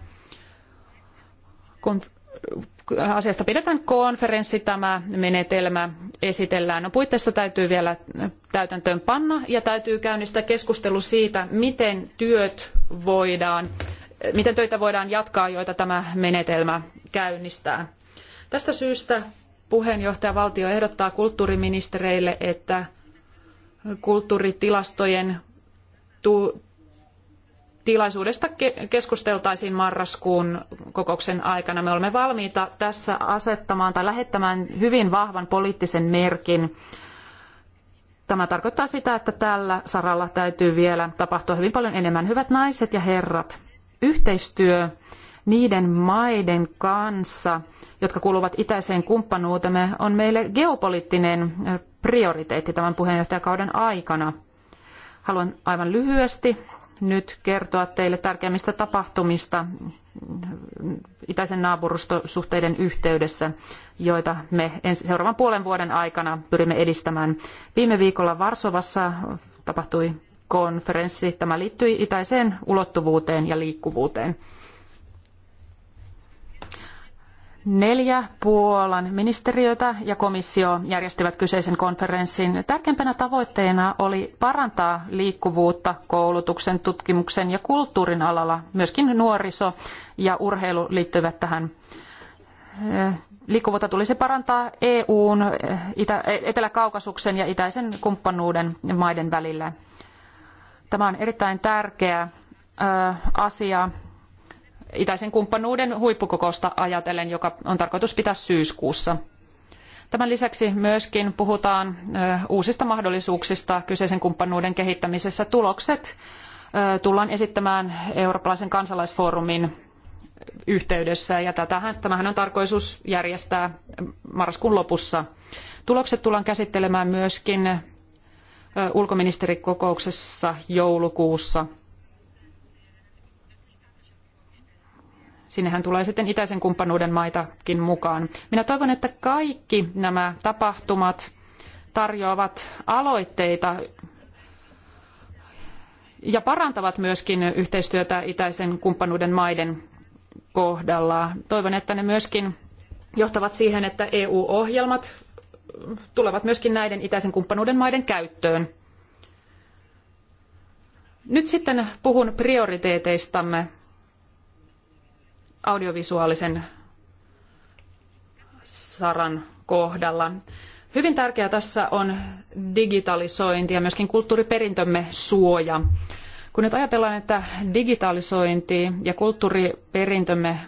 kun äh, asiasta pidetään konferenssi, tämä menetelmä esitellään. No, puitteisto täytyy vielä äh, täytäntöön panna ja täytyy käynnistää keskustelu siitä, miten työt voidaan, äh, miten töitä voidaan jatkaa, joita tämä menetelmä käynnistää. Tästä syystä puheenjohtajavaltio ehdottaa kulttuuriministereille, että kulttuuritilastojen tilaisuudesta keskusteltaisiin marraskuun kokouksen aikana. Me olemme valmiita tässä asettamaan tai lähettämään hyvin vahvan poliittisen merkin. Tämä tarkoittaa sitä, että tällä saralla täytyy vielä tapahtua hyvin paljon enemmän. Hyvät naiset ja herrat, yhteistyö niiden maiden kanssa, jotka kuuluvat itäiseen kumppanuutemme, on meille geopoliittinen prioriteetti tämän puheenjohtajakauden aikana. Haluan aivan lyhyesti nyt kertoa teille tärkeimmistä tapahtumista itäisen naapurustosuhteiden yhteydessä, joita me seuraavan puolen vuoden aikana pyrimme edistämään. Viime viikolla Varsovassa tapahtui konferenssi. Tämä liittyi itäiseen ulottuvuuteen ja liikkuvuuteen. Neljä Puolan ministeriötä ja komissio järjestivät kyseisen konferenssin. Tärkeimpänä tavoitteena oli parantaa liikkuvuutta koulutuksen, tutkimuksen ja kulttuurin alalla. Myöskin nuoriso ja urheilu liittyvät tähän. Liikkuvuutta tulisi parantaa EUn, Itä, Etelä-Kaukasuksen ja itäisen kumppanuuden maiden välillä. Tämä on erittäin tärkeä asia itäisen kumppanuuden huippukokousta ajatellen, joka on tarkoitus pitää syyskuussa. Tämän lisäksi myöskin puhutaan uusista mahdollisuuksista kyseisen kumppanuuden kehittämisessä. Tulokset tullaan esittämään eurooppalaisen kansalaisfoorumin yhteydessä ja tätähän, tämähän on tarkoitus järjestää marraskuun lopussa. Tulokset tullaan käsittelemään myöskin ulkoministerikokouksessa joulukuussa – Sinnehän tulee sitten itäisen kumppanuuden maitakin mukaan. Minä toivon, että kaikki nämä tapahtumat tarjoavat aloitteita ja parantavat myöskin yhteistyötä itäisen kumppanuuden maiden kohdalla. Toivon, että ne myöskin johtavat siihen, että EU-ohjelmat tulevat myöskin näiden itäisen kumppanuuden maiden käyttöön. Nyt sitten puhun prioriteeteistamme audiovisuaalisen saran kohdalla. Hyvin tärkeää tässä on digitalisointi ja myöskin kulttuuriperintömme suoja. Kun nyt ajatellaan, että digitalisointi ja kulttuuriperintömme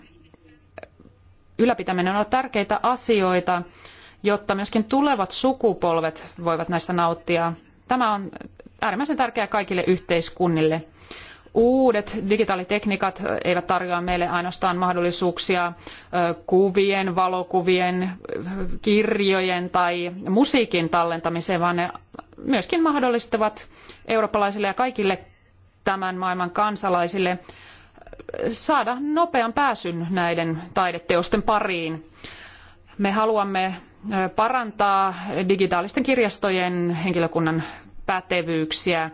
ylläpitäminen ovat tärkeitä asioita, jotta myöskin tulevat sukupolvet voivat näistä nauttia. Tämä on äärimmäisen tärkeää kaikille yhteiskunnille uudet digitaalitekniikat eivät tarjoa meille ainoastaan mahdollisuuksia kuvien, valokuvien, kirjojen tai musiikin tallentamiseen, vaan ne myöskin mahdollistavat eurooppalaisille ja kaikille tämän maailman kansalaisille saada nopean pääsyn näiden taideteosten pariin. Me haluamme parantaa digitaalisten kirjastojen henkilökunnan pätevyyksiä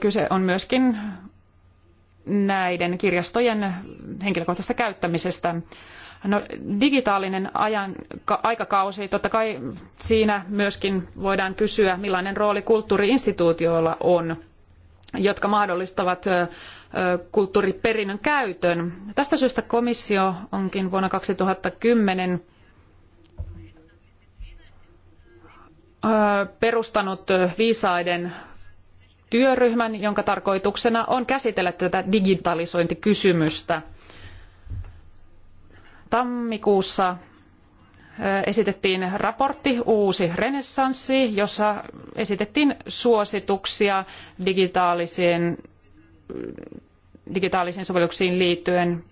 Kyse on myöskin näiden kirjastojen henkilökohtaisesta käyttämisestä. No, digitaalinen ajan, ka, aikakausi, totta kai siinä myöskin voidaan kysyä, millainen rooli kulttuuriinstituutioilla on, jotka mahdollistavat kulttuuriperinnön käytön. Tästä syystä komissio onkin vuonna 2010 perustanut viisaiden työryhmän, jonka tarkoituksena on käsitellä tätä digitalisointikysymystä. Tammikuussa esitettiin raportti Uusi renessanssi, jossa esitettiin suosituksia digitaalisiin, digitaalisiin sovelluksiin liittyen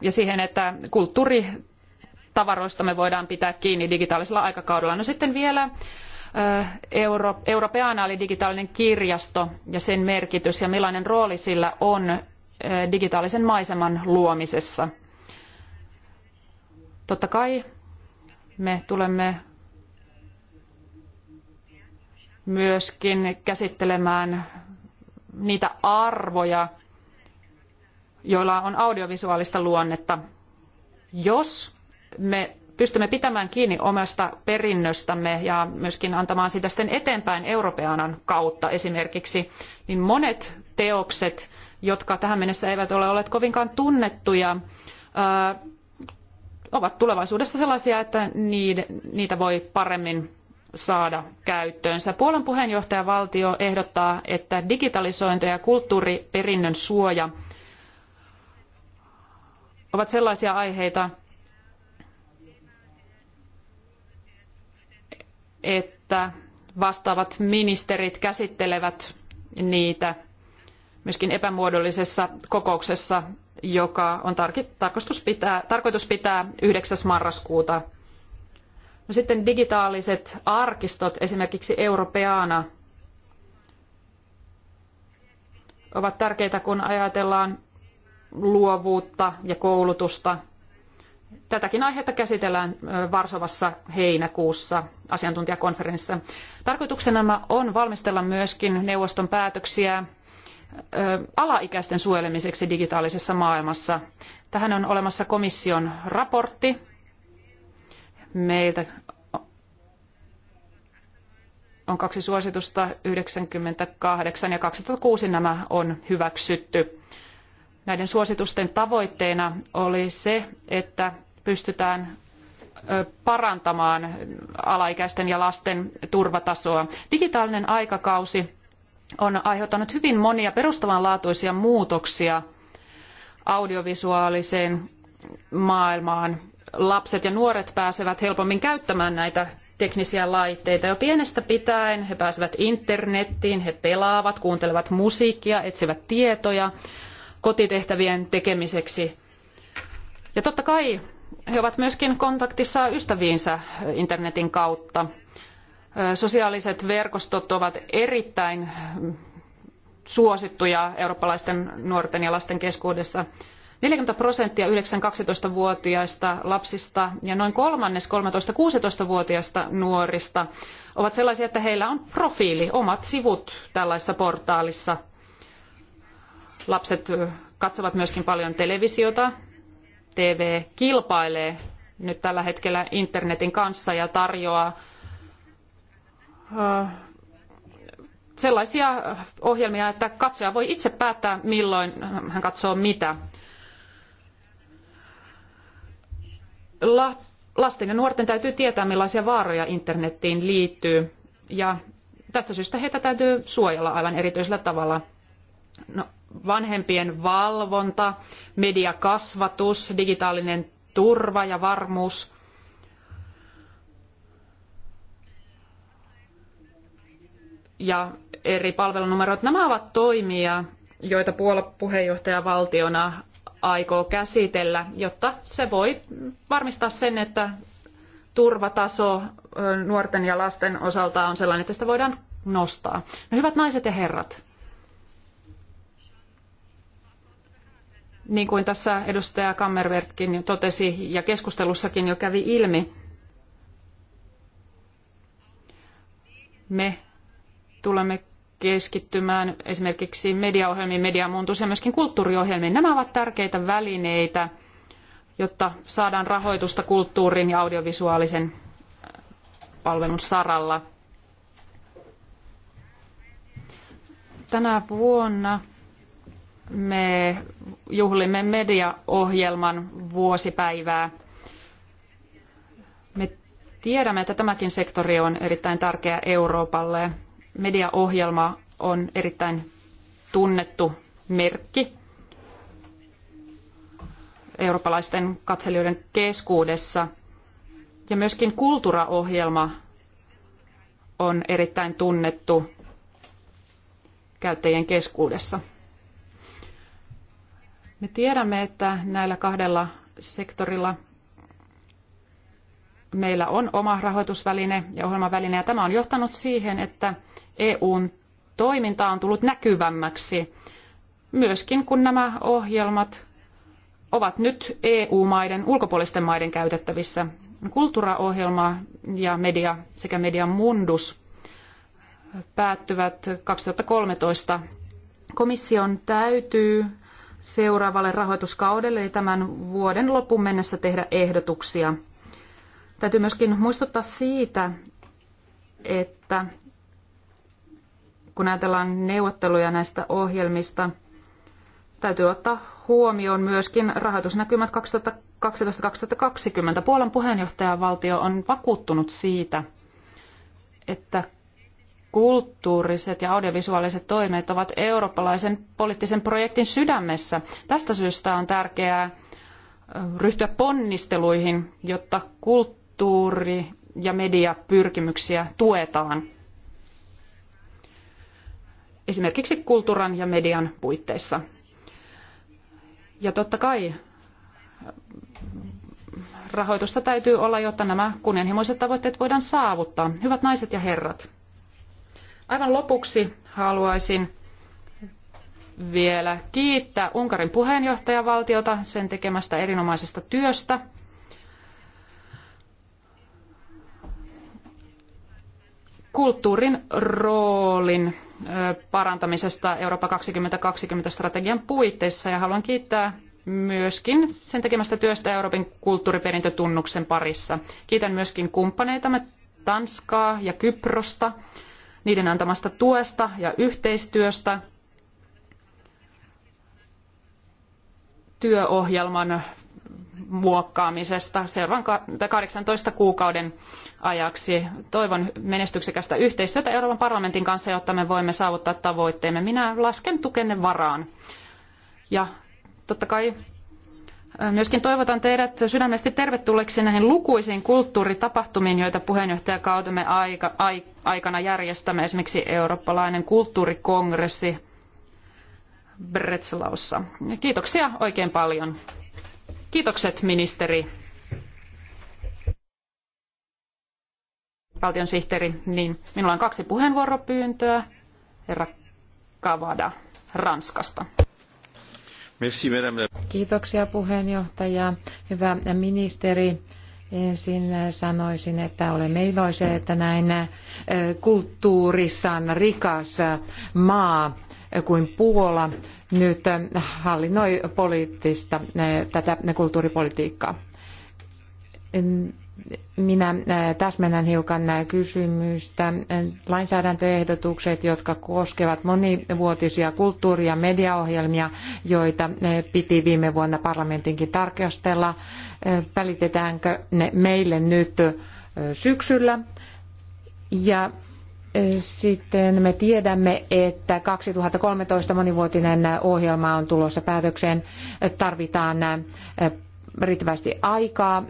ja siihen, että kulttuuritavaroista me voidaan pitää kiinni digitaalisella aikakaudella. No sitten vielä Euro, Europeana eli digitaalinen kirjasto ja sen merkitys ja millainen rooli sillä on digitaalisen maiseman luomisessa. Totta kai me tulemme myöskin käsittelemään niitä arvoja, joilla on audiovisuaalista luonnetta. Jos me pystymme pitämään kiinni omasta perinnöstämme ja myöskin antamaan sitä sitten eteenpäin Europeanan kautta esimerkiksi, niin monet teokset, jotka tähän mennessä eivät ole olleet kovinkaan tunnettuja, ovat tulevaisuudessa sellaisia, että niitä voi paremmin saada käyttöönsä. Puolan puheenjohtajavaltio ehdottaa, että digitalisointi ja kulttuuriperinnön suoja ovat sellaisia aiheita, että vastaavat ministerit käsittelevät niitä myöskin epämuodollisessa kokouksessa, joka on tarkoitus pitää, tarkoitus pitää 9. marraskuuta. No sitten digitaaliset arkistot, esimerkiksi Europeana, ovat tärkeitä, kun ajatellaan luovuutta ja koulutusta – Tätäkin aihetta käsitellään Varsovassa heinäkuussa asiantuntijakonferenssissa. Tarkoituksena on valmistella myöskin neuvoston päätöksiä alaikäisten suojelemiseksi digitaalisessa maailmassa. Tähän on olemassa komission raportti. Meiltä on kaksi suositusta, 98 ja 2006 nämä on hyväksytty. Näiden suositusten tavoitteena oli se, että pystytään parantamaan alaikäisten ja lasten turvatasoa. Digitaalinen aikakausi on aiheuttanut hyvin monia perustavanlaatuisia muutoksia audiovisuaaliseen maailmaan. Lapset ja nuoret pääsevät helpommin käyttämään näitä teknisiä laitteita. Jo pienestä pitäen he pääsevät internettiin, he pelaavat, kuuntelevat musiikkia, etsivät tietoja kotitehtävien tekemiseksi. Ja totta kai he ovat myöskin kontaktissa ystäviinsä internetin kautta. Sosiaaliset verkostot ovat erittäin suosittuja eurooppalaisten nuorten ja lasten keskuudessa. 40 prosenttia 9-12-vuotiaista lapsista ja noin kolmannes 13-16-vuotiaista nuorista ovat sellaisia, että heillä on profiili, omat sivut tällaisessa portaalissa – Lapset katsovat myöskin paljon televisiota. TV kilpailee nyt tällä hetkellä internetin kanssa ja tarjoaa sellaisia ohjelmia, että katsoja voi itse päättää, milloin hän katsoo mitä. lasten ja nuorten täytyy tietää, millaisia vaaroja internettiin liittyy, ja tästä syystä heitä täytyy suojella aivan erityisellä tavalla. No, vanhempien valvonta, mediakasvatus, digitaalinen turva ja varmuus. Ja eri palvelunumerot. Nämä ovat toimia, joita Puola puheenjohtajavaltiona aikoo käsitellä, jotta se voi varmistaa sen, että turvataso nuorten ja lasten osalta on sellainen, että sitä voidaan nostaa. No, hyvät naiset ja herrat, Niin kuin tässä edustaja Kammervertkin totesi ja keskustelussakin jo kävi ilmi, me tulemme keskittymään esimerkiksi mediaohjelmiin, mediamuuntus ja myöskin kulttuuriohjelmiin. Nämä ovat tärkeitä välineitä, jotta saadaan rahoitusta kulttuurin ja audiovisuaalisen äh, palvelun saralla. Tänä vuonna me juhlimme mediaohjelman vuosipäivää. Me tiedämme, että tämäkin sektori on erittäin tärkeä Euroopalle. Mediaohjelma on erittäin tunnettu merkki eurooppalaisten katselijoiden keskuudessa. Ja myöskin kulturaohjelma on erittäin tunnettu käyttäjien keskuudessa. Me tiedämme, että näillä kahdella sektorilla meillä on oma rahoitusväline ja ohjelmaväline, ja tämä on johtanut siihen, että EUn toiminta on tullut näkyvämmäksi, myöskin kun nämä ohjelmat ovat nyt EU-maiden, ulkopuolisten maiden käytettävissä. Kulturaohjelma ja media sekä Media Mundus päättyvät 2013. Komission täytyy seuraavalle rahoituskaudelle, eli tämän vuoden loppuun mennessä tehdä ehdotuksia. Täytyy myöskin muistuttaa siitä, että kun ajatellaan neuvotteluja näistä ohjelmista, täytyy ottaa huomioon myöskin rahoitusnäkymät 2012-2020. Puolan puheenjohtajavaltio on vakuuttunut siitä, että kulttuuriset ja audiovisuaaliset toimet ovat eurooppalaisen poliittisen projektin sydämessä. Tästä syystä on tärkeää ryhtyä ponnisteluihin, jotta kulttuuri- ja mediapyrkimyksiä tuetaan esimerkiksi kulttuuran ja median puitteissa. Ja totta kai rahoitusta täytyy olla, jotta nämä kunnianhimoiset tavoitteet voidaan saavuttaa. Hyvät naiset ja herrat, Aivan lopuksi haluaisin vielä kiittää Unkarin puheenjohtajavaltiota sen tekemästä erinomaisesta työstä. Kulttuurin roolin parantamisesta Eurooppa 2020 strategian puitteissa ja haluan kiittää myöskin sen tekemästä työstä Euroopan kulttuuriperintötunnuksen parissa. Kiitän myöskin kumppaneitamme Tanskaa ja Kyprosta niiden antamasta tuesta ja yhteistyöstä työohjelman muokkaamisesta seuraavan 18 kuukauden ajaksi. Toivon menestyksekästä yhteistyötä Euroopan parlamentin kanssa, jotta me voimme saavuttaa tavoitteemme. Minä lasken tukenne varaan. Ja totta kai Myöskin toivotan teidät sydämesti tervetulleeksi näihin lukuisiin kulttuuritapahtumiin, joita puheenjohtajakautemme aika, aikana järjestämme, esimerkiksi eurooppalainen kulttuurikongressi Bretslaussa. Kiitoksia oikein paljon. Kiitokset ministeri. Valtionsihteeri, niin minulla on kaksi puheenvuoropyyntöä. Herra Kavada Ranskasta. Kiitoksia puheenjohtaja. Hyvä ministeri. Ensin sanoisin, että olemme iloisia, että näin äh, kulttuurissaan rikas äh, maa kuin Puola nyt äh, hallinnoi poliittista tätä kulttuuripolitiikkaa minä äh, täsmennän hiukan äh, kysymystä. Lainsäädäntöehdotukset, jotka koskevat monivuotisia kulttuuri- ja mediaohjelmia, joita äh, piti viime vuonna parlamentinkin tarkastella, välitetäänkö ne meille nyt syksyllä? Ja sitten me tiedämme, että 2013 monivuotinen ohjelma on tulossa päätökseen. Tarvitaan riittävästi aikaa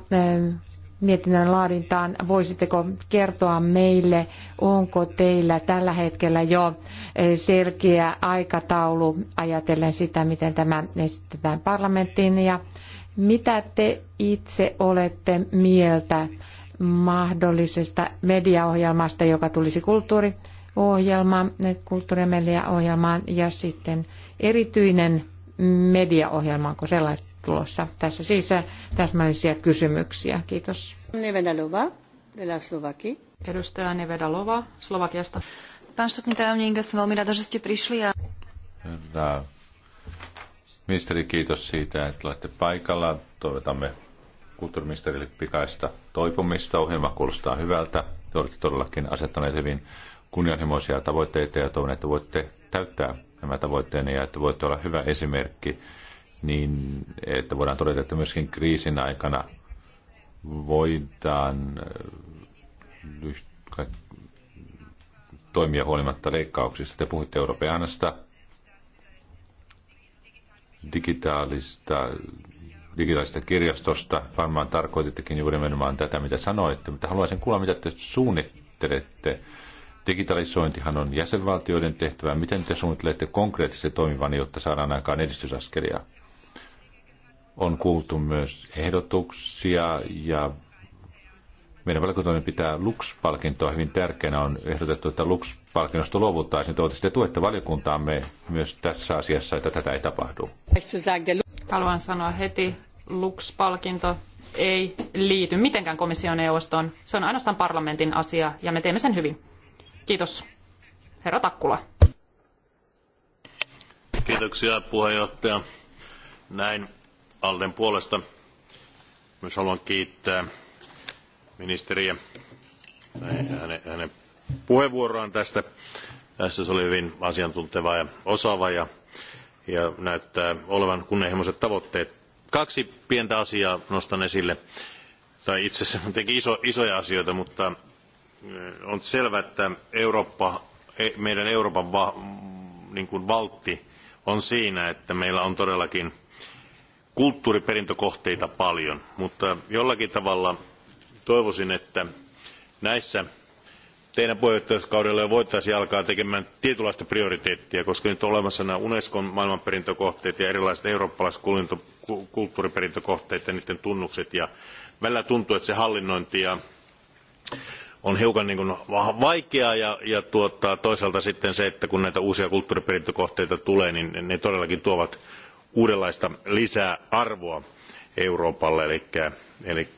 mietinnän laadintaan. Voisitteko kertoa meille, onko teillä tällä hetkellä jo eh, selkeä aikataulu ajatellen sitä, miten tämä esitetään parlamenttiin ja mitä te itse olette mieltä mahdollisesta mediaohjelmasta, joka tulisi kulttuuriohjelmaan, kulttuuri- ja mediaohjelmaan ja sitten erityinen mediaohjelma, onko sellaista? tulossa. Tässä siis äh, täsmällisiä kysymyksiä. Kiitos. Nevedalova, de la Slovaki. Edustaja Nevedalova, Slovakiasta. Pán štátny tajomník, som veľmi rada, že ste prišli. A... Ministeri, kiitos siitä, että olette paikalla. Toivotamme kulttuuriministerille pikaista toipumista. Ohjelma kuulostaa hyvältä. Te olette todellakin asettaneet hyvin kunnianhimoisia tavoitteita ja toivon, että voitte täyttää nämä tavoitteenne ja että voitte olla hyvä esimerkki niin että voidaan todeta, että myöskin kriisin aikana voidaan eh, toimia huolimatta leikkauksista. Te puhuitte europeanasta, digitaalista, digitaalista kirjastosta. Varmaan tarkoitittekin juuri nimenomaan tätä, mitä sanoitte, mutta haluaisin kuulla, mitä te suunnittelette. Digitalisointihan on jäsenvaltioiden tehtävä. Miten te suunnittelette konkreettisesti toimivan, jotta saadaan aikaan edistysaskelia? On kuultu myös ehdotuksia ja meidän valiokuntamme pitää Lux-palkintoa hyvin tärkeänä. On ehdotettu, että Lux-palkinnosta luovuttaisiin. Toivottavasti te tuette valiokuntaamme myös tässä asiassa, että tätä ei tapahdu. Haluan sanoa heti, Lux-palkinto ei liity mitenkään komission neuvostoon. Se on ainoastaan parlamentin asia ja me teemme sen hyvin. Kiitos. Herra Takkula. Kiitoksia puheenjohtaja. Näin Alden puolesta. Myös haluan kiittää ministeriä hänen, hänen puheenvuoroaan tästä. Tässä se oli hyvin asiantunteva ja osaava ja, ja näyttää olevan kunnianhimoiset tavoitteet. Kaksi pientä asiaa nostan esille, tai itse asiassa teki iso, isoja asioita, mutta eh, on selvää, että Eurooppa, eh, meidän Euroopan va, niin kuin valtti on siinä, että meillä on todellakin – kulttuuriperintökohteita paljon, mutta jollakin tavalla toivoisin, että näissä teidän puheenjohtajuuskaudella voitaisiin alkaa tekemään tietynlaista prioriteettia, koska nyt on olemassa nämä Unescon maailmanperintökohteet ja erilaiset eurooppalaiset kulttuuriperintökohteet ja niiden tunnukset. Ja välillä tuntuu, että se hallinnointi ja on hiukan niin vaikeaa ja, ja tuottaa toisaalta sitten se, että kun näitä uusia kulttuuriperintökohteita tulee, niin ne todellakin tuovat uudenlaista lisäarvoa Euroopalle. Eli,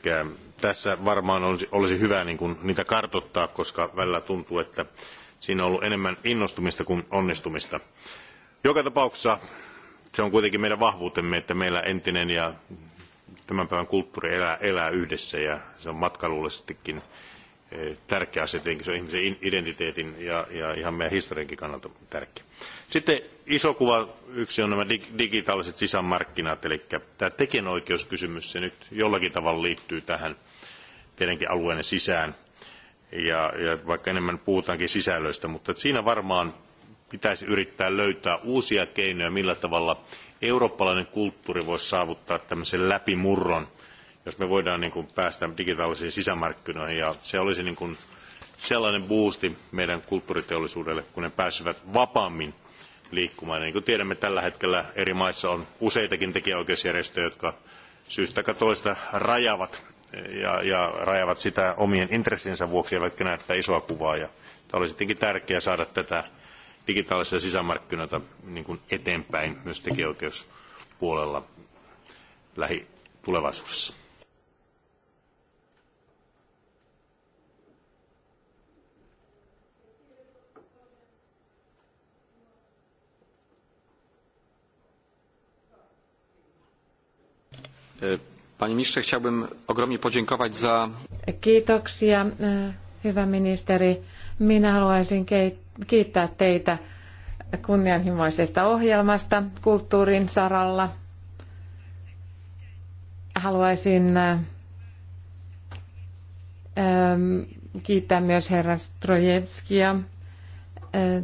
tässä varmaan olisi, hyvä niin niitä kartoittaa, koska välillä tuntuu, että siinä on ollut enemmän innostumista kuin onnistumista. Joka tapauksessa se on kuitenkin meidän vahvuutemme, että meillä entinen ja tämän päivän kulttuuri elää, elää yhdessä ja se on matkailullisestikin eh, tärkeä asia, tietenkin se on ihmisen identiteetin ja, ja ihan meidän historiankin kannalta tärkeä. Sitten iso kuva yksi on nämä digitaaliset sisämarkkinat, eli tämä tekijänoikeuskysymys, se nyt jollakin tavalla liittyy tähän teidänkin alueen sisään. Ja, ja vaikka enemmän puhutaankin sisällöistä, mutta siinä varmaan pitäisi yrittää löytää uusia keinoja, millä tavalla eurooppalainen kulttuuri voisi saavuttaa tämmöisen läpimurron, jos me voidaan niin kuin päästä digitaalisiin sisämarkkinoihin. Ja se olisi niin kuin sellainen boosti meidän kulttuuriteollisuudelle, kun ne pääsevät vapaammin liikkumaan. Ja niin kuin tiedämme, tällä hetkellä eri maissa on useitakin tekijäoikeusjärjestöjä, jotka syystä tai toista rajavat eh, ja, ja rajavat sitä omien intressinsä vuoksi, eivätkä näe tätä isoa kuvaa. Ja tämä olisi tietenkin tärkeää saada tätä digitaalisia sisämarkkinoita niin kuin eteenpäin myös tekijäoikeuspuolella lähitulevaisuudessa. Panie ministrze, chciałbym ogromnie podziękować za... Kiitoksia, hyvä ministeri. Minä haluaisin kiittää teitä kunnianhimoisesta ohjelmasta kulttuurin saralla. Haluaisin ähm, kiittää myös herra Strojevskia. Hän äh,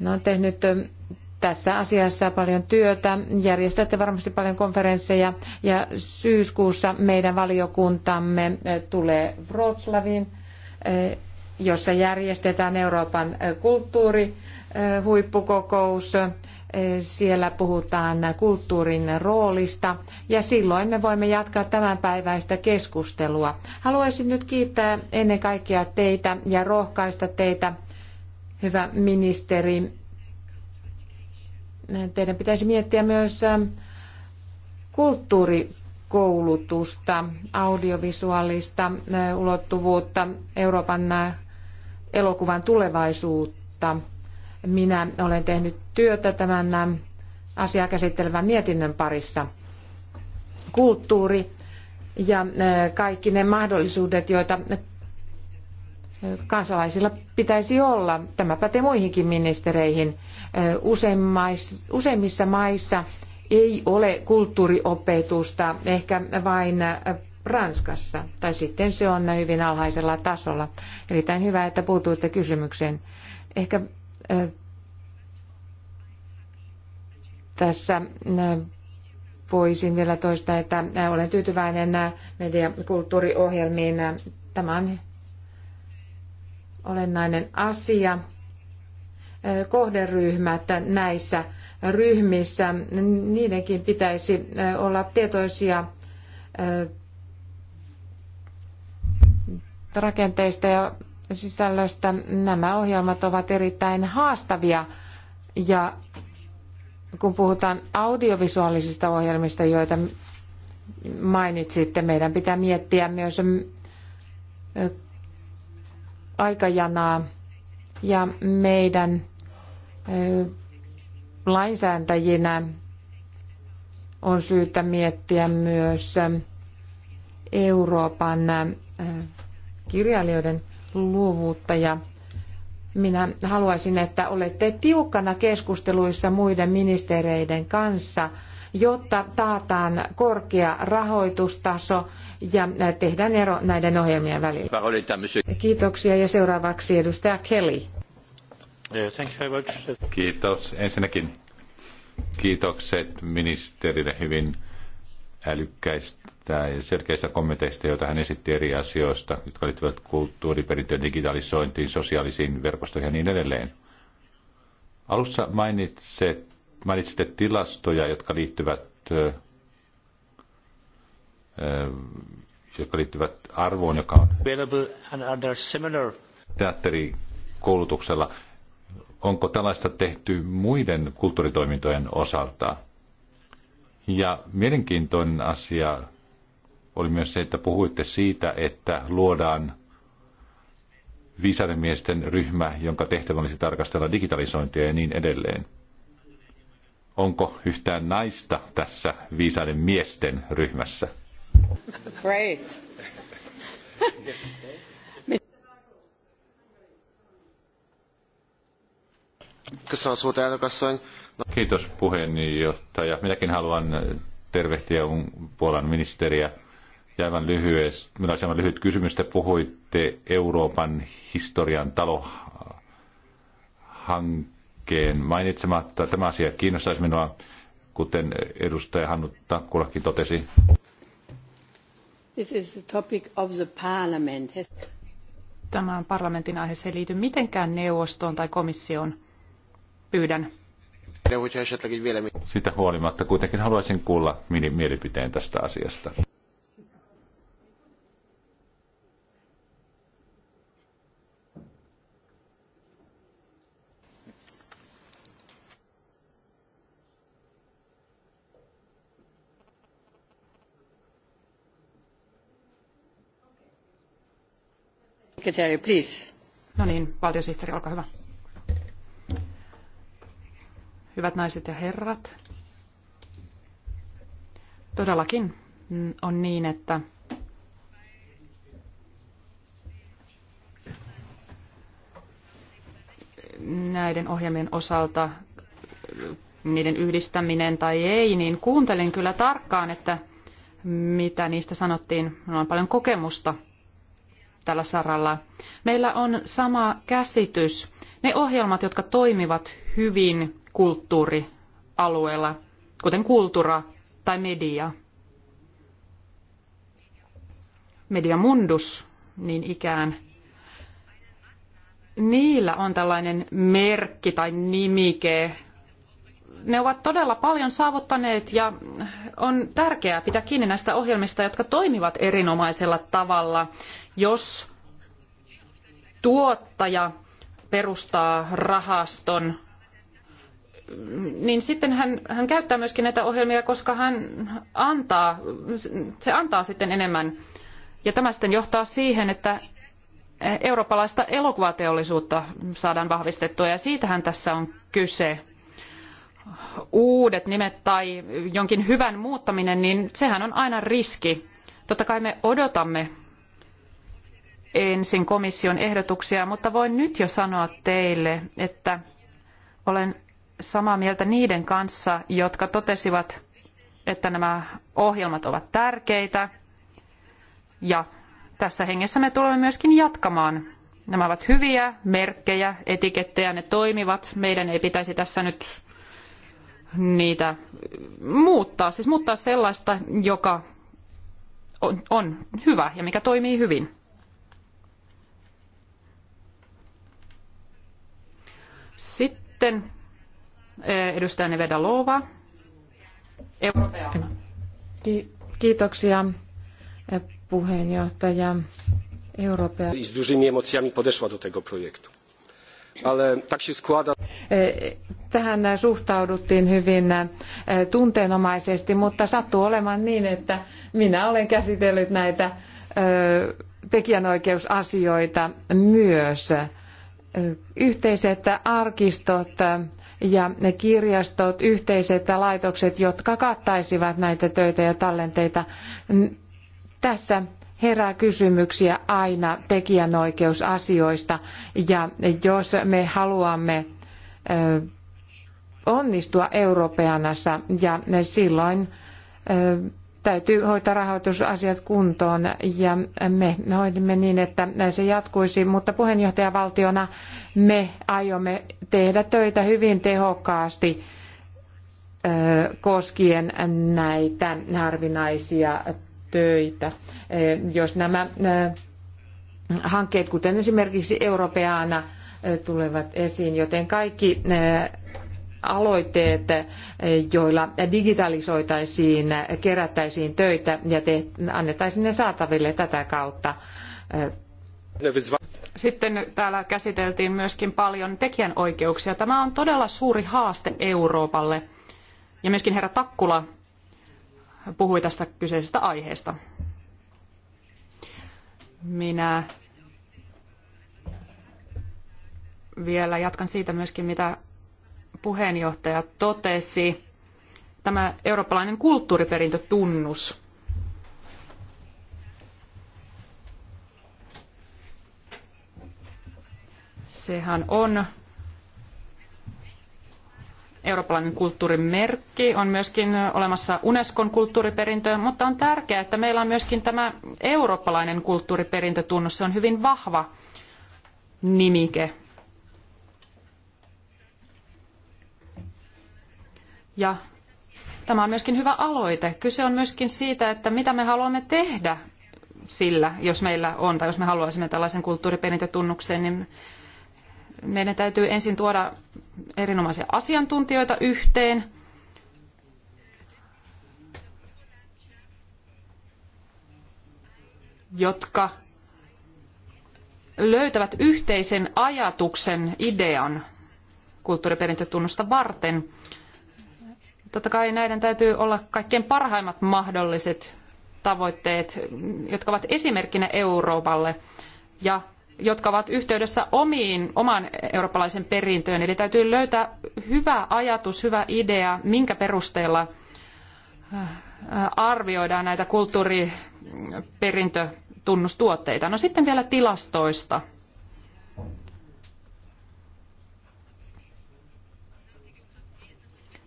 no, on tehnyt tässä asiassa paljon työtä. Järjestätte varmasti paljon konferensseja ja syyskuussa meidän valiokuntamme eh, tulee Wroclawiin, eh, jossa järjestetään Euroopan eh, kulttuurihuippukokous. Siellä puhutaan kulttuurin roolista ja silloin me voimme jatkaa tämänpäiväistä keskustelua. Haluaisin nyt kiittää ennen kaikkea teitä ja rohkaista teitä, hyvä ministeri, teidän pitäisi miettiä myös ähm, kulttuurikoulutusta, audiovisuaalista äh, ulottuvuutta, Euroopan äh, elokuvan tulevaisuutta. Minä olen tehnyt työtä tämän äh, asiaa käsittelevän mietinnön parissa. Kulttuuri ja kaikki ne mahdollisuudet, joita kansalaisilla pitäisi olla. Tämä pätee muihinkin ministereihin. Useimmissa maissa ei ole kulttuuriopetusta, ehkä vain Ranskassa, tai sitten se on hyvin alhaisella tasolla. Erittäin hyvä, että puutuitte kysymykseen. Ehkä tässä voisin vielä toistaa, että olen tyytyväinen mediakulttuuriohjelmiin. Tämä on olennainen asia. Kohderyhmät näissä ryhmissä, niidenkin pitäisi olla tietoisia rakenteista ja sisällöstä. Nämä ohjelmat ovat erittäin haastavia ja kun puhutaan audiovisuaalisista ohjelmista, joita mainitsitte, meidän pitää miettiä myös aikajanaa ja meidän lainsääntäjinä on syytä miettiä myös Euroopan kirjailijoiden luovuutta ja minä haluaisin, että olette tiukkana keskusteluissa muiden ministereiden kanssa jotta taataan korkea rahoitustaso ja tehdään ero näiden ohjelmien välillä. Kiitoksia ja seuraavaksi edustaja Kelly. Kiitos. Ensinnäkin kiitokset ministerille hyvin älykkäistä ja selkeistä kommenteista, joita hän esitti eri asioista, jotka liittyvät kulttuuriperintöön, digitalisointiin, sosiaalisiin verkostoihin ja niin edelleen. Alussa mainitset mainitsitte tilastoja, jotka liittyvät jotka liittyvät arvoon, joka on teatterikoulutuksella. Onko tällaista tehty muiden kulttuuritoimintojen osalta? Ja mielenkiintoinen asia oli myös se, että puhuitte siitä, että luodaan viisaiden miesten ryhmä, jonka tehtävä olisi tarkastella digitalisointia ja niin edelleen onko yhtään naista tässä viisaiden miesten ryhmässä? Great. Kiitos puheenjohtaja. Minäkin haluan tervehtiä Puolan ministeriä. Ja aivan lyhyesti, minulla olisi aivan lyhyt kysymys. Te puhuitte Euroopan historian talohankkeesta hankkeen mainitsematta. Tämä asia kiinnostaisi minua, kuten edustaja Hannu Takkulakin totesi. This is the topic of the parliament. Tämä parlamentin aihe se ei liity mitenkään neuvostoon tai komissioon. Pyydän. Sitä huolimatta kuitenkin haluaisin kuulla mielipiteen tästä asiasta. please. No niin, valtiosihteeri, olkaa hyvä. Hyvät naiset ja herrat, todellakin on niin, että näiden ohjelmien osalta niiden yhdistäminen tai ei, niin kuuntelin kyllä tarkkaan, että mitä niistä sanottiin. Minulla on paljon kokemusta tällä saralla. Meillä on sama käsitys. Ne ohjelmat, jotka toimivat hyvin kulttuurialueella, kuten kultura tai media, media mundus niin ikään, niillä on tällainen merkki tai nimike, ne ovat todella paljon saavuttaneet ja on tärkeää pitää kiinni näistä ohjelmista, jotka toimivat erinomaisella tavalla, jos tuottaja perustaa rahaston, niin sitten hän, hän käyttää myöskin näitä ohjelmia, koska hän antaa, se antaa sitten enemmän. Ja tämä sitten johtaa siihen, että eurooppalaista elokuvateollisuutta saadaan vahvistettua ja siitähän tässä on kyse uudet nimet tai jonkin hyvän muuttaminen, niin sehän on aina riski. Totta kai me odotamme ensin komission ehdotuksia, mutta voin nyt jo sanoa teille, että olen samaa mieltä niiden kanssa, jotka totesivat, että nämä ohjelmat ovat tärkeitä. Ja tässä hengessä me tulemme myöskin jatkamaan. Nämä ovat hyviä merkkejä, etikettejä, ne toimivat. Meidän ei pitäisi tässä nyt niitä muuttaa, siis muuttaa sellaista, joka on, on hyvä ja mikä toimii hyvin. Sitten eh, edustaja Neveda Lova. Eh, ki- kiitoksia eh, puheenjohtaja Euroopan. z dużymi emocjami podeszła do tego projektu. E, tähän suhtauduttiin hyvin e, tunteenomaisesti, mutta sattuu olemaan niin, että minä olen käsitellyt näitä e, tekijänoikeusasioita myös. Yhteiset arkistot ja ne kirjastot, yhteiset laitokset, jotka kattaisivat näitä töitä ja tallenteita. Tässä herää kysymyksiä aina tekijänoikeusasioista ja jos me haluamme onnistua europeanassa ja silloin täytyy hoitaa rahoitusasiat kuntoon ja me hoidimme niin, että se jatkuisi, mutta puheenjohtajavaltiona me aiomme tehdä töitä hyvin tehokkaasti koskien näitä harvinaisia töitä. Eh, jos nämä eh, hankkeet, kuten esimerkiksi Europeana, eh, tulevat esiin, joten kaikki aloitteet, joilla digitalisoitaisiin, kerättäisiin töitä ja te, annettaisiin ne saataville tätä kautta. Sitten täällä käsiteltiin myöskin paljon tekijänoikeuksia. Tämä on todella suuri haaste Euroopalle. Ja myöskin herra Takkula puhui tästä kyseisestä aiheesta. Minä vielä jatkan siitä myöskin, mitä puheenjohtaja totesi. Tämä eurooppalainen kulttuuriperintötunnus. Sehän on eurooppalainen kulttuurimerkki on myöskin olemassa Unescon kulttuuriperintö, mutta on tärkeää, että meillä on myöskin tämä eurooppalainen kulttuuriperintötunnus. Se on hyvin vahva nimike. Ja tämä on myöskin hyvä aloite. Kyse on myöskin siitä, että mitä me haluamme tehdä sillä, jos meillä on tai jos me haluaisimme tällaisen kulttuuriperintötunnuksen, niin meidän täytyy ensin tuoda erinomaisia asiantuntijoita yhteen. jotka löytävät yhteisen ajatuksen, idean kulttuuriperintötunnusta varten. Totta kai näiden täytyy olla kaikkein parhaimmat mahdolliset tavoitteet, jotka ovat esimerkkinä Euroopalle ja jotka ovat yhteydessä omiin, oman eurooppalaisen perintöön. Eli täytyy löytää hyvä ajatus, hyvä idea, minkä perusteella äh, arvioidaan näitä kulttuuriperintötunnustuotteita. No sitten vielä tilastoista.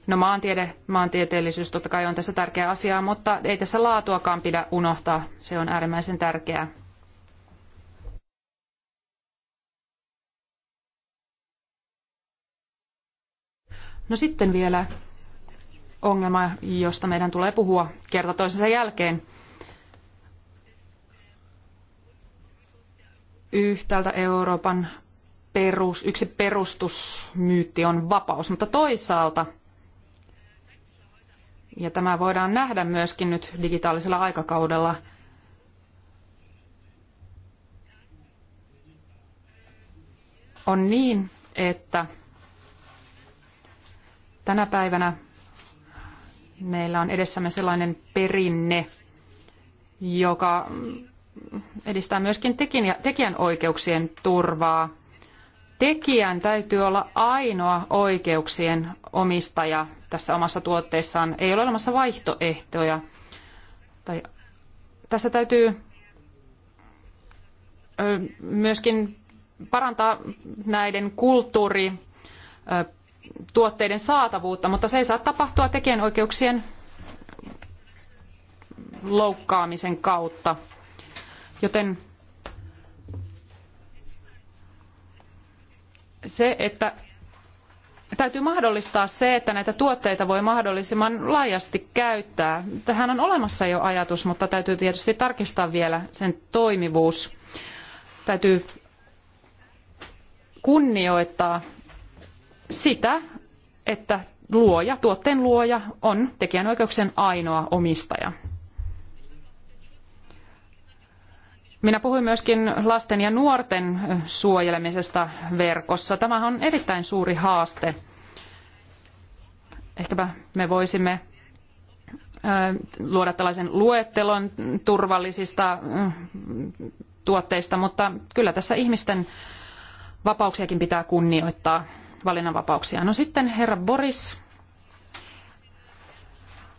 No maantiede, maantieteellisyys totta kai on tässä tärkeä asia, mutta ei tässä laatuakaan pidä unohtaa. Se on äärimmäisen tärkeää. No sitten vielä ongelma, josta meidän tulee puhua kerta toisensa jälkeen. Yhtäältä Euroopan perus, yksi perustusmyytti on vapaus, mutta toisaalta, ja tämä voidaan nähdä myöskin nyt digitaalisella aikakaudella, on niin, että Tänä päivänä meillä on edessämme sellainen perinne, joka edistää myöskin tekijänoikeuksien turvaa. Tekijän täytyy olla ainoa oikeuksien omistaja tässä omassa tuotteessaan. Ei ole olemassa vaihtoehtoja. Tai tässä täytyy myöskin parantaa näiden kulttuuri tuotteiden saatavuutta, mutta se ei saa tapahtua tekijänoikeuksien loukkaamisen kautta. Joten se, että täytyy mahdollistaa se, että näitä tuotteita voi mahdollisimman laajasti käyttää. Tähän on olemassa jo ajatus, mutta täytyy tietysti tarkistaa vielä sen toimivuus. Täytyy kunnioittaa sitä, että luoja, tuotteen luoja on tekijänoikeuksien ainoa omistaja. Minä puhuin myöskin lasten ja nuorten suojelemisesta verkossa. Tämä on erittäin suuri haaste. Ehkäpä me voisimme luoda tällaisen luettelon turvallisista tuotteista, mutta kyllä tässä ihmisten vapauksiakin pitää kunnioittaa valinnanvapauksia. No sitten herra Boris,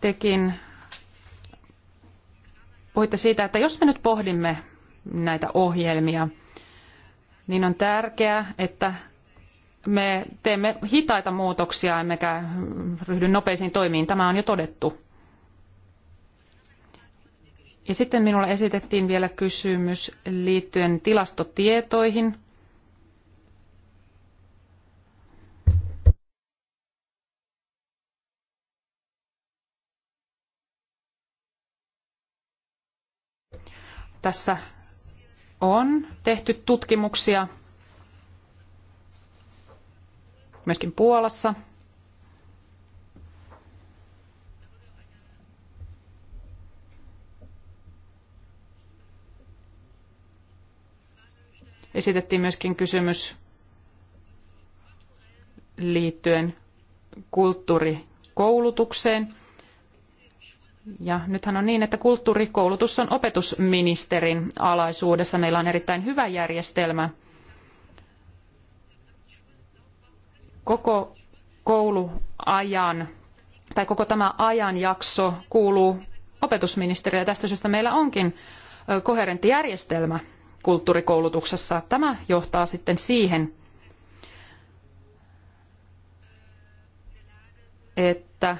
tekin puhuitte siitä, että jos me nyt pohdimme näitä ohjelmia, niin on tärkeää, että me teemme hitaita muutoksia emmekä ryhdy nopeisiin toimiin. Tämä on jo todettu. Ja sitten minulle esitettiin vielä kysymys liittyen tilastotietoihin – Tässä on tehty tutkimuksia myöskin Puolassa. Esitettiin myöskin kysymys liittyen kulttuurikoulutukseen. Ja nythän on niin, että kulttuurikoulutus on opetusministerin alaisuudessa. Meillä on erittäin hyvä järjestelmä. Koko kouluajan tai koko tämä ajanjakso kuuluu opetusministeriölle. Tästä syystä meillä onkin koherentti järjestelmä kulttuurikoulutuksessa. Tämä johtaa sitten siihen, että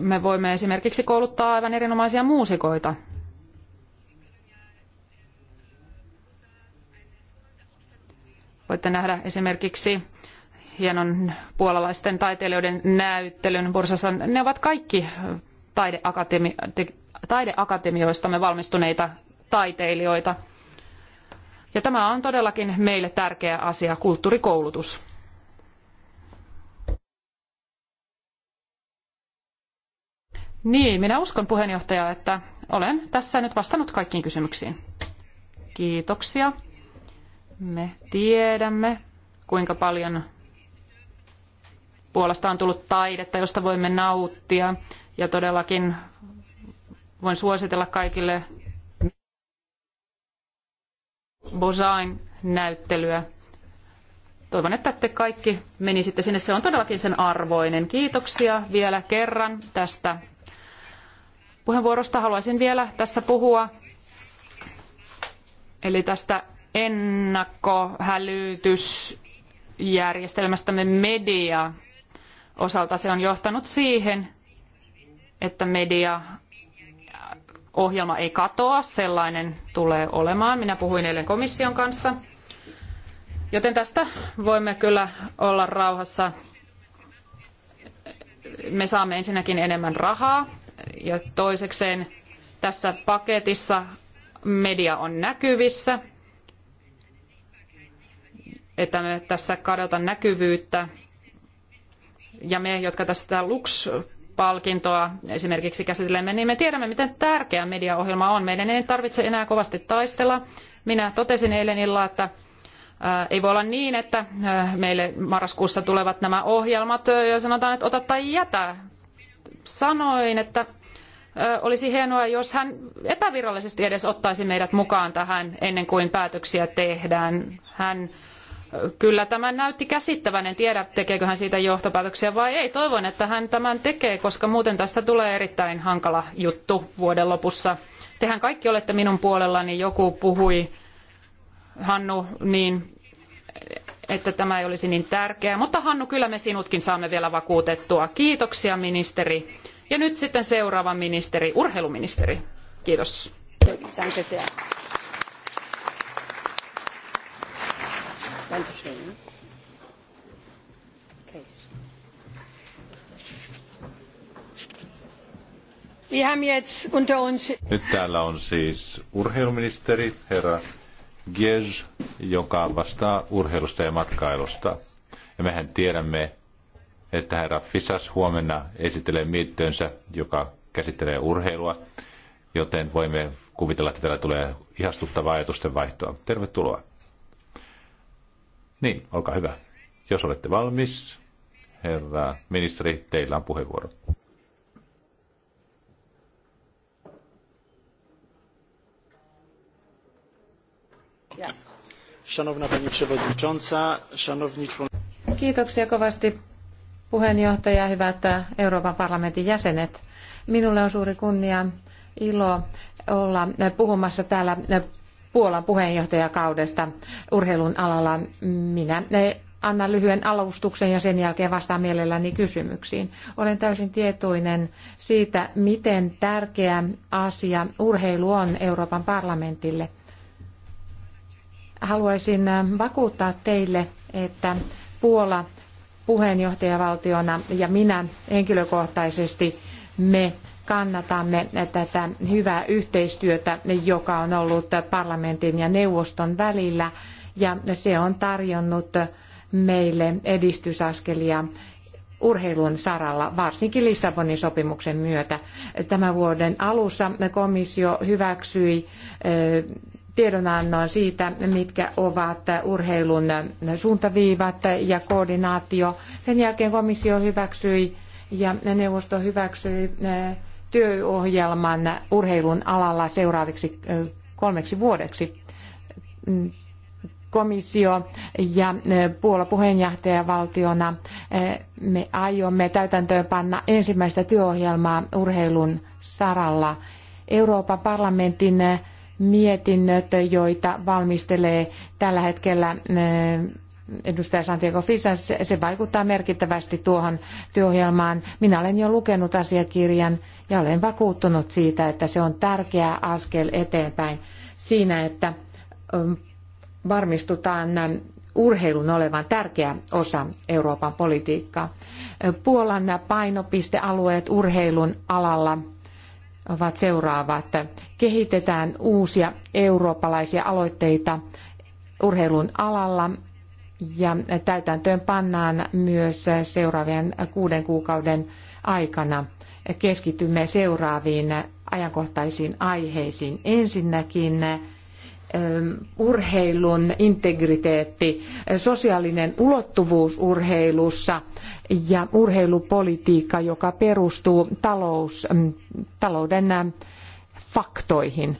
me voimme esimerkiksi kouluttaa aivan erinomaisia muusikoita. Voitte nähdä esimerkiksi hienon puolalaisten taiteilijoiden näyttelyn Bursassa. Ne ovat kaikki taideakatemi- taideakatemioistamme valmistuneita taiteilijoita. Ja tämä on todellakin meille tärkeä asia, kulttuurikoulutus. Niin, minä uskon puheenjohtaja, että olen tässä nyt vastannut kaikkiin kysymyksiin. Kiitoksia. Me tiedämme, kuinka paljon Puolasta on tullut taidetta, josta voimme nauttia. Ja todellakin voin suositella kaikille Bosain näyttelyä. Toivon, että te kaikki menisitte sinne. Se on todellakin sen arvoinen. Kiitoksia vielä kerran tästä puheenvuorosta. Haluaisin vielä tässä puhua, eli tästä ennakkohälytysjärjestelmästämme media osalta se on johtanut siihen, että media ohjelma ei katoa, sellainen tulee olemaan. Minä puhuin eilen komission kanssa. Joten tästä voimme kyllä olla rauhassa. Me saamme ensinnäkin enemmän rahaa ja toisekseen tässä paketissa media on näkyvissä, että me tässä kadota näkyvyyttä. Ja me, jotka tästä Lux-palkintoa esimerkiksi käsittelemme, niin me tiedämme, miten tärkeä mediaohjelma on. Meidän ei tarvitse enää kovasti taistella. Minä totesin eilen illalla, että äh, ei voi olla niin, että äh, meille marraskuussa tulevat nämä ohjelmat äh, ja sanotaan, että ota tai jätä. Sanoin, että olisi hienoa, jos hän epävirallisesti edes ottaisi meidät mukaan tähän ennen kuin päätöksiä tehdään. Hän kyllä tämän näytti käsittävän. En tiedä, tekeekö hän siitä johtopäätöksiä vai ei. Toivon, että hän tämän tekee, koska muuten tästä tulee erittäin hankala juttu vuoden lopussa. Tehän kaikki olette minun puolellani. Joku puhui, Hannu, niin että tämä ei olisi niin tärkeää. Mutta Hannu, kyllä me sinutkin saamme vielä vakuutettua. Kiitoksia, ministeri ja nyt sitten seuraava ministeri, urheiluministeri. Kiitos. Nyt täällä on siis urheiluministeri, herra Giej, joka vastaa urheilusta ja matkailusta. Ja mehän tiedämme, että herra Fisas huomenna esittelee mietintönsä, joka käsittelee urheilua, joten voimme kuvitella, että täällä tulee ihastuttavaa ajatusten vaihtoa. Tervetuloa. Niin, olkaa hyvä. Jos olette valmis, herra ministeri, teillä on puheenvuoro. Kiitoksia kovasti puheenjohtaja, hyvät äh, Euroopan parlamentin jäsenet. Minulle on suuri kunnia ilo olla äh, puhumassa täällä äh, Puolan puheenjohtajakaudesta urheilun alalla. Minä annan lyhyen alustuksen ja sen jälkeen vastaan mielelläni kysymyksiin. Olen täysin tietoinen siitä, miten tärkeä asia urheilu on Euroopan parlamentille. Haluaisin vakuuttaa teille, että Puola puheenjohtajavaltiona ja minä henkilökohtaisesti me kannatamme tätä hyvää yhteistyötä, joka on ollut parlamentin ja neuvoston välillä ja se on tarjonnut meille edistysaskelia urheilun saralla, varsinkin Lissabonin sopimuksen myötä. Tämän vuoden alussa komissio hyväksyi tiedonannon siitä, mitkä ovat urheilun suuntaviivat ja koordinaatio. Sen jälkeen komissio hyväksyi ja neuvosto hyväksyi eh, työohjelman urheilun alalla seuraaviksi eh, kolmeksi vuodeksi. Mm, komissio ja eh, Puola puheenjohtajavaltiona me aiomme täytäntöönpanna ensimmäistä työohjelmaa urheilun saralla. Euroopan parlamentin mietinnöt, joita valmistelee tällä hetkellä eh, edustaja Santiago Fisas, se vaikuttaa merkittävästi tuohon työohjelmaan. Minä olen jo lukenut asiakirjan ja olen vakuuttunut siitä, että se on tärkeä askel eteenpäin siinä, että eh, varmistutaan eh, urheilun olevan tärkeä osa Euroopan politiikkaa. Puolan painopistealueet urheilun alalla – ovat seuraavat. Kehitetään uusia eurooppalaisia aloitteita urheilun alalla ja täytäntöön pannaan myös seuraavien kuuden kuukauden aikana. Keskitymme seuraaviin ajankohtaisiin aiheisiin. Ensinnäkin urheilun integriteetti, sosiaalinen ulottuvuus urheilussa ja urheilupolitiikka, joka perustuu talous, talouden faktoihin.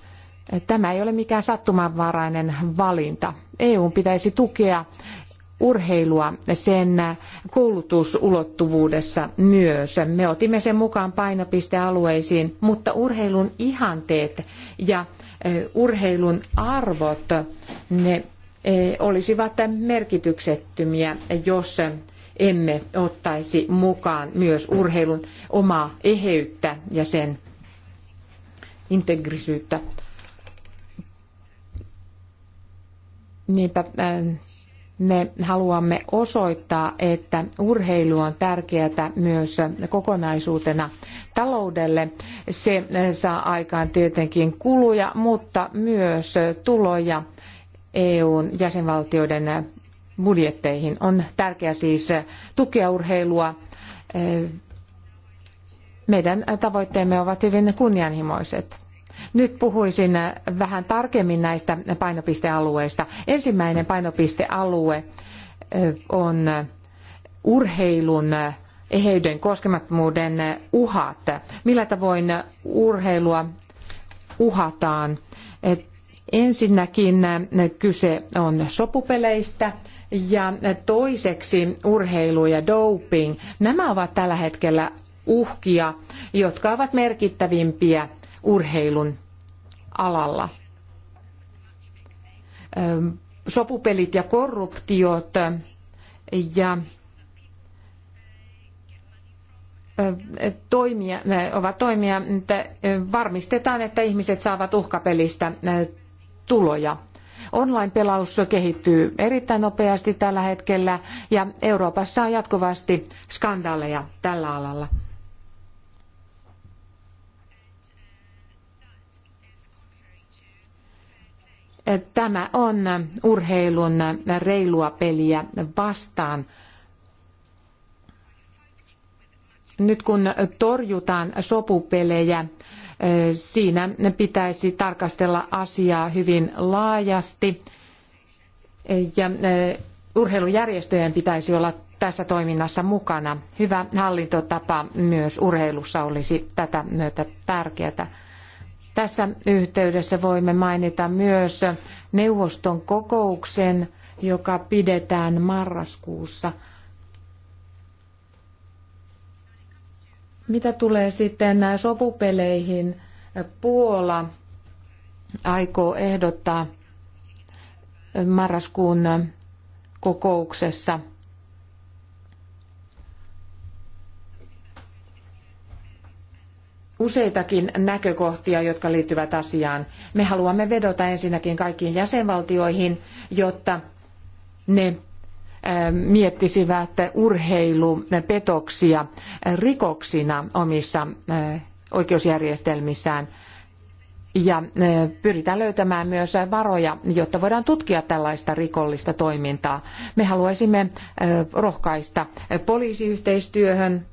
Tämä ei ole mikään sattumanvarainen valinta. EU pitäisi tukea urheilua sen koulutusulottuvuudessa myös. Me otimme sen mukaan painopistealueisiin, mutta urheilun ihanteet ja urheilun arvot, ne olisivat merkityksettömiä, jos emme ottaisi mukaan myös urheilun omaa eheyttä ja sen integrisyyttä. Niinpä me haluamme osoittaa, että urheilu on tärkeää myös kokonaisuutena taloudelle. Se saa aikaan tietenkin kuluja, mutta myös tuloja EUn jäsenvaltioiden budjetteihin. On tärkeää siis tukea urheilua. Meidän tavoitteemme ovat hyvin kunnianhimoiset. Nyt puhuisin vähän tarkemmin näistä painopistealueista. Ensimmäinen painopistealue on urheilun eheyden koskemattomuuden uhat. Millä tavoin urheilua uhataan? Ensinnäkin kyse on sopupeleistä ja toiseksi urheilu ja doping. Nämä ovat tällä hetkellä uhkia, jotka ovat merkittävimpiä urheilun alalla. Sopupelit ja korruptiot ja toimia, ovat toimia, että varmistetaan, että ihmiset saavat uhkapelistä tuloja. Online-pelaus kehittyy erittäin nopeasti tällä hetkellä ja Euroopassa on jatkuvasti skandaaleja tällä alalla. Tämä on urheilun reilua peliä vastaan. Nyt kun torjutaan sopupelejä, siinä pitäisi tarkastella asiaa hyvin laajasti. Ja eh, urheilujärjestöjen pitäisi olla tässä toiminnassa mukana. Hyvä hallintotapa myös urheilussa olisi tätä myötä tärkeää. Tässä yhteydessä voimme mainita myös neuvoston kokouksen, joka pidetään marraskuussa. Mitä tulee sitten sopupeleihin, Puola aikoo ehdottaa marraskuun kokouksessa – useitakin näkökohtia, jotka liittyvät asiaan. Me haluamme vedota ensinnäkin kaikkiin jäsenvaltioihin, jotta ne äh, miettisivät urheilupetoksia rikoksina omissa äh, oikeusjärjestelmissään. Ja äh, pyritään löytämään myös varoja, jotta voidaan tutkia tällaista rikollista toimintaa. Me haluaisimme rohkaista poliisiyhteistyöhön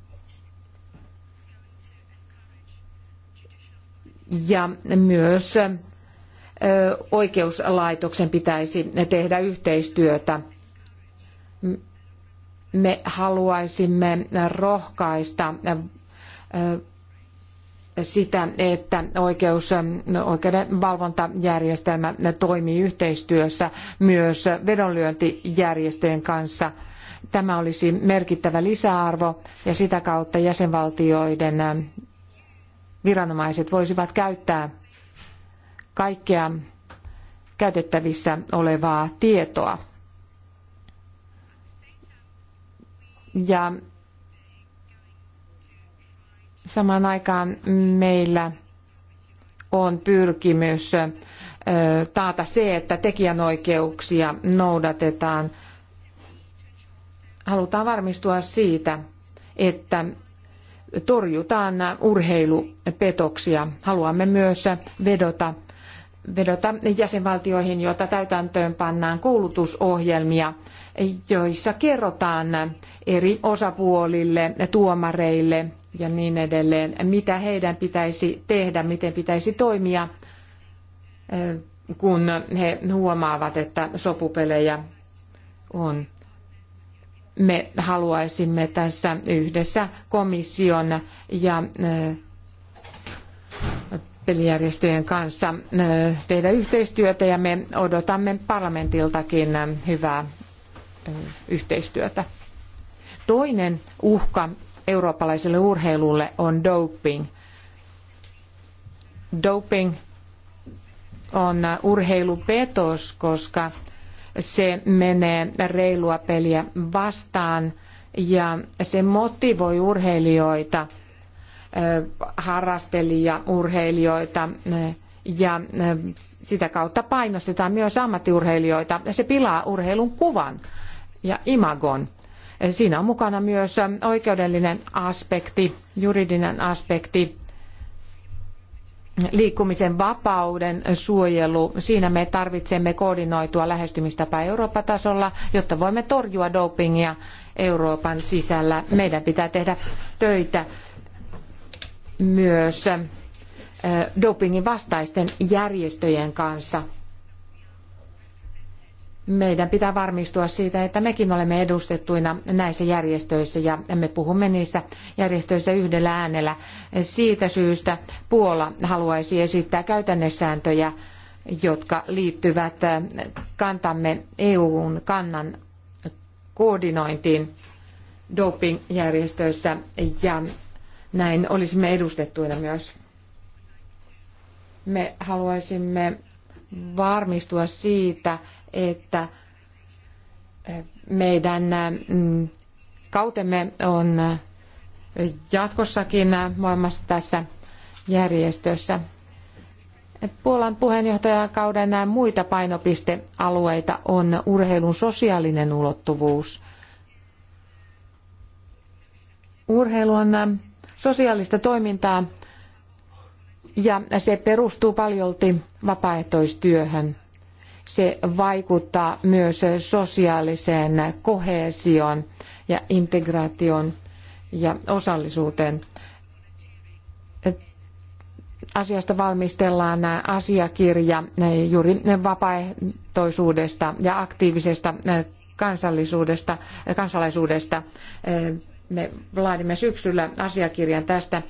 ja myös oikeuslaitoksen pitäisi tehdä yhteistyötä. Me haluaisimme rohkaista sitä, että oikeus, oikeuden valvontajärjestelmä toimii yhteistyössä myös vedonlyöntijärjestöjen kanssa. Tämä olisi merkittävä lisäarvo ja sitä kautta jäsenvaltioiden viranomaiset voisivat käyttää kaikkea käytettävissä olevaa tietoa. Ja samaan aikaan meillä on pyrkimys taata se, että tekijänoikeuksia noudatetaan. Halutaan varmistua siitä, että torjutaan urheilupetoksia. Haluamme myös vedota, vedota jäsenvaltioihin, joita täytäntöön pannaan koulutusohjelmia, joissa kerrotaan eri osapuolille, tuomareille ja niin edelleen, mitä heidän pitäisi tehdä, miten pitäisi toimia, eh, kun he huomaavat, että sopupelejä on me haluaisimme tässä yhdessä komission ja äh, pelijärjestöjen kanssa äh, tehdä yhteistyötä ja me odotamme parlamentiltakin äh, hyvää yhteistyötä. Toinen uhka eurooppalaiselle urheilulle on doping. Doping on urheilupetos, koska se menee reilua peliä vastaan ja se motivoi urheilijoita, harrastelija urheilijoita ja sitä kautta painostetaan myös ammattiurheilijoita. Se pilaa urheilun kuvan ja imagon. Siinä on mukana myös oikeudellinen aspekti, juridinen aspekti liikkumisen vapauden suojelu. Siinä me tarvitsemme koordinoitua lähestymistapaa Eurooppa-tasolla, jotta voimme torjua dopingia Euroopan sisällä. Meidän pitää tehdä töitä myös eh, dopingin vastaisten järjestöjen kanssa meidän pitää varmistua siitä, että mekin olemme edustettuina näissä järjestöissä ja me puhumme niissä järjestöissä yhdellä äänellä. Siitä syystä Puola haluaisi esittää käytännesääntöjä, jotka liittyvät kantamme EUn kannan koordinointiin dopingjärjestöissä ja näin olisimme edustettuina myös. Me haluaisimme varmistua siitä, että meidän mm, kautemme on jatkossakin maailmassa tässä järjestössä. Puolan puheenjohtajakauden muita painopistealueita on urheilun sosiaalinen ulottuvuus. Urheilu on sosiaalista toimintaa ja se perustuu paljolti vapaaehtoistyöhön se vaikuttaa myös sosiaaliseen koheesioon ja integraation ja osallisuuteen. Asiasta valmistellaan asiakirja juuri vapaaehtoisuudesta ja aktiivisesta kansallisuudesta, kansalaisuudesta me laadimme syksyllä asiakirjan tästä.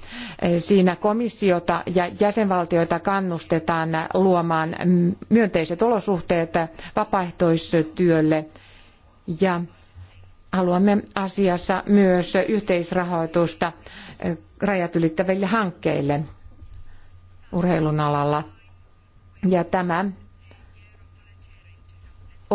Siinä komissiota ja jäsenvaltioita kannustetaan luomaan myönteiset olosuhteet vapaaehtoistyölle ja haluamme asiassa myös yhteisrahoitusta rajat ylittäville hankkeille urheilun alalla. Ja tämä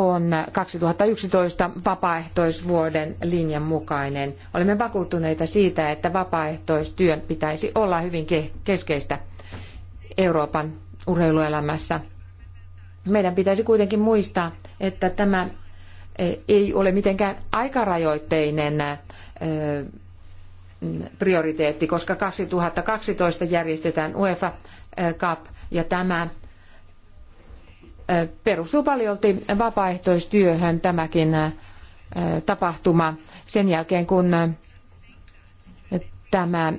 on 2011 vapaaehtoisvuoden linjan mukainen. Olemme vakuuttuneita siitä, että vapaaehtoistyön pitäisi olla hyvin keskeistä Euroopan urheiluelämässä. Meidän pitäisi kuitenkin muistaa, että tämä e, ei ole mitenkään aikarajoitteinen e, prioriteetti, koska 2012 järjestetään UEFA e, Cup ja tämä perustuu paljolti vapaaehtoistyöhön tämäkin tapahtuma sen jälkeen, kun tämä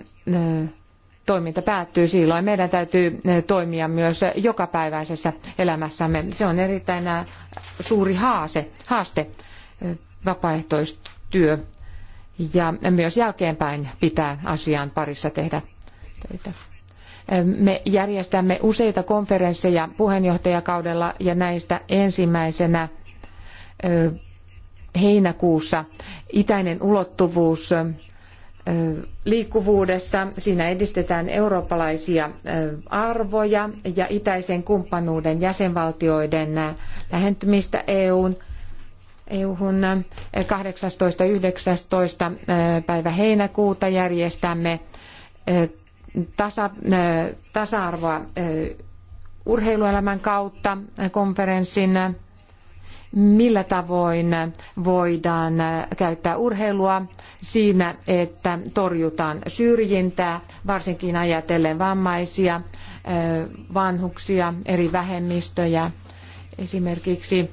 toiminta päättyy silloin. Meidän täytyy toimia myös jokapäiväisessä elämässämme. Se on erittäin suuri haaste, haaste vapaaehtoistyö. Ja myös jälkeenpäin pitää asian parissa tehdä töitä. Me järjestämme useita konferensseja puheenjohtajakaudella ja näistä ensimmäisenä heinäkuussa itäinen ulottuvuus liikkuvuudessa. Siinä edistetään eurooppalaisia arvoja ja itäisen kumppanuuden jäsenvaltioiden lähentymistä EUn EU-hun 18.19. päivä heinäkuuta järjestämme tasa, tasa-arvoa urheiluelämän kautta konferenssin, millä tavoin voidaan käyttää urheilua siinä, että torjutaan syrjintää, varsinkin ajatellen vammaisia, vanhuksia, eri vähemmistöjä. Esimerkiksi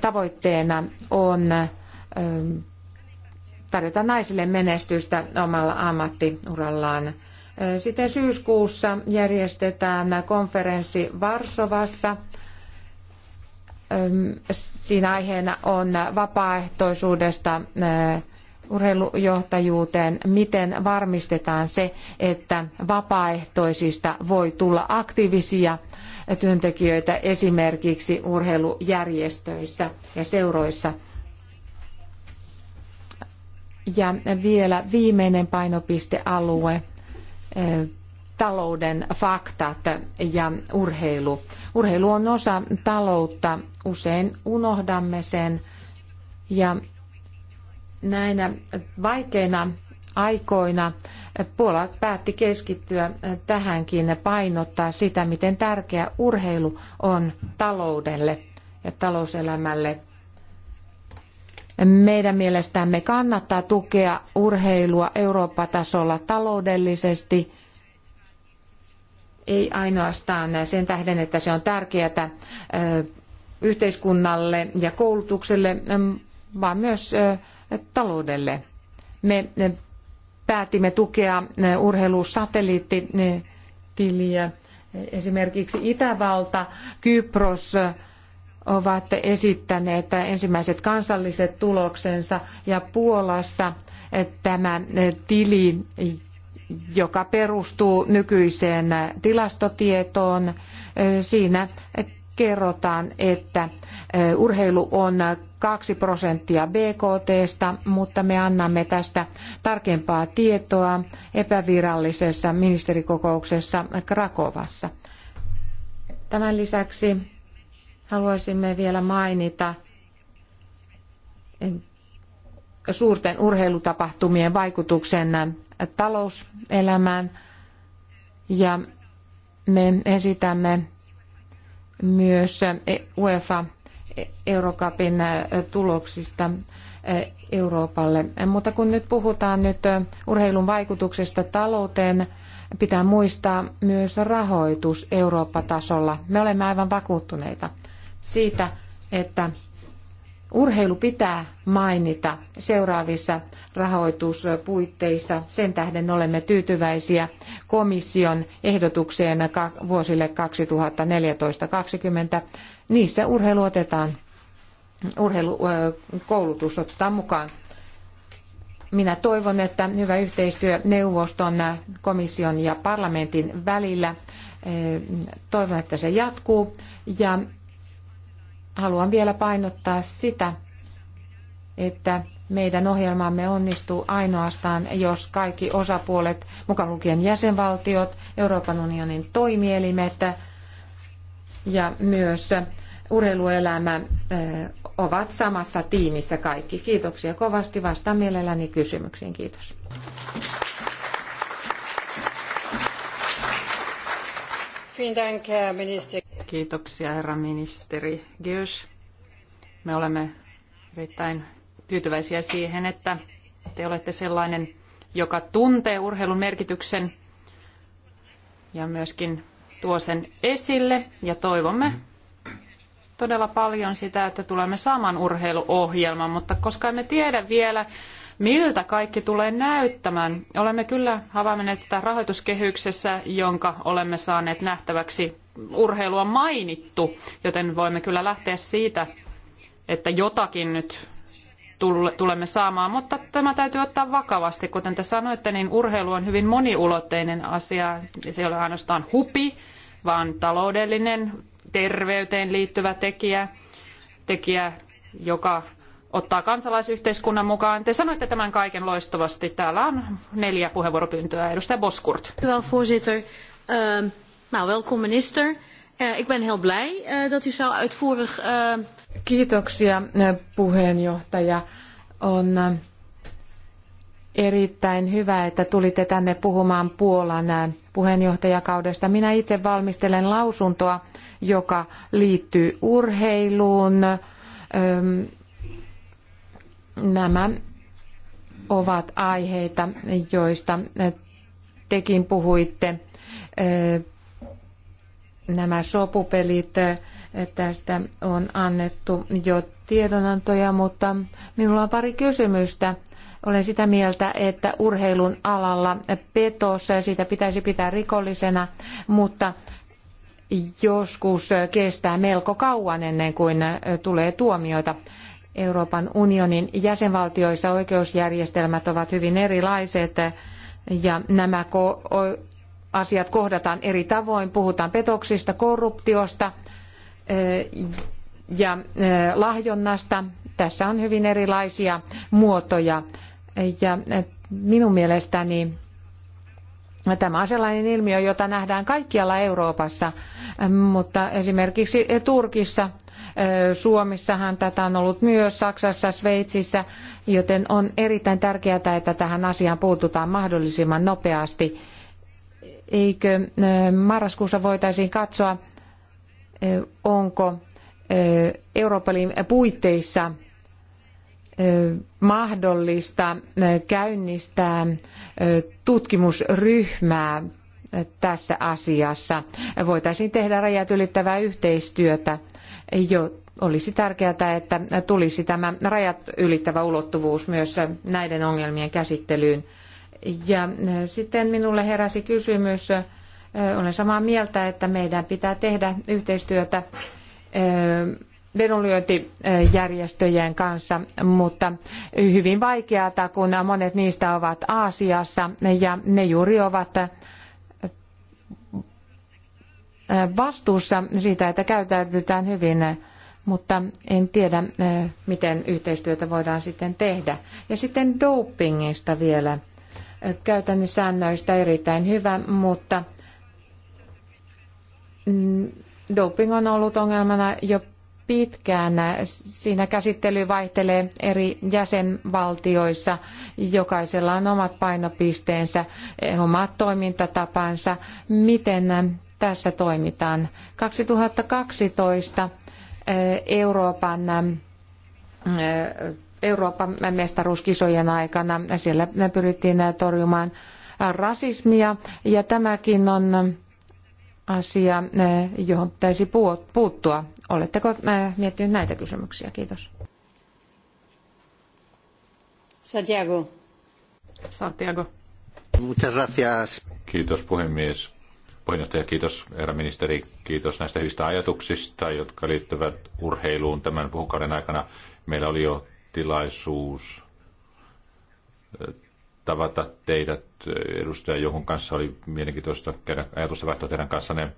tavoitteena on tarjota naisille menestystä omalla ammattiurallaan sitten syyskuussa järjestetään konferenssi Varsovassa. Siinä aiheena on vapaaehtoisuudesta äh, urheilujohtajuuteen, miten varmistetaan se, että vapaaehtoisista voi tulla aktiivisia työntekijöitä esimerkiksi urheilujärjestöissä ja seuroissa. Ja vielä viimeinen painopistealue talouden faktat ja urheilu. Urheilu on osa taloutta, usein unohdamme sen ja näinä vaikeina aikoina Puola päätti keskittyä tähänkin ja painottaa sitä, miten tärkeä urheilu on taloudelle ja talouselämälle. Meidän mielestämme kannattaa tukea urheilua Eurooppa-tasolla taloudellisesti, ei ainoastaan sen tähden, että se on tärkeää yhteiskunnalle ja koulutukselle, vaan myös taloudelle. Me päätimme tukea urheilusatelliittitiliä. E, esimerkiksi Itävalta, Kypros, ovat esittäneet ensimmäiset kansalliset tuloksensa ja Puolassa tämä tili, joka perustuu nykyiseen tilastotietoon, siinä kerrotaan, että urheilu on 2 prosenttia BKTstä, mutta me annamme tästä tarkempaa tietoa epävirallisessa ministerikokouksessa Krakovassa. Tämän lisäksi Haluaisimme vielä mainita suurten urheilutapahtumien vaikutuksen talouselämään ja me esitämme myös UEFA Eurocupin tuloksista Euroopalle. Mutta kun nyt puhutaan nyt urheilun vaikutuksesta talouteen, pitää muistaa myös rahoitus Eurooppa-tasolla. Me olemme aivan vakuuttuneita siitä, että urheilu pitää mainita seuraavissa rahoituspuitteissa. Sen tähden olemme tyytyväisiä komission ehdotukseen vuosille 2014-2020. Niissä urheilu otetaan, urheilukoulutus otetaan mukaan. Minä toivon, että hyvä yhteistyö neuvoston, komission ja parlamentin välillä, toivon, että se jatkuu. Ja haluan vielä painottaa sitä, että meidän ohjelmamme onnistuu ainoastaan, jos kaikki osapuolet, mukaan lukien jäsenvaltiot, Euroopan unionin toimielimet ja myös urheiluelämä ovat samassa tiimissä kaikki. Kiitoksia kovasti. Vastaan mielelläni kysymyksiin. Kiitos. Vielen Dank, Herr Minister. Kiitoksia herra ministeri Me olemme erittäin tyytyväisiä siihen, että te olette sellainen, joka tuntee urheilun merkityksen ja myöskin tuo sen esille ja toivomme todella paljon sitä, että tulemme saamaan urheiluohjelman, mutta koska emme tiedä vielä, miltä kaikki tulee näyttämään, olemme kyllä havainneet, että rahoituskehyksessä, jonka olemme saaneet nähtäväksi urheilua mainittu, joten voimme kyllä lähteä siitä, että jotakin nyt tulemme saamaan, mutta tämä täytyy ottaa vakavasti. Kuten te sanoitte, niin urheilu on hyvin moniulotteinen asia. Se ei ole ainoastaan hupi, vaan taloudellinen, terveyteen liittyvä tekijä, tekijä, joka ottaa kansalaisyhteiskunnan mukaan. Te sanoitte tämän kaiken loistavasti. Täällä on neljä puheenvuoropyyntöä. Edustaja Boskurt. Hyvä, ehm, Nou, welkom minister. Eh, ik ben heel blij eh, dat u zo uitvoerig... Eh, Kiitoksia puheenjohtaja. On erittäin hyvä, että tulitte tänne puhumaan Puolan puheenjohtajakaudesta. Minä itse valmistelen lausuntoa, joka liittyy urheiluun. Ehm, nämä ovat aiheita, joista tekin puhuitte nämä sopupelit, eh, tästä on annettu jo tiedonantoja, mutta minulla on pari kysymystä. Olen sitä mieltä, että urheilun alalla petos, eh, sitä pitäisi pitää rikollisena, mutta joskus kestää melko kauan ennen kuin eh, tulee tuomioita. Euroopan unionin jäsenvaltioissa oikeusjärjestelmät ovat hyvin erilaiset ja nämä asiat kohdataan eri tavoin. Puhutaan petoksista, korruptiosta eh, ja eh, lahjonnasta. Tässä on hyvin erilaisia muotoja. Ja eh, minun mielestäni Tämä on sellainen ilmiö, jota nähdään kaikkialla Euroopassa, mutta esimerkiksi Turkissa, Suomissahan tätä on ollut myös, Saksassa, Sveitsissä, joten on erittäin tärkeää, että tähän asiaan puututaan mahdollisimman nopeasti eikö marraskuussa voitaisiin katsoa, onko Europolin puitteissa mahdollista käynnistää tutkimusryhmää tässä asiassa. Voitaisiin tehdä rajat ylittävää yhteistyötä. Jo olisi tärkeää, että tulisi tämä rajat ylittävä ulottuvuus myös näiden ongelmien käsittelyyn ja äh, sitten minulle heräsi kysymys, äh, olen samaa mieltä, että meidän pitää tehdä yhteistyötä äh, vedonlyöntijärjestöjen kanssa, mutta hyvin vaikeata, kun monet niistä ovat Aasiassa ja ne juuri ovat vastuussa siitä, että käytäytytään hyvin, mutta en tiedä, miten yhteistyötä voidaan sitten tehdä. Ja sitten dopingista vielä käytännön säännöistä erittäin hyvä, mutta mm, doping on ollut ongelmana jo pitkään. Siinä käsittely vaihtelee eri jäsenvaltioissa. Jokaisella on omat painopisteensä, omat toimintatapansa. Miten tässä toimitaan? 2012 eh, Euroopan eh, Euroopan mestaruuskisojen aikana. Siellä pyrittiin torjumaan rasismia ja tämäkin on asia, johon pitäisi puuttua. Oletteko äh, miettinyt näitä kysymyksiä? Kiitos. Santiago. Santiago. Muchas gracias. Kiitos puhemies. Puheenjohtaja, kiitos herra ministeri, kiitos näistä hyvistä ajatuksista, jotka liittyvät urheiluun tämän puhukauden aikana. Meillä oli jo tilaisuus tavata teidät, edustaja, johon kanssa oli mielenkiintoista käydä ajatusta vaihtoa teidän kanssanne.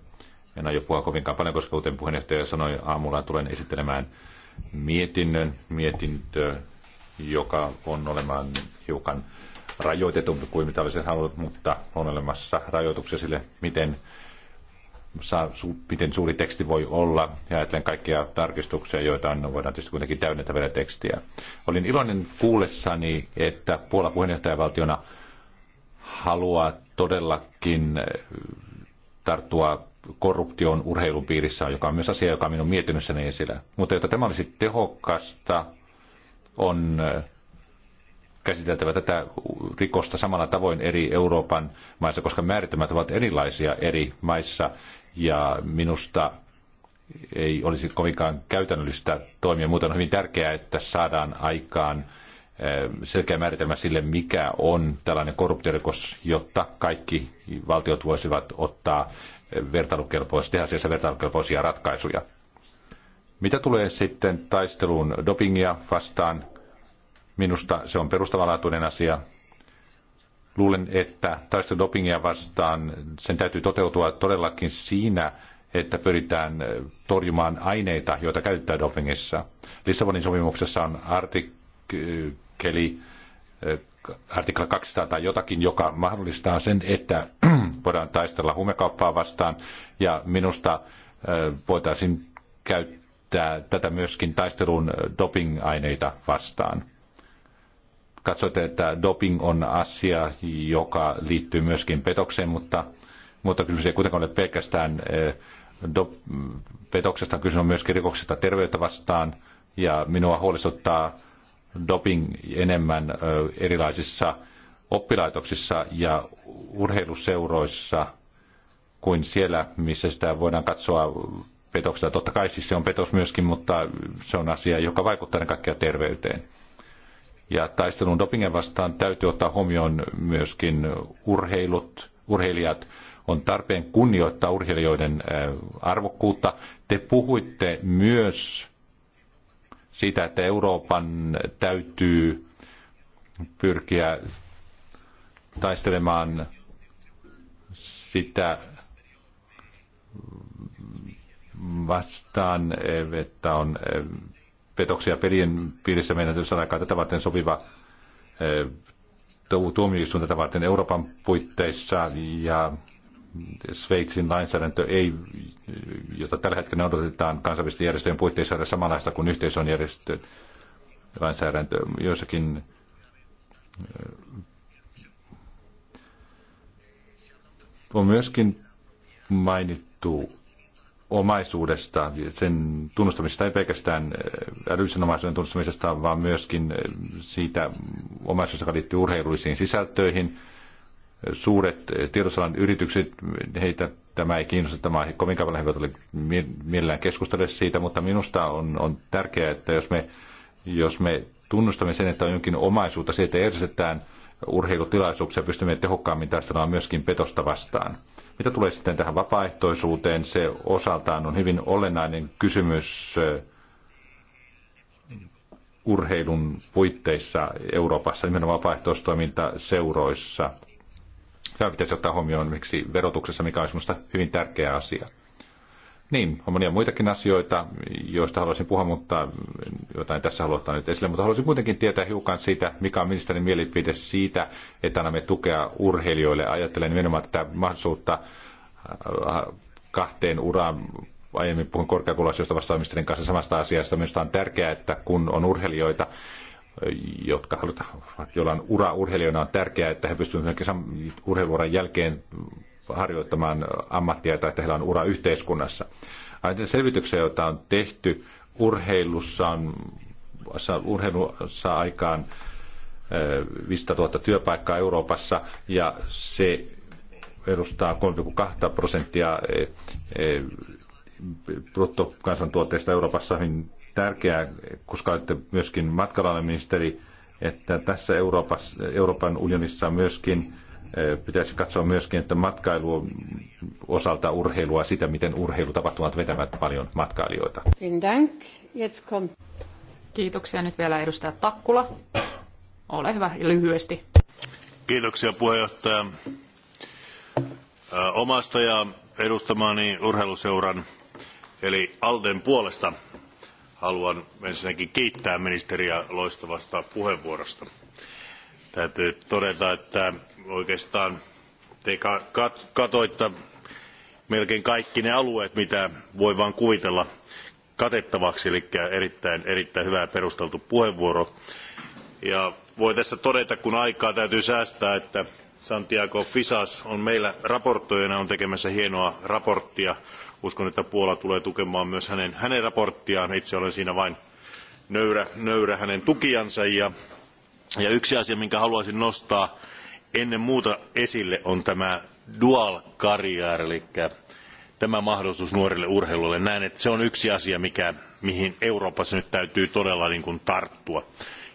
En aio puhua kovinkaan paljon, koska kuten puheenjohtaja sanoi, aamulla tulen esittelemään mietinnön, mietintö, joka on olemaan hiukan rajoitetumpi kuin mitä olisin halunnut, mutta on olemassa rajoituksia sille, miten saa, su, miten suuri teksti voi olla, ja ajattelen kaikkia tarkistuksia, joita on, voidaan tietysti kuitenkin täydentää vielä tekstiä. Olin iloinen kuullessani, että Puola puheenjohtajavaltiona haluaa todellakin eh, tarttua korruptioon urheilun piirissä, joka on myös asia, joka on minun mietinnössäni esillä. Mutta jotta tämä olisi tehokasta, on eh, käsiteltävä tätä rikosta samalla tavoin eri Euroopan maissa, koska määritelmät ovat erilaisia eri maissa ja minusta ei olisi kovinkaan käytännöllistä toimia. Muuten on hyvin tärkeää, että saadaan aikaan eh, selkeä määritelmä sille, mikä on tällainen korruptiorikos, jotta kaikki valtiot voisivat ottaa eh, vertailukelpoisia, tehdä siellä vertailukelpoisia ratkaisuja. Mitä tulee sitten taisteluun dopingia vastaan, minusta se on perustavanlaatuinen asia luulen, että taistelu dopingia vastaan sen täytyy toteutua todellakin siinä, että pyritään torjumaan aineita, joita käytetään dopingissa. Lissabonin sopimuksessa on artikkeli, eh, artikla 200 tai jotakin, joka mahdollistaa sen, että voidaan taistella humekauppaa vastaan. Ja minusta eh, voitaisiin käyttää tätä myöskin taistelun dopingaineita vastaan katsoitte, että doping on asia, joka liittyy myöskin petokseen, mutta, mutta kyllä se ei kuitenkaan ole pelkästään eh, do, petoksesta, kyse on myöskin rikoksesta terveyttä vastaan, ja minua huolestuttaa doping enemmän eh, erilaisissa oppilaitoksissa ja urheiluseuroissa kuin siellä, missä sitä voidaan katsoa petoksesta. Totta kai siis se on petos myöskin, mutta se on asia, joka vaikuttaa ne kaikkia terveyteen. Ja taistelun dopingen vastaan täytyy ottaa huomioon myöskin urheilut, urheilijat. On tarpeen kunnioittaa urheilijoiden arvokkuutta. Te puhuitte myös siitä, että Euroopan täytyy pyrkiä taistelemaan sitä vastaan, että on petoksia pelien piirissä meidän täytyy saada tätä varten sopiva tuomioistuin tätä varten Euroopan puitteissa ja Sveitsin lainsäädäntö ei, jota tällä hetkellä odotetaan kansainvälisten järjestöjen puitteissa ole samanlaista kuin yhteisön järjestöjen lainsäädäntö. Joissakin on myöskin mainittu omaisuudesta, sen tunnustamisesta ei pelkästään äh, älyllisen omaisuuden tunnustamisesta, vaan myöskin äh, siitä omaisuudesta, joka liittyy urheilullisiin sisältöihin. Suuret äh, tiedosalan yritykset, heitä tämä ei kiinnosta, tämä ei kovinkaan paljon hyvät oli mielellään keskustella siitä, mutta minusta on, on tärkeää, että jos me, jos me tunnustamme sen, että on jonkin omaisuutta, se, että urheilutilaisuuksia, pystymme tehokkaammin taistelemaan myöskin petosta vastaan. Mitä tulee sitten tähän vapaaehtoisuuteen, se osaltaan on hyvin olennainen kysymys urheilun puitteissa Euroopassa, nimenomaan vapaaehtoistoiminta seuroissa. Tämä pitäisi ottaa huomioon miksi verotuksessa, mikä on hyvin tärkeä asia. Niin, on monia muitakin asioita, joista haluaisin puhua, mutta jotain tässä halutaan nyt esille. Mutta haluaisin kuitenkin tietää hiukan siitä, mikä on ministerin mielipide siitä, että annamme tukea urheilijoille. Ajattelen nimenomaan tätä mahdollisuutta äh, kahteen uraan. Aiemmin puhun korkeakouluasioista vastaamisterin kanssa samasta asiasta. Minusta on tärkeää, että kun on urheilijoita, jotka halutaan, joilla on ura urheilijoina, on tärkeää, että he pystyvät urheiluuran jälkeen harjoittamaan ammattia tai että heillä on ura yhteiskunnassa. Aina selvityksiä, joita on tehty urheilussa, on, urheilussa aikaan 500 eh, 000 työpaikkaa Euroopassa ja se edustaa 3,2 prosenttia eh, eh, bruttokansantuotteesta Euroopassa hyvin tärkeää, koska olette myöskin matkalainen ministeri, että tässä Euroopassa, Euroopan unionissa myöskin Pitäisi katsoa myöskin, että matkailu osalta urheilua, sitä miten urheilutapahtumat vetävät paljon matkailijoita. Kiitoksia. Nyt vielä edustaja Takkula. Ole hyvä lyhyesti. Kiitoksia puheenjohtaja. Omasta ja edustamaani urheiluseuran eli Alden puolesta haluan ensinnäkin kiittää ministeriä loistavasta puheenvuorosta. Täytyy todeta, että Oikeastaan te katoitte melkein kaikki ne alueet, mitä voi vain kuvitella katettavaksi, eli erittäin, erittäin hyvä ja perusteltu puheenvuoro. Ja voi tässä todeta, kun aikaa täytyy säästää, että Santiago Fisas on meillä raportoijana, on tekemässä hienoa raporttia. Uskon, että Puola tulee tukemaan myös hänen, hänen raporttiaan. Itse olen siinä vain nöyrä, nöyrä hänen tukijansa. Ja, ja yksi asia, minkä haluaisin nostaa, ennen muuta esille on tämä dual career, eli tämä mahdollisuus nuorille urheilulle. Näen, että se on yksi asia, mikä, mihin Euroopassa nyt täytyy todella niin kuin tarttua.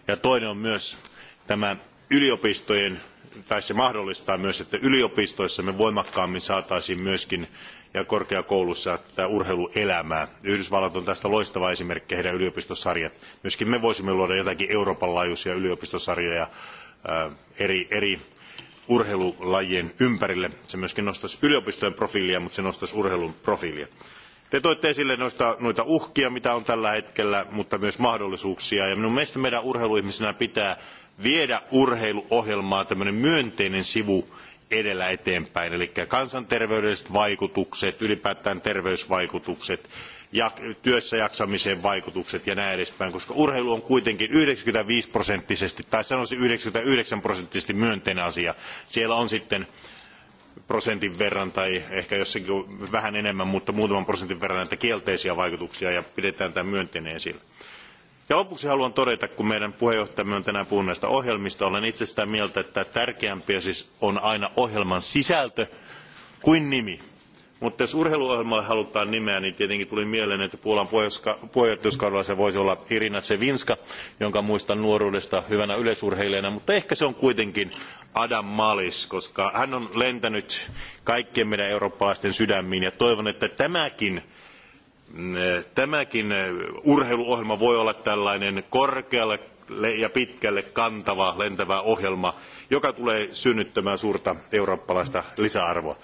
Ja toinen on myös tämä yliopistojen, tai se mahdollistaa myös, että yliopistoissa me voimakkaammin saataisiin myöskin ja korkeakoulussa tätä urheiluelämää. Yhdysvallat on tästä loistava esimerkki, heidän yliopistosarjat. Myöskin me voisimme luoda jotakin Euroopan laajuisia yliopistosarjoja eri, eri urheilulajien ympärille. Se myöskin nostaisi yliopistojen profiilia, mutta se nostaisi urheilun profiilia. Te toitte esille noista, noita uhkia, mitä on tällä hetkellä, mutta myös mahdollisuuksia. Ja minun mielestä meidän urheiluihmisinä pitää viedä urheiluohjelmaa tämmöinen myönteinen sivu edellä eteenpäin. Eli kansanterveydelliset vaikutukset, ylipäätään terveysvaikutukset, ja työssäjaksamisen vaikutukset ja näin edespäin, koska urheilu on kuitenkin 95 prosenttisesti tai sanoisin 99 prosenttisesti myönteinen asia. Siellä on sitten prosentin verran tai ehkä jossakin vähän enemmän, mutta muutaman prosentin verran näitä kielteisiä vaikutuksia ja pidetään tämä myönteinen esillä. Ja lopuksi haluan todeta, kun meidän puheenjohtajamme on tänään puhunut näistä ohjelmista, olen itse sitä mieltä, että tärkeämpiä siis on aina ohjelman sisältö kuin nimi mutta jos urheiluohjelmalle halutaan nimeä, niin tietenkin tuli mieleen, että Puolan puheenjohtajuuskaudella se voisi olla Irina Tsevinska, jonka muistan nuoruudesta hyvänä yleisurheilijana, mutta ehkä se on kuitenkin Adam Malis, koska hän on lentänyt kaikkien meidän eurooppalaisten sydämiin ja toivon, että tämäkin mm, tämäkin urheiluohjelma voi olla tällainen korkealle ja pitkälle kantava lentävä ohjelma, joka tulee synnyttämään suurta eurooppalaista lisäarvoa.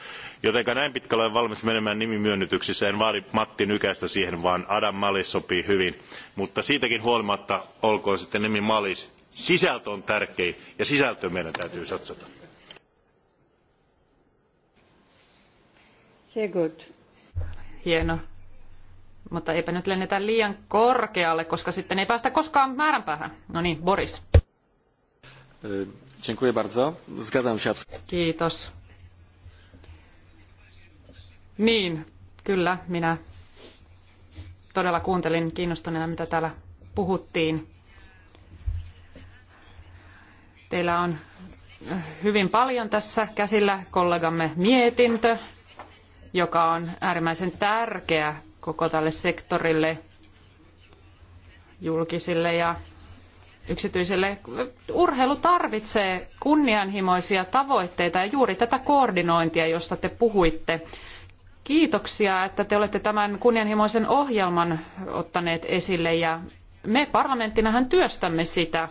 Joten näin pitkälle olen valmis menemään nimimyönnytyksissä. En vaadi Matti Nykästä siihen, vaan Adam Malis sopii hyvin. Mutta siitäkin huolimatta olkoon sitten nimi Malis. Sisältö on tärkein ja sisältöön meidän täytyy satsata. Sehr gut. Hieno. Mutta eipä nyt lennetä liian korkealle, koska sitten ei päästä koskaan määränpäähän. No niin, Boris. Dziękuję bardzo. Zgadzam się. Kiitos. Niin, kyllä, minä todella kuuntelin kiinnostuneena, mitä täällä puhuttiin. Teillä on hyvin paljon tässä käsillä kollegamme mietintö, joka on äärimmäisen tärkeä koko tälle sektorille, julkisille ja yksityisille. Urheilu tarvitsee kunnianhimoisia tavoitteita ja juuri tätä koordinointia, josta te puhuitte kiitoksia, että te olette tämän kunnianhimoisen ohjelman ottaneet esille ja me parlamenttinahan työstämme sitä.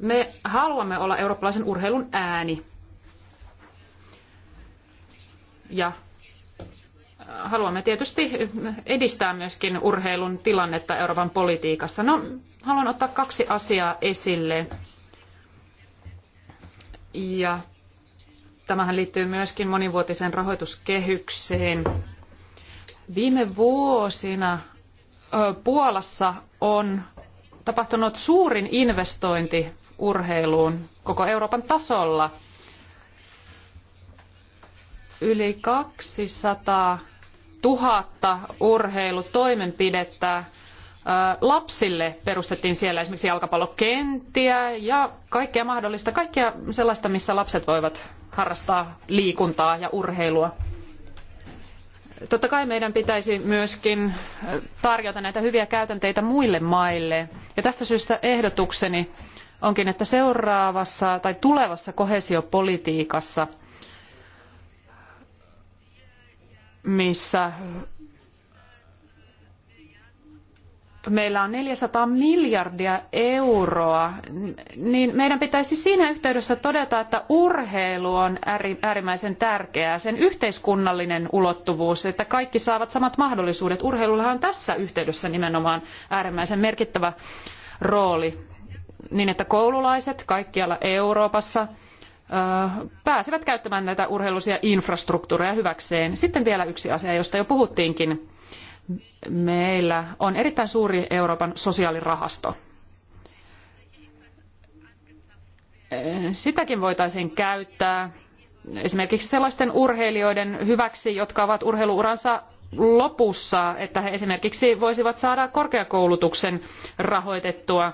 Me haluamme olla eurooppalaisen urheilun ääni. Ja haluamme tietysti edistää myöskin urheilun tilannetta Euroopan politiikassa. No, haluan ottaa kaksi asiaa esille. Ja Tämähän liittyy myöskin monivuotiseen rahoituskehykseen. Viime vuosina Puolassa on tapahtunut suurin investointi urheiluun koko Euroopan tasolla. Yli 200 000 urheilutoimenpidettä lapsille perustettiin siellä esimerkiksi jalkapallokenttiä ja kaikkea mahdollista, kaikkea sellaista, missä lapset voivat harrastaa liikuntaa ja urheilua. Totta kai meidän pitäisi myöskin tarjota näitä hyviä käytänteitä muille maille. Ja tästä syystä ehdotukseni onkin, että seuraavassa tai tulevassa koheesiopolitiikassa, missä meillä on 400 miljardia euroa, niin meidän pitäisi siinä yhteydessä todeta, että urheilu on äärimmäisen tärkeää, sen yhteiskunnallinen ulottuvuus, että kaikki saavat samat mahdollisuudet. Urheilullahan on tässä yhteydessä nimenomaan äärimmäisen merkittävä rooli, niin että koululaiset kaikkialla Euroopassa pääsevät käyttämään näitä urheilullisia infrastruktuureja hyväkseen. Sitten vielä yksi asia, josta jo puhuttiinkin meillä on erittäin suuri Euroopan sosiaalirahasto. Sitäkin voitaisiin käyttää esimerkiksi sellaisten urheilijoiden hyväksi, jotka ovat urheiluuransa lopussa, että he esimerkiksi voisivat saada korkeakoulutuksen rahoitettua,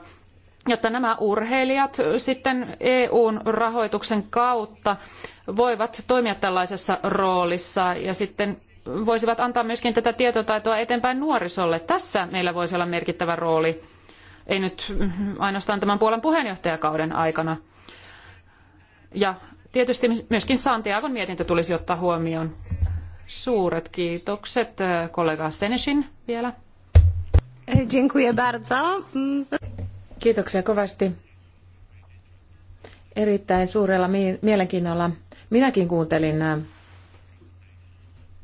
jotta nämä urheilijat sitten EUn rahoituksen kautta voivat toimia tällaisessa roolissa ja sitten voisivat antaa myöskin tätä tietotaitoa eteenpäin nuorisolle. Tässä meillä voisi olla merkittävä rooli, ei nyt ainoastaan tämän Puolan puheenjohtajakauden aikana. Ja tietysti myöskin Santiagon mietintö tulisi ottaa huomioon. Suuret kiitokset äh, kollega Senesin vielä. Kiitoksia kovasti. Erittäin suurella mielenkiinnolla minäkin kuuntelin äh,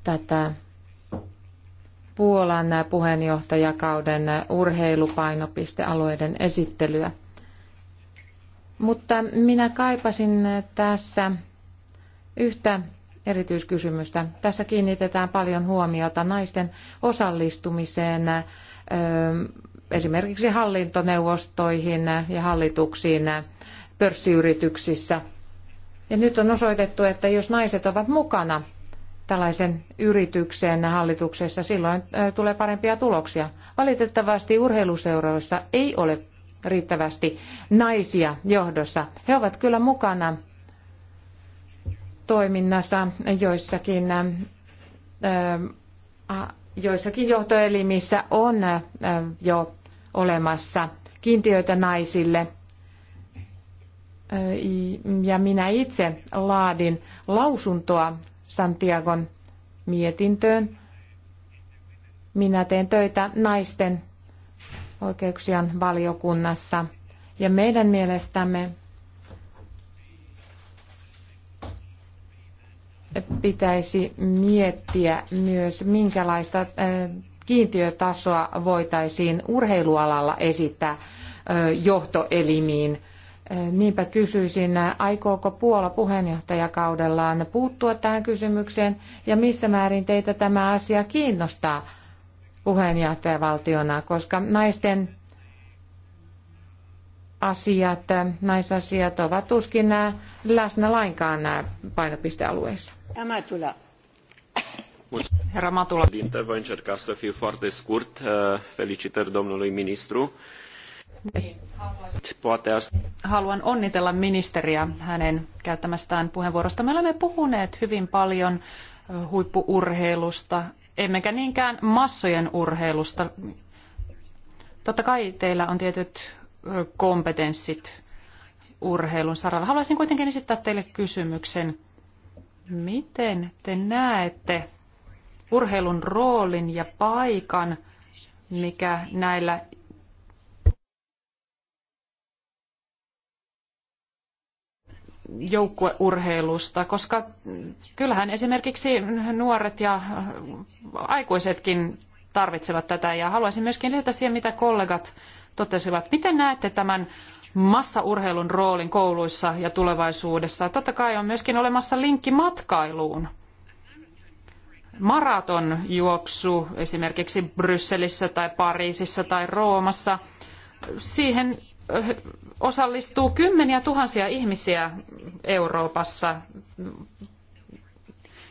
tätä Puolan puheenjohtajakauden urheilupainopistealueiden esittelyä. Mutta minä kaipasin tässä yhtä erityiskysymystä. Tässä kiinnitetään paljon huomiota naisten osallistumiseen esimerkiksi hallintoneuvostoihin ja hallituksiin pörssiyrityksissä. Ja nyt on osoitettu, että jos naiset ovat mukana tällaisen yrityksen hallituksessa, silloin tulee parempia tuloksia. Valitettavasti urheiluseuroissa ei ole riittävästi naisia johdossa. He ovat kyllä mukana toiminnassa joissakin, joissakin johtoelimissä on jo olemassa kiintiöitä naisille. Ja minä itse laadin lausuntoa Santiagon mietintöön. Minä teen töitä naisten oikeuksien valiokunnassa ja meidän mielestämme pitäisi miettiä myös, minkälaista kiintiötasoa voitaisiin urheilualalla esittää johtoelimiin Eh, niinpä kysyisin, aikooko Puola puheenjohtajakaudellaan puuttua tähän kysymykseen ja missä määrin teitä tämä asia kiinnostaa puheenjohtajavaltiona, koska naisten asiat, naisasiat ovat tuskin eh, läsnä lainkaan nämä eh, painopistealueissa. Amatula. Herra Matula. Voi fiu Felicitări domnului ministru. Haluan onnitella ministeriä hänen käyttämästään puheenvuorosta. Me olemme puhuneet hyvin paljon huippuurheilusta, emmekä niinkään massojen urheilusta. Totta kai teillä on tietyt kompetenssit urheilun saralla. Haluaisin kuitenkin esittää teille kysymyksen. Miten te näette urheilun roolin ja paikan, mikä näillä joukkueurheilusta, koska kyllähän esimerkiksi nuoret ja aikuisetkin tarvitsevat tätä ja haluaisin myöskin lisätä siihen, mitä kollegat totesivat. Miten näette tämän massaurheilun roolin kouluissa ja tulevaisuudessa? Totta kai on myöskin olemassa linkki matkailuun. Maratonjuoksu esimerkiksi Brysselissä tai Pariisissa tai Roomassa, siihen osallistuu kymmeniä tuhansia ihmisiä Euroopassa.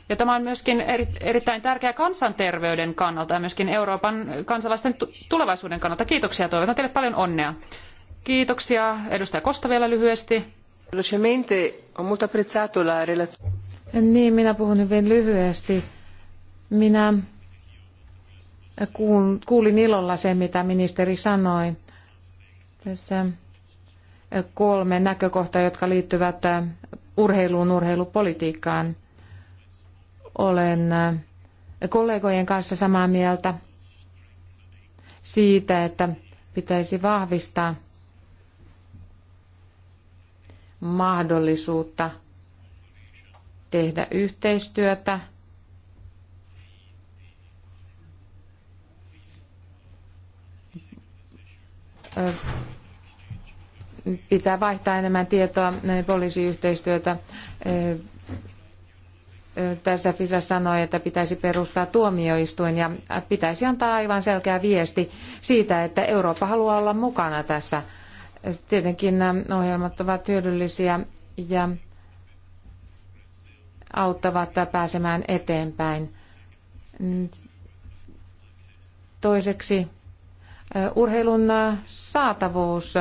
Ja tämä on myöskin erittäin tärkeä kansanterveyden kannalta ja myöskin Euroopan kansalaisten tulevaisuuden kannalta. Kiitoksia, toivotan teille paljon onnea. Kiitoksia. Edustaja Kosta vielä lyhyesti. Niin, minä puhun hyvin lyhyesti. Minä kuulin ilolla sen, mitä ministeri sanoi. Tässä kolme näkökohtaa, jotka liittyvät urheiluun, urheilupolitiikkaan. Olen kollegojen kanssa samaa mieltä siitä, että pitäisi vahvistaa mahdollisuutta tehdä yhteistyötä pitää vaihtaa enemmän tietoa poliisiyhteistyötä. Tässä Fisa sanoi, että pitäisi perustaa tuomioistuin ja pitäisi antaa aivan selkeä viesti siitä, että Eurooppa haluaa olla mukana tässä. Tietenkin nämä ohjelmat ovat hyödyllisiä ja auttavat pääsemään eteenpäin. Toiseksi urheilun saatavuus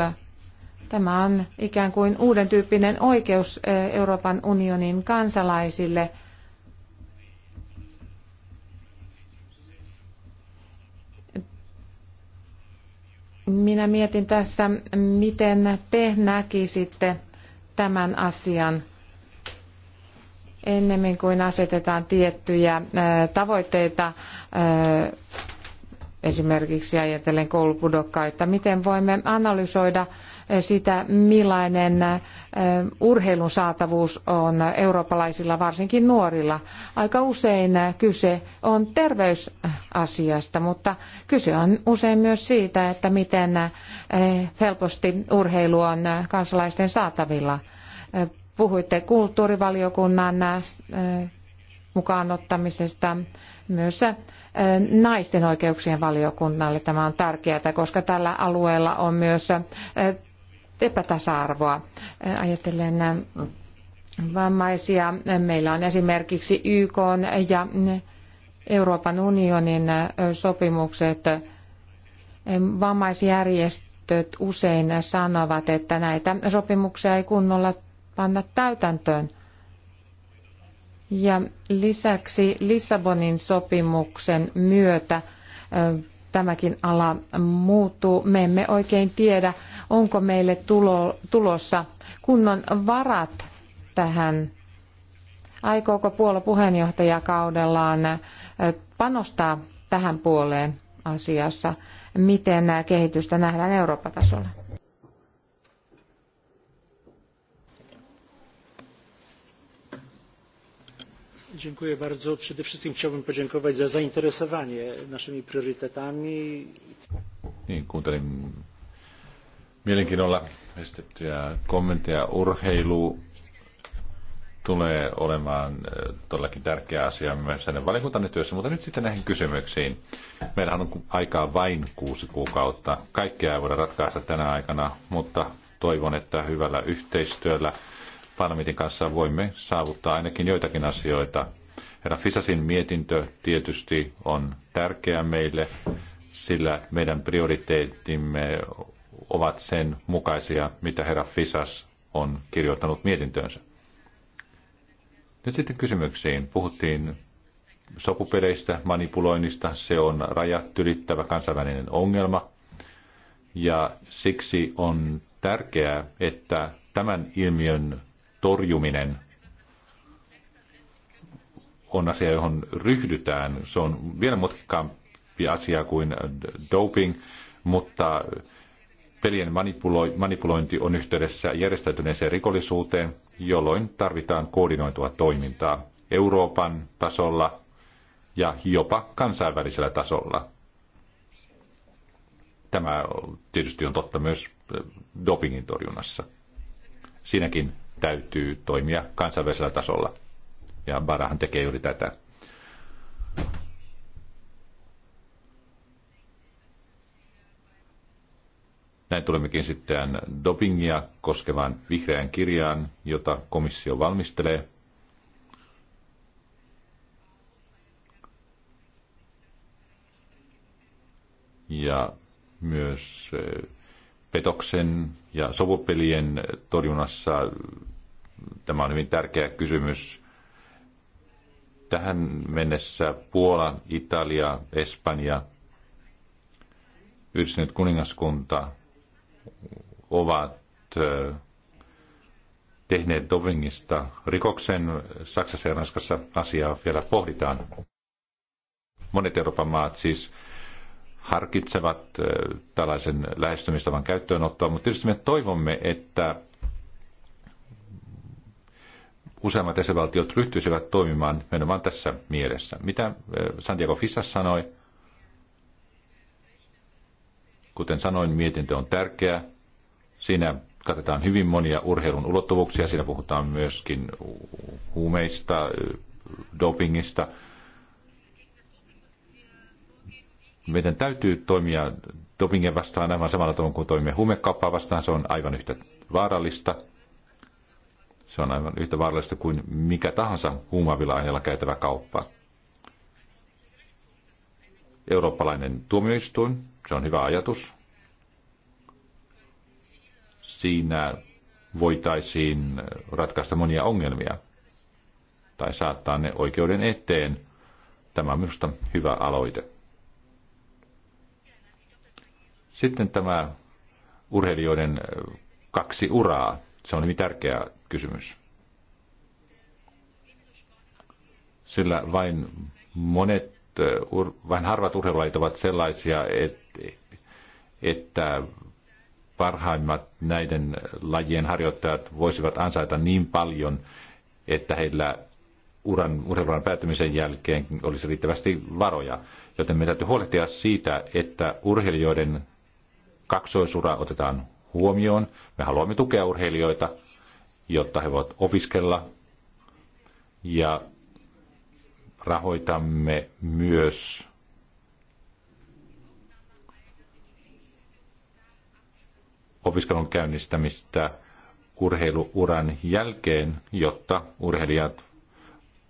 Tämä on ikään kuin uuden tyyppinen oikeus eh, Euroopan unionin kansalaisille. Minä mietin tässä, miten te näkisitte tämän asian ennemmin kuin asetetaan tiettyjä eh, tavoitteita eh, esimerkiksi ajatellen koulupudokkaita, miten voimme analysoida eh, sitä, millainen eh, urheilun saatavuus on eurooppalaisilla, varsinkin nuorilla. Aika usein eh, kyse on terveysasiasta, mutta kyse on usein myös siitä, että miten helposti urheilu on kansalaisten saatavilla. Puhuitte kulttuurivaliokunnan mukaan ottamisesta myös äh, naisten oikeuksien valiokunnalle. Tämä on tärkeää, koska tällä alueella on myös äh, epätasa-arvoa. Äh, Ajattelen vammaisia. Meillä on esimerkiksi YK ja Euroopan unionin sopimukset. Vammaisjärjestöt usein sanovat, että näitä sopimuksia ei kunnolla panna täytäntöön. Ja lisäksi Lissabonin sopimuksen myötä tämäkin ala muuttuu. Me emme oikein tiedä, onko meille tulossa kunnon varat tähän. Aikooko puolue puheenjohtajakaudellaan panostaa tähän puoleen asiassa? Miten kehitystä nähdään Eurooppa-tasolla? Dziękuję bardzo. Przede wszystkim chciałbym podziękować za zainteresowanie naszymi priorytetami. Niin, kuuntelin mielenkiinnolla esitettyjä kommentteja. Urheilu tulee olemaan e, todellakin tärkeä asia myös hänen valiokuntanne työssä, mutta nyt sitten näihin kysymyksiin. Meillähän on aikaa vain kuusi kuukautta. Kaikkea ei voida ratkaista tänä aikana, mutta toivon, että hyvällä yhteistyöllä – parlamentin kanssa voimme saavuttaa ainakin joitakin asioita. Herra Fisasin mietintö tietysti on tärkeä meille, sillä meidän prioriteettimme ovat sen mukaisia, mitä herra Fisas on kirjoittanut mietintöönsä. Nyt sitten kysymyksiin. Puhuttiin sopupeleistä, manipuloinnista. Se on rajat ylittävä kansainvälinen ongelma. Ja siksi on tärkeää, että tämän ilmiön torjuminen on asia, johon ryhdytään. Se on vielä mutkikkaampi asia kuin doping, mutta pelien manipulointi on yhteydessä järjestäytyneeseen rikollisuuteen, jolloin tarvitaan koordinoitua toimintaa Euroopan tasolla ja jopa kansainvälisellä tasolla. Tämä tietysti on totta myös dopingin torjunnassa. Siinäkin täytyy toimia kansainvälisellä tasolla. Ja Barahan tekee juuri tätä. Näin tulemmekin sitten dopingia koskevaan vihreään kirjaan, jota komissio valmistelee. Ja myös eh, petoksen ja sovupelien torjunnassa tämä on hyvin tärkeä kysymys. Tähän mennessä Puola, Italia, Espanja, Yhdistynyt kuningaskunta ovat tehneet Dovingista rikoksen. Saksassa ja Ranskassa asiaa vielä pohditaan. Monet Euroopan maat siis harkitsevat tällaisen lähestymistavan käyttöönottoa, mutta tietysti me toivomme, että useammat jäsenvaltiot ryhtyisivät toimimaan nimenomaan tässä mielessä. Mitä Santiago Fissas sanoi, kuten sanoin, mietintö on tärkeä. Siinä katsotaan hyvin monia urheilun ulottuvuuksia. Siinä puhutaan myöskin huumeista, dopingista – Meidän täytyy toimia dopingen vastaan aivan samalla tavalla kuin toimia huumekauppaa vastaan. Se on aivan yhtä vaarallista. Se on aivan yhtä vaarallista kuin mikä tahansa huumavilla aineella käytävä kauppa. Eurooppalainen tuomioistuin, se on hyvä ajatus. Siinä voitaisiin ratkaista monia ongelmia tai saattaa ne oikeuden eteen. Tämä on minusta hyvä aloite. Sitten tämä urheilijoiden kaksi uraa. Se on hyvin tärkeä kysymys. Sillä vain monet, vain harvat urheilulajit ovat sellaisia, että, että parhaimmat näiden lajien harjoittajat voisivat ansaita niin paljon, että heillä uran, urheiluran päättymisen jälkeen olisi riittävästi varoja. Joten me täytyy huolehtia siitä, että urheilijoiden kaksoisura otetaan huomioon. Me haluamme tukea urheilijoita, jotta he voivat opiskella ja rahoitamme myös opiskelun käynnistämistä urheiluuran jälkeen, jotta urheilijat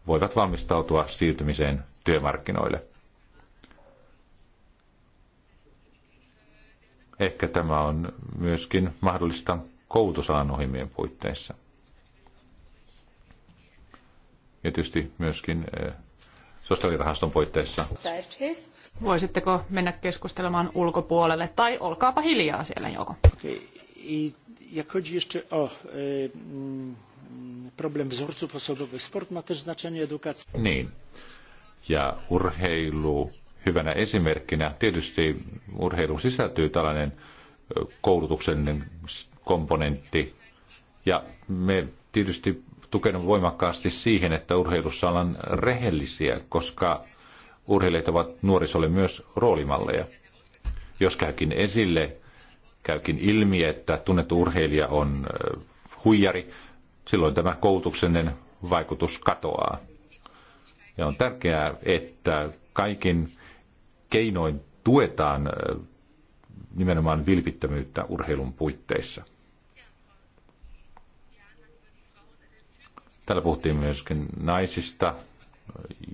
voivat valmistautua siirtymiseen työmarkkinoille. Ehkä tämä on myöskin mahdollista koulutusalan ohjelmien puitteissa. Ja tietysti myöskin eh, sosiaalirahaston puitteissa. Voisitteko mennä keskustelemaan ulkopuolelle tai olkaapa hiljaa siellä joko? Okay. Jak jeszcze o e, mm, problem wzorców osobowych, sport ma też znaczenie edukacji. Niin. Ja urheilu hyvänä esimerkkinä. Tietysti urheiluun sisältyy tällainen koulutuksellinen komponentti, ja me tietysti tukenut voimakkaasti siihen, että urheilussa ollaan rehellisiä, koska urheilijat ovat nuorisolle myös roolimalleja. Jos käykin esille, käykin ilmi, että tunnettu urheilija on huijari, silloin tämä koulutuksellinen vaikutus katoaa. Ja on tärkeää, että kaikin keinoin tuetaan nimenomaan vilpittömyyttä urheilun puitteissa. Täällä puhuttiin myöskin naisista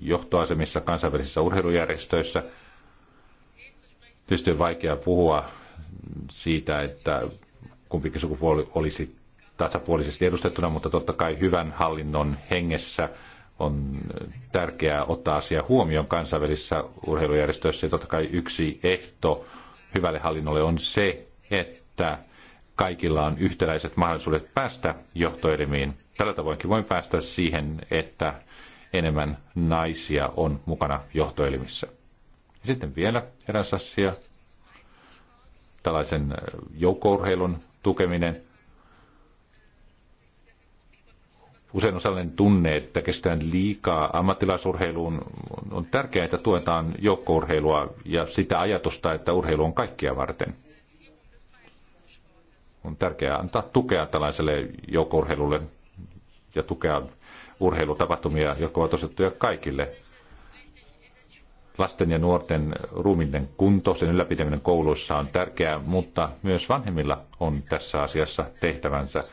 johtoasemissa kansainvälisissä urheilujärjestöissä. Tietysti on vaikea puhua siitä, että kumpikin sukupuoli olisi tasapuolisesti edustettuna, mutta totta kai hyvän hallinnon hengessä – on tärkeää ottaa asia huomioon kansainvälisissä urheilujärjestöissä. Ja totta kai yksi ehto hyvälle hallinnolle on se, että kaikilla on yhtäläiset mahdollisuudet päästä johtoelimiin. Tällä tavoinkin voin päästä siihen, että enemmän naisia on mukana johtoelimissä. Ja sitten vielä eräs asia, tällaisen joukkourheilun tukeminen – Usein on sellainen tunne, että kestään liikaa ammattilaisurheiluun. On tärkeää, että tuetaan joukkourheilua ja sitä ajatusta, että urheilu on kaikkia varten. On tärkeää antaa tukea tällaiselle joukkourheilulle ja tukea urheilutapahtumia, jotka ovat osoitettuja kaikille. Lasten ja nuorten ruuminen kunto, sen ylläpitäminen kouluissa on tärkeää, mutta myös vanhemmilla on tässä asiassa tehtävänsä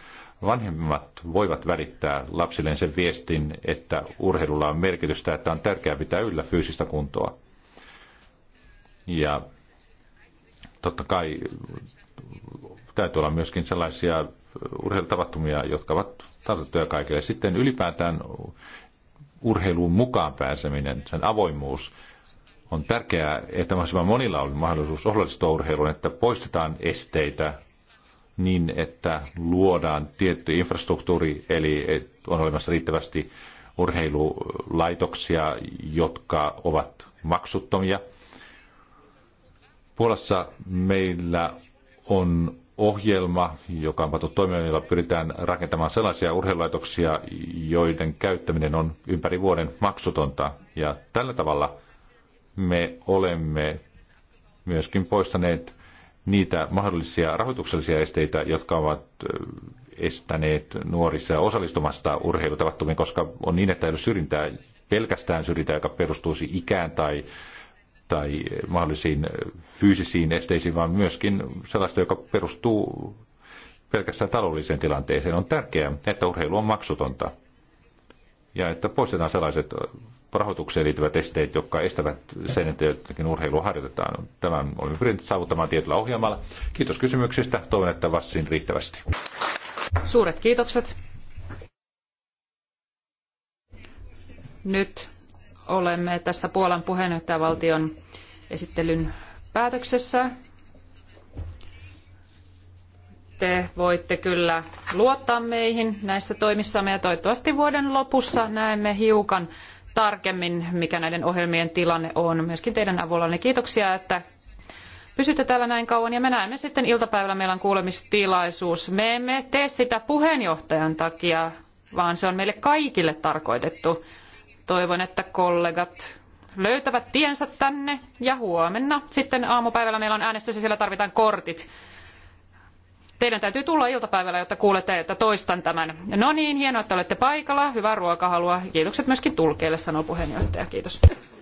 vanhemmat voivat välittää lapsilleen sen viestin, että urheilulla on merkitystä, että on tärkeää pitää yllä fyysistä kuntoa. Ja totta kai täytyy olla myöskin sellaisia urheilutapahtumia, jotka ovat tarjottuja kaikille. Sitten ylipäätään urheiluun mukaan pääseminen, sen avoimuus, on tärkeää, että mahdollisimman monilla on mahdollisuus osallistua urheiluun, että poistetaan esteitä niin, että luodaan tietty infrastruktuuri, eli on olemassa riittävästi urheilulaitoksia, jotka ovat maksuttomia. Puolassa meillä on ohjelma, joka on pantu toimimaan, jolla pyritään rakentamaan sellaisia urheilulaitoksia, joiden käyttäminen on ympäri vuoden maksutonta. Ja tällä tavalla me olemme myöskin poistaneet niitä mahdollisia rahoituksellisia esteitä, jotka ovat estäneet nuorissa osallistumasta urheilutapahtumiin, koska on niin, että ei ole syrjintää, pelkästään syrjintää, joka perustuisi ikään tai, tai mahdollisiin fyysisiin esteisiin, vaan myöskin sellaista, joka perustuu pelkästään taloudelliseen tilanteeseen. On tärkeää, että urheilu on maksutonta ja että poistetaan sellaiset rahoitukseen liittyvät esteet, jotka estävät sen, että jotakin urheilua harjoitetaan. Tämän olemme pyrkineet saavuttamaan tietyllä ohjelmalla. Kiitos kysymyksistä. Toivon, että vastasin riittävästi. Suuret kiitokset. Nyt olemme tässä Puolan puheenjohtajavaltion esittelyn päätöksessä. Te voitte kyllä luottaa meihin näissä toimissamme ja toivottavasti vuoden lopussa näemme hiukan tarkemmin, mikä näiden ohjelmien tilanne on myöskin teidän avullanne. Kiitoksia, että pysytte täällä näin kauan ja me näemme sitten iltapäivällä meillä on kuulemistilaisuus. Me emme tee sitä puheenjohtajan takia, vaan se on meille kaikille tarkoitettu. Toivon, että kollegat löytävät tiensä tänne ja huomenna sitten aamupäivällä meillä on äänestys ja siellä tarvitaan kortit. Teidän täytyy tulla iltapäivällä, jotta kuulette, että toistan tämän. No niin, hienoa, että olette paikalla. Hyvää ruokahalua. Kiitokset myöskin tulkeille, sanoo puheenjohtaja. Kiitos.